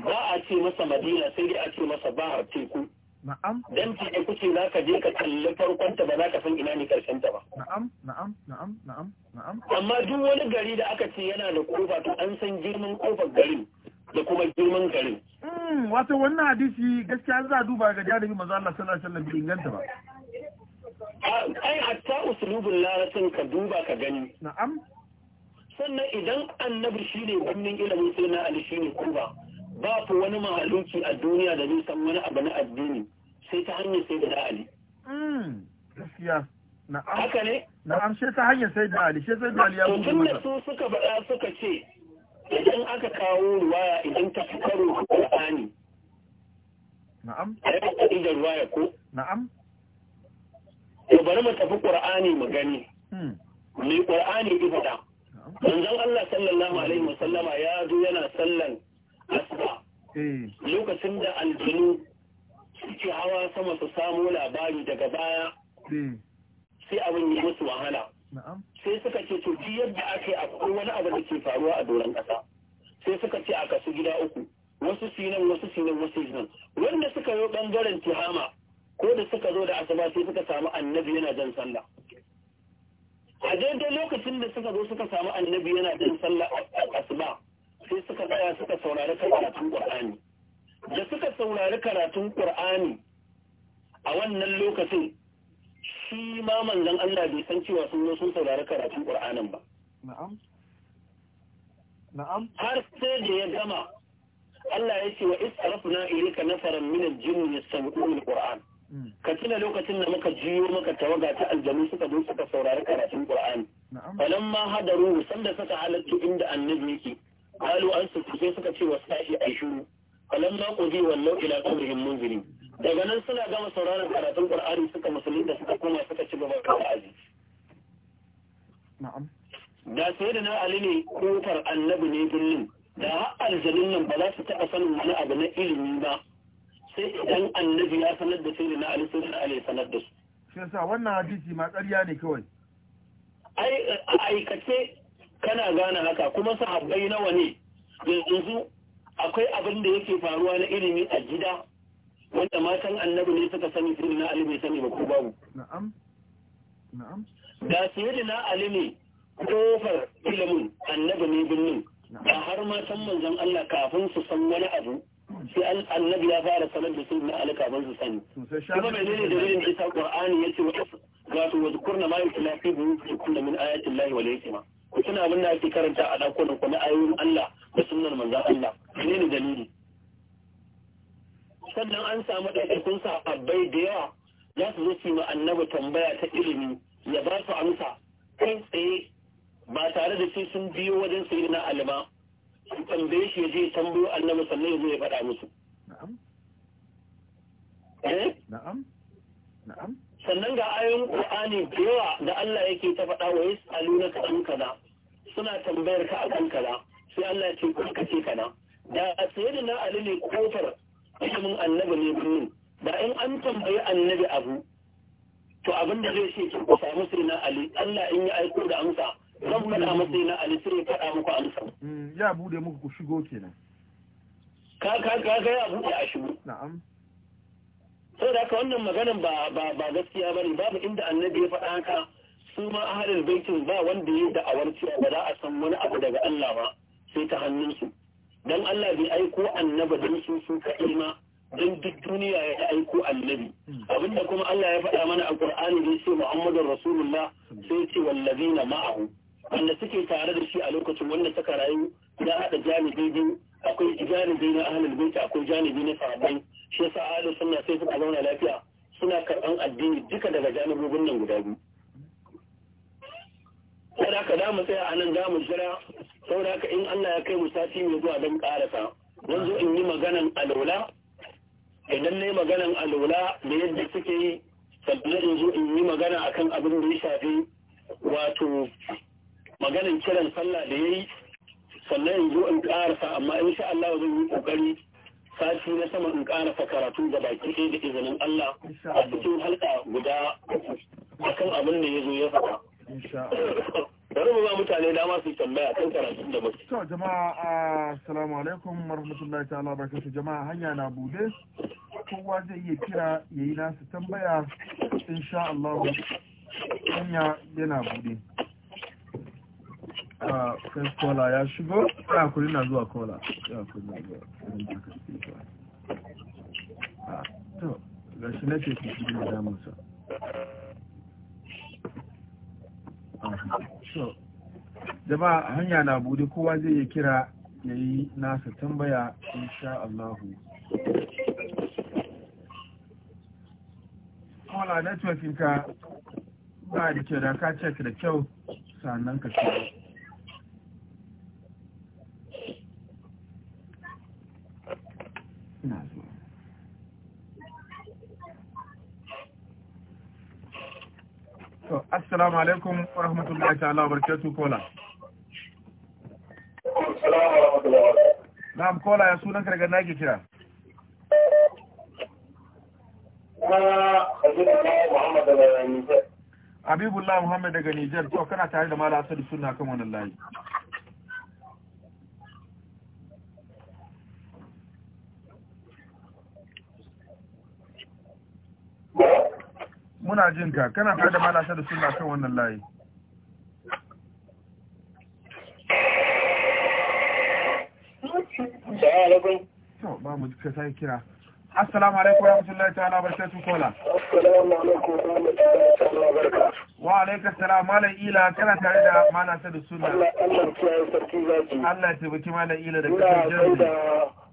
ba a ce masa madina sai dai a ce masa bahar teku Na'am. Dan ce za ka je ka kalli farkon ta ba za ka san ina ne karshen ta ba. Na'am, na'am, na'am, na'am, na'am. Amma duk wani gari da aka ce yana da kofa to an san girman kofar garin da kuma girman garin. Hmm, wato wannan hadisi gaskiya za a duba ga jarumi manzo Allah sallallahu alaihi wasallam bai inganta ba. ai hatta usulubin larasin ka duba ka gani na'am sannan idan annabi shi ne wannan ilimin sai na ali shi ne kuma ba ku wani mahaluki a duniya da zai san wani abu na addini sai ta hanyar sai da na ali hmm, gaskiya na'am haka ne na'am sai ta hanyar sai da ali sai sai da ali ya gudu su suka suka ce idan aka kawo ruwaya idan ta fi karo Qur'ani na'am ai ba da ruwaya ko na'am to bari mu tafi qur'ani mu gani me hmm. qur'ani ya fada manzon Allah sallallahu alaihi wasallama ya zo yana sallan asuba eh. lokacin da aljinu suke hawa sama su samu labari daga baya eh. sai abin yi musu wahala sai suka ce to ji yadda aka yi akwai wani abu da ke faruwa a doron ƙasa sai suka ce a kasu gida uku wasu sinan wasu sinan wasu sinan wanda suka yi bangaren tihama ko da suka zo da asuba sai suka samu annabi yana jan sallah a daidai lokacin da suka zo suka samu annabi yana jan sallah asuba sai suka tsaya suka saurari karatun qur'ani da suka saurari karatun qur'ani a wannan lokacin shi ma manzon Allah bai san cewa sun zo sun saurari karatun qur'anin ba na'am na'am har sai da ya gama Allah ya ce wa isarafna ilayka nafaran min al-jinni yastami'una al-qur'an ka tuna lokacin da muka jiyo muka tawaga ta aljanu suka zo suka saurari karatun qur'ani falan ma hadaru sanda suka halattu inda annabi yake qalu an su sai suka ce wasu tashi ai shuru falan ma qudi wallau ila qabrihim munziri daga nan suna gama sauraron karatun qur'ani suka da suka koma suka ci gaba da wa'azi na'am da sai da na ali ne kofar annabi ne birnin da har aljanun nan ba za su taɓa sanin wani abu na ilimi ba sai idan annabi aikace kana gane haka kuma sahabbai nawa ne yanzu akwai abin yake faruwa na ilimi a gida wanda matan annabi ne suka sani sirri na ali bai sani ba ko babu da sirri na ne kofar ilimin annabi ne birnin da har matan manzon Allah kafin su san wani abu sai annabi ya fara sanar da su na alaka ban su sani kuma mai ne dalilin da yasa qur'ani ce. wa su wa zkurna ma yutla fi buyutikum min ayati llahi wal hikma ku tuna abin da ake karanta a dakunan ku na ayoyin Allah da sunan manzon Allah ne ne dalili sannan an samu ɗaiɗaikun sahabbai da yawa za su zo su ma annabi tambaya ta ilimi ya ba su amsa kai tsaye ba tare da sai sun biyo wajen sayi na alba su tambaye shi je tambayo annabi sannan ya ya faɗa musu na'am eh? na'am na'am sannan ga ayoyin qur'ani da yawa da Allah yake ta faɗa wa yas'alunaka an kaza suna tambayar ka akan kaza sai Allah ya ce kun kace kana da na Ali ne kofar ilimin annabi ne kullum da in an tambayi annabi abu to abin da zai ce ku samu na Ali Allah in ya aiko da amsa zan faɗa masa na alisir ya faɗa muku amsa mm, ya bude muku ku shigo kenan ka ka ka ya bude a shigo na'am sai da haka wannan maganan ba ba ba gaskiya bane babu inda annabi ya faɗa ka su ma baikin baitin ba wanda ya da'awar cewa ba za a san wani abu daga Allah ba sai ta hannunsu dan Allah bai aiko annaba dan su su kaɗai don duk duniya ya aiko annabi mm. abinda kuma Allah ya faɗa mana a Qur'ani da yace Muhammadur Rasulullah sai ce wallazina ma'ahu wanda suke tare da shi a lokacin wanda suka rayu ya haɗa janibi biyu akwai janibi na ahlul bait akwai janibi na sahabbai shi yasa ahlus sunna sai suka zauna lafiya suna karban addini duka daga janibobin nan guda biyu saboda haka mu tsaya a nan za mu jira saboda haka in Allah ya kai mu sati mai zuwa don ƙarasa don zo in yi maganan alola idan na yi maganan alola da yadda suke yi sannan in zo in yi magana akan abin da ya shafi wato maganin kiran sallah da yayi sannan in zo in karasa amma in sha Allah zan yi kokari sati na sama in karasa karatu da baki ɗaya da izinin Allah a cikin halka guda akan abin da ya zo ya faɗa. [LAUGHS] bari mu ba mutane dama su tambaya kan karatun da muke. To jama'a assalamu alaikum warahmatullahi ta'ala barakatuh jama'a hanya na bude kowa zai iya kira ya yi nasu tambaya insha Allah hanya yana bude. a ah, kola ya shigo ya kuri na zuwa kola ya kuri na zuwa a ah, to ga shi na ce ku shi da damarsa so jama'a hanya na buɗe kowa zai yi kira ya yi nasa tambaya insha Allahu kola network ka ba da kyau da ka cek da kyau sannan ka shigo To, assalamu alaikum wa rahmatullahi ta'ala wa barakatuh kola. Na'am kola ya sunan ka daga nake kira. Habibullah Muhammad daga Nijar, to kana tare da Malam Asadu suna kan wannan layi. muna jin ka kana fara da malasa da suna kan wannan layi Assalamu alaikum. To ba mu ka sai kira. Assalamu alaikum warahmatullahi ta'ala barakatuh kola. Wa alaikar salam malar Ila kana tare da malam Sadu Sunna. Allah Allah ya sarki zaki. Ila da kasar jirgin Ina da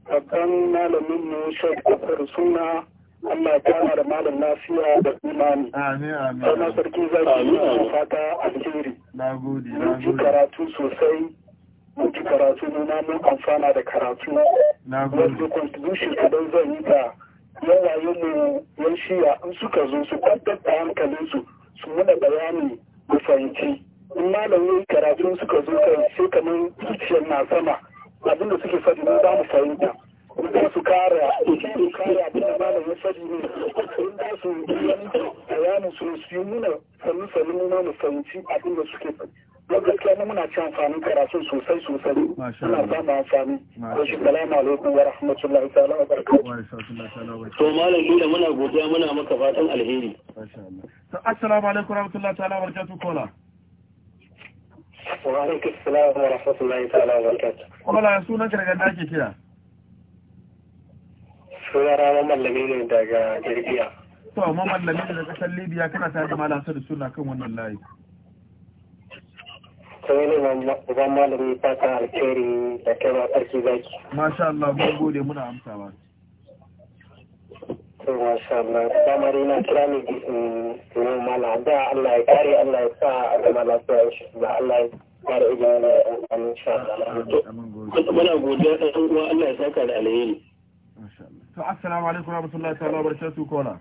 babban malamin mu Sheikh Abdul Sunna. Allah ya kama da malam lafiya da imani. Amin amin. Sannan sarki zaki ina fata alheri. Nagode nagode. Mun karatu sosai. Mun ci karatu nuna mun amfana da karatu. gode. Wanda contribution kadan zan yi ta yi mu yan shiya in suka zo su kwantar da hankalinsu su muna bayani mu fahimci. In malam yayi karatu suka zo kai sai kamar zuciyar na sama abinda suke faɗi mu za mu fahimta. da su kara su kara da malam ya sani ne in da su yanke bayanin su su yi muna sannu sannu muna mu fahimci abin da suke don gaskiya mu muna ci amfanin karatun sosai sosai muna samu amfani ko shi salamu alaikum wa rahmatullahi ta'ala wa barakatuh to malam nuna muna godiya muna maka fatan alheri to assalamu alaikum wa rahmatullahi ta'ala wa barakatuh kola wa alaikum assalam wa rahmatullahi ta'ala wa barakatuh kola sunan ka daga nake kira ma mallami ne daga Libya. To mallami ne daga ƙasar Libya kana tare da malam da suna kan wannan layi. Sai ne ban malami fata alkhairi da kai ma tsarki zaki. Masha Allah mun gode muna amsawa. To masha Allah damar yana kira ne domin malam da Allah ya kare Allah ya sa a zama lafiya shi da Allah ya kare ijiyar da ya amfani insha Allah. Muna godiya ɗan uwa Allah ya saka da alheri. Masha to assalamu alaikum wa warahmatullahi ta'ala wabarakatuh kola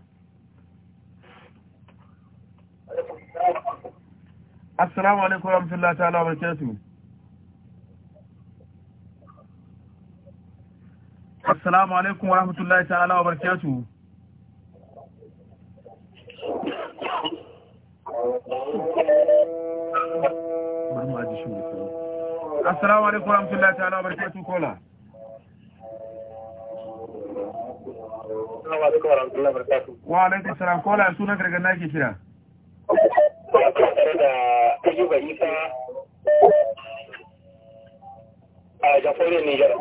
assalamu alaikum wa rahmatullahi ta'ala barakatuh assalamu alaikum rahmatullahi ta'ala barakatuh assalamu alaikum warahmatullahi ta'ala wabarakatuh kola Wa alaikum salam ko la sunan karga na ke kira. da Ayuba Isa a Jafore Niger.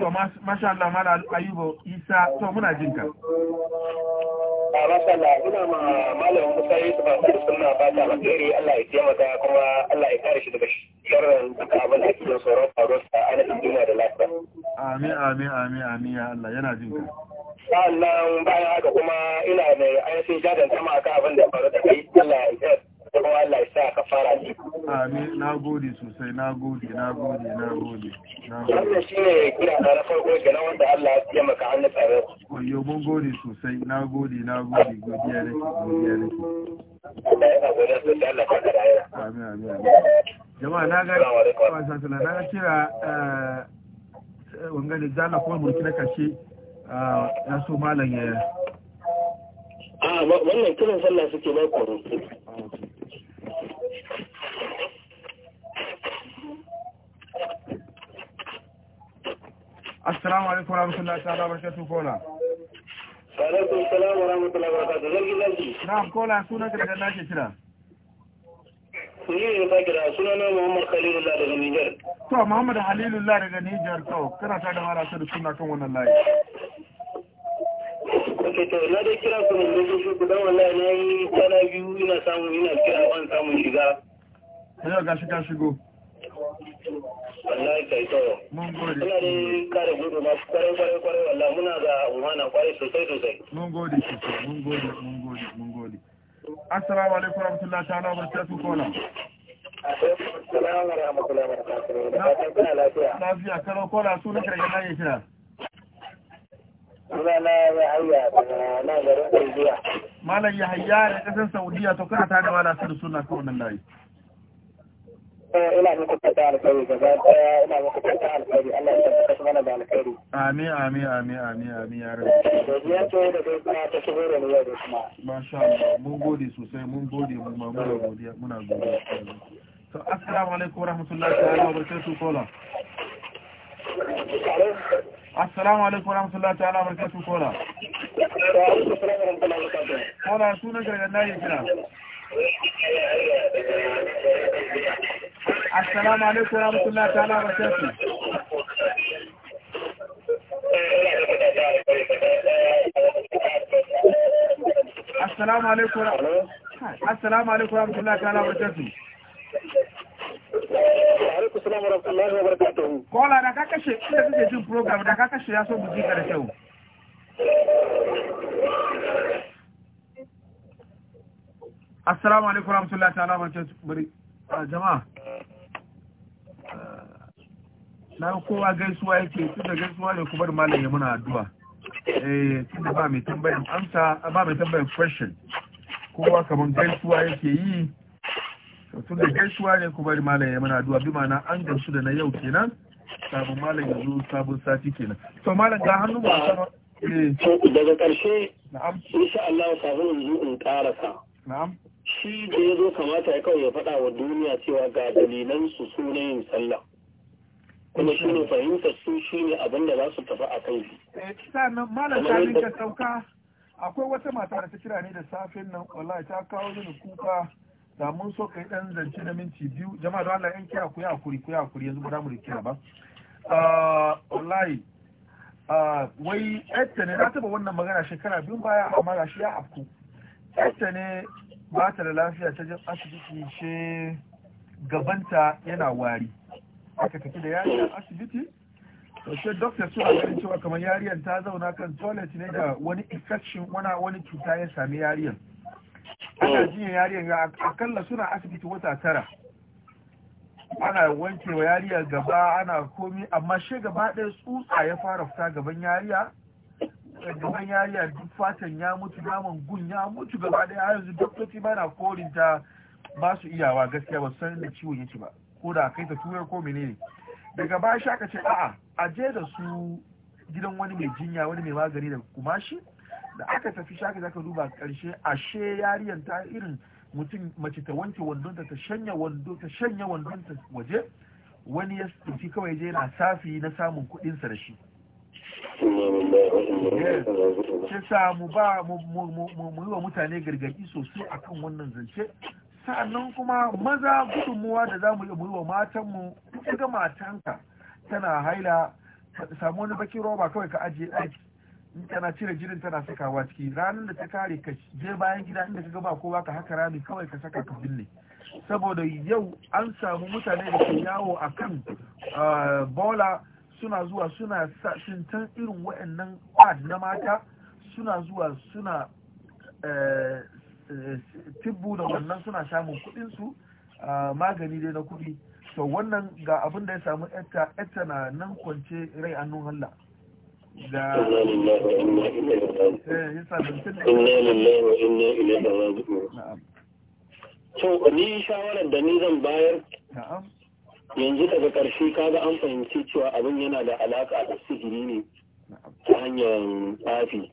to masha Allah mala ayuba isa to muna jin ka a ah, masha Allah ina ma malam musa yusuf a kudu suna ba ta alheri Allah ya taimaka kuma Allah ya kare shi daga sharrin duka abin da ake yin tsoron faruwar sa a nan duniya da lafiya amin amin amin amin ya Allah yana jin ka sa'annan bayan haka kuma ina mai ainihin jadanta ma akan abin da faru da kai Allah ya kuma Allah ya sa ka fara ne amin na gode sosai na gode na gode na gode wannan ne kira na na farko ga nan wanda Allah ya tsaya maka hannu tsare koyo mun gode sosai na gode na gode godiya ne godiya ne Allah ya gode sosai Allah ka da amin amin jama'a na ga wa sallallahu na ga kira eh, wangane zala kuma burkina kashe eh, ya so malam ya ah, wannan kiran sallah suke ba kwaro assalamu alaikum warahmatullahi ta'ala barakatuh kola alaikum salam warahmatullahi wabarakatuh zan gidanki na'am kola suna da na ke kira ne ta kira sunana Muhammad Khalilullah daga Niger. To Muhammad Khalilullah daga Niger to kana ta da marasa da suna kan wannan layi. Okay to na dai kira ku ne da shi ku dan wallahi na yi kwana biyu ina samu ina kira ban samu shiga. Yau ga shi ka shigo. wallahi kai tsawo muna da kare gudu masu kwarai kwarai kwarai wallahi muna ga umana kwarai sosai sosai mun gode sosai mun gode mun gode mun gode assalamu alaikum warahmatullahi ta'ala wabarakatuh kola assalamu alaikum warahmatullahi wabarakatuh lafiya lafiya karo kola sunan kare yana yake kira sunana Yahaya daga nan garin Saudiya. Malam Yahaya da ƙasar Saudiya to kana tare da wala sirri suna ko wannan layi. Eh, ina muku fata alkhairi gaba daya ina muku fata alkhairi Allah ya tabbata mana da alkhairi amin amin amin amin amin ya rabu godiya ce da kai kuma ta shigo da niyyar da kuma masha Allah mun gode sosai mun gode mun ma muna godiya muna godiya to assalamu alaikum warahmatullahi ta'ala wabarakatuh kola assalamu alaikum warahmatullahi ta'ala wabarakatuh kola kola sunan gargaɗa ya kira Assalamu alaikum wa rahmatullahi ta'ala wa barakatuh. Assalamu alaikum Assalamu alaikum wa rahmatullahi wa barakatuh. wa rahmatullahi Kola da ka kashe inda kake jin program da ka kashe ya so da kyau. assalamu alaikum rahmatullahi ta'ala barkatu bari uh, jama'a uh, na kowa gaisuwa yake tun da gaisuwa ne kuma da malam ya muna addu'a eh tun da ba mai tambayan amsa ba mai tambayan question kowa kamar gaisuwa yake yi tun da gaisuwa ne kuma da malam ya muna addu'a bi ma'ana an gamsu da na yau kenan sabon malam ya zo sabon sati kenan to malam ga hannu ba eh. daga karshe na'am insha Allah sabon zo in karasa na'am shi da ya zo kamata ya kawai ya faɗa wa duniya cewa ga dalilan su sunayin yin sallah kuma shi ne fahimtar su shi ne abin da za su tafi a kai shi. Eh, nan. malam kamin ka sauka akwai wata mata da ta kira ne da safin nan wallahi ta kawo mini kuka da mun so kai dan zance na minti biyu jama'a da Allah yan kira ku ya kuri ku ya kuri yanzu ba za mu kira ba Ah wallahi ah, wai yadda ne na taba wannan magana shekara biyu baya amma gashi ya afku yadda ne ba ta da lafiya ta jin asibiti shi gabanta yana wari aka tafi da yariyar asibiti to dokta doctor suna ganin cewa kamar yariyan ta zauna kan toilet ne da wani infection wana wani cuta ya sami yariyan? ana hmm. jiya yariyan ya akalla suna asibiti wata tara ana wanke wa yariya gaba ana komi amma shi gaba ɗaya tsutsa ya fara fita gaban yariya ɗan yariya duk fatan ya mutu naman gun ya mutu gaba daya har yanzu doktoci ba na korin ta ba su iyawa gaskiya ba san da ciwon yake ba ko da kai ta turai ko menene daga baya shaka ce a'a a je da su gidan wani mai jinya wani mai magani da kumashi da aka tafi shaka zaka duba karshe ashe yariyan ta irin mutum mace ta wanke wandon ta shanya wando ta shanya wandon waje wani ya tafi kawai je na safi na samun kuɗinsa da shi shi sa mu ba mu yi wa mutane gargaɗi sosai akan wannan zance sannan kuma maza gudunmuwa da za mu yi wa matanmu ta ga matanka tana haila samu wani bakin roba kawai ka ajiye ɗaki in tana cire jirin tana sakawa ciki ranar da ta kare ka je bayan gida inda ka ba kowa ka haka rami kawai ka saka ka binne saboda yau an samu mutane da ke yawo akan ah, bola suna zuwa suna sa shintan irin waɗannan kwad na mata suna zuwa suna eh, eh, tibbu da wannan suna samun kudinsu magani dai na kudi to wannan ga abin da ya samu etta na nan kwance rai annun halla eh, da to ni shawarar da ni zan bayar yanzu daga ƙarshe kaga an fahimci cewa abin yana da alaƙa da sihiri ne ta hanyar tsafi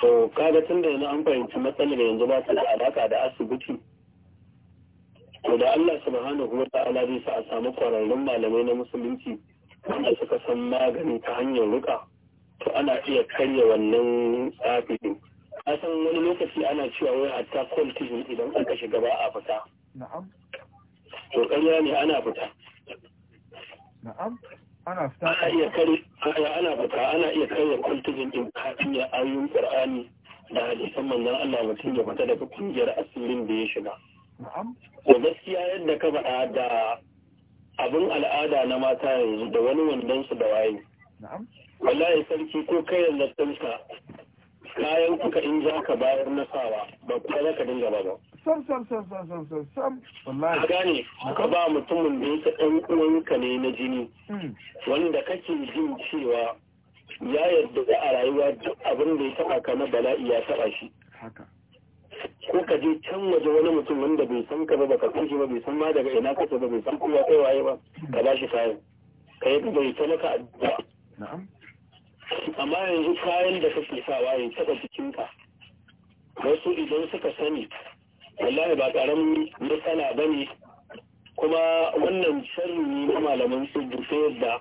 to kaga tun da yanzu an fahimci matsalar yanzu ba ta da alaƙa da asibiti to da Allah subhanahu wa ta'ala zai sa a samu kwararrun malamai na musulunci wanda suka san magani ta hanyar ruka to ana iya karya wannan tsafi din san wani lokaci ana cewa wai hatta cultism idan aka shiga ba a fita to ƙarya ne ana fita ana fita ana iya karya ana fita ana iya kare kwantijin din kafin ya da hadisan manzon Allah mutum ya fita daga kungiyar asirin da ya shiga na'am gaskiya yadda ka faɗa da abin al'ada na mata yanzu da wani wandon da waye na'am wallahi sarki ko kai yanzu kayan kuka in za ka bayar na sawa ba kuma za ka dinga ba ba sam sam sam sam sam sam sam wallahi ka gane ka ba mutumin da yake dan uwanka ne na jini hmm. wanda kake jin cewa ya yarda a rayuwa duk abin da ya taba ka na bala'i ya taba shi haka ko ka je can waje wani mutum wanda bai san ka ba baka san shi ba bai san ma daga ina ka ba bai san kowa kai waye ba ka ba shi kayan kai yi bai talaka addu'a na'am amma yanzu kayan da kake sawa ya taba jikinka wasu idan suka sani wallahi ba karamin matsala ba ne kuma wannan sharri na malaman su dufe yadda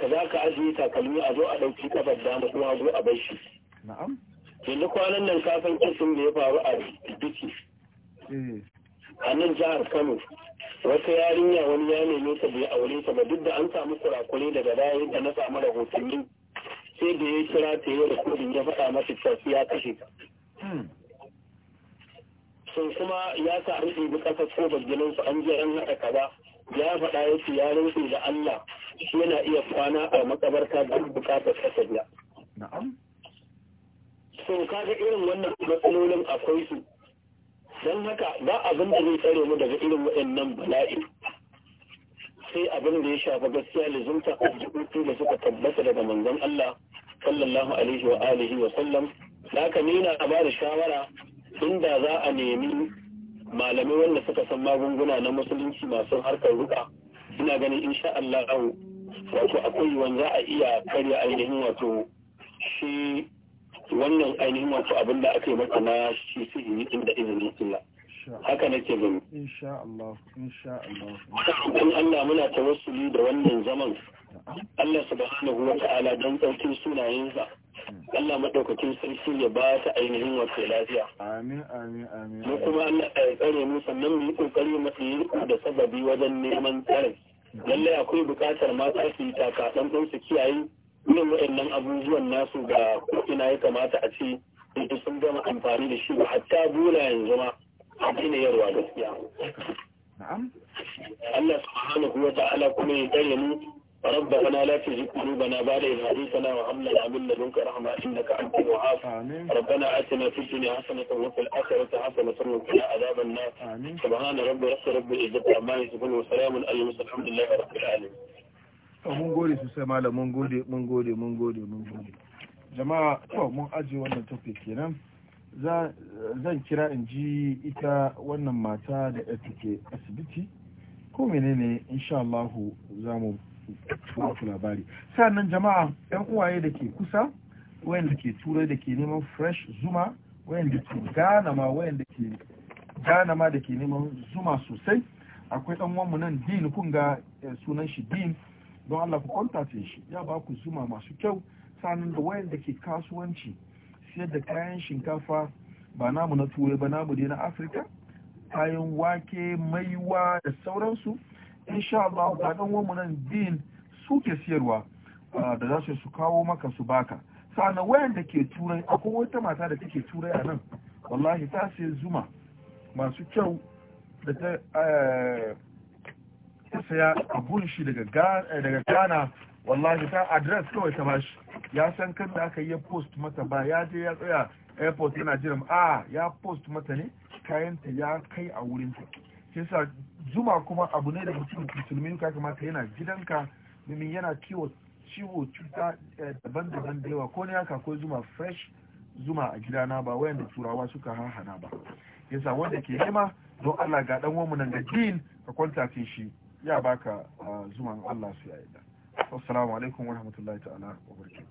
ka za ka ajiye takalmi a zo a ɗauki kafar dama kuma zo a bai shi. Yanzu kwanan nan kafin kisin da ya faru a duki. Eh. A nan jihar Kano wata yarinya wani ya neme ta bai aure ta ba duk da an samu kurakure daga baya da na samu rahotanni sai da ya kira ta yi rikodin ya faɗa masa cewa ya kashe ta. Hmm. sun kuma ya sa an ɗibi ƙasa ko bagginin su an je an haɗa kaza ya faɗa ya ce ya rantsi da Allah yana iya kwana a makabarta duk bukatar ƙasa biya. Sun So kaga irin wannan matsalolin akwai su don haka ba abin da zai tsare mu daga irin waɗannan bala'i sai abin da ya shafa gaskiya lizumta a jikin da suka tabbata daga manzon Allah sallallahu alaihi wa alihi wa sallam da haka ni na ba da shawara inda za a nemi malamai wanda suka san magunguna na musulunci masu harkar ruka ina ganin insha Allah wato akwai wanda za a iya karya ainihin wato shi wannan ainihin wato abin da aka yi mata na shi yi inda izinin Allah haka nake gani insha Allah insha Allah muna Allah muna tawassuli da wannan zaman Allah subhanahu wa ta'ala don sunayen sunayensa Allah maɗaukacin sarki ya ba su ainihin wasu lafiya. Amin amin amin. Mu kuma an tsare mu sannan mu yi kokari mu yi da sababi wajen neman tsare. Lallai akwai buƙatar mata su yi taka ɗan su kiyaye irin waɗannan abubuwan nasu ga ko'ina ya kamata a ce yanzu sun gama amfani da shi ba hatta bula yanzu ma a daina yarwa gaskiya. Allah subhanahu wa ta'ala kuma ya tsare mu ربنا لا تزغ قلوبنا بعد إذ هديتنا وهب لنا من لدنك رحمة إنك أنت الوهاب ربنا آتنا في الدنيا حسنة وفي الآخرة حسنة وقنا عذاب النار سبحان رب رب رب العزة عما يصفون وسلام على المرسلين الحمد لله رب العالمين mun gode sosai malam mun gode mun gode mun gode mun gode jama'a to mun aje wannan topic kenan zan kira in ji ita wannan mata da take asibiti ko menene insha Allah za mu wato labari sannan jama'a yan uwaye da ke kusa wayanda ke turai da ke neman fresh zuma wayanda ke gana ma wayanda ke gana da ke neman zuma sosai akwai dan wanmu nan din kunga ga eh, sunan shi din don Allah ku kontatin shi ya ba ku zuma masu kyau sannan da wayanda ke kasuwanci siyar da kayan shinkafa ba namu na turai ba namu dai na afirka kayan wake maiwa da sauransu insha Allah ga dan uwan mu nan din suke siyarwa da za su kawo maka su baka sannan wayanda ke turai akwai wata mata da take turai a nan wallahi ta sai zuma masu kyau da ta eh, ta saya abun shi eh, daga Ghana wallahi ta adres kawai ta bashi ya san kan da aka yi post mata ba ya je ya tsaya airport yana jiran a ah, ya post mata ne kayanta ya kai a wurin ta shi yasa zuma kuma abu ne da mutum musulmi ka kamata yana gidanka domin yana kiwo ciwo cuta eh, daban-daban da yawa ko ne haka ko zuma fresh zuma a gidana ba wayanda turawa suka hahana ba yasa wanda ke nema don Allah ga dan uwanmu nan da din ka kwanta shi ya baka ah, zuman Allah su ya yi da assalamu alaikum warahmatullahi ta'ala wa barakatuh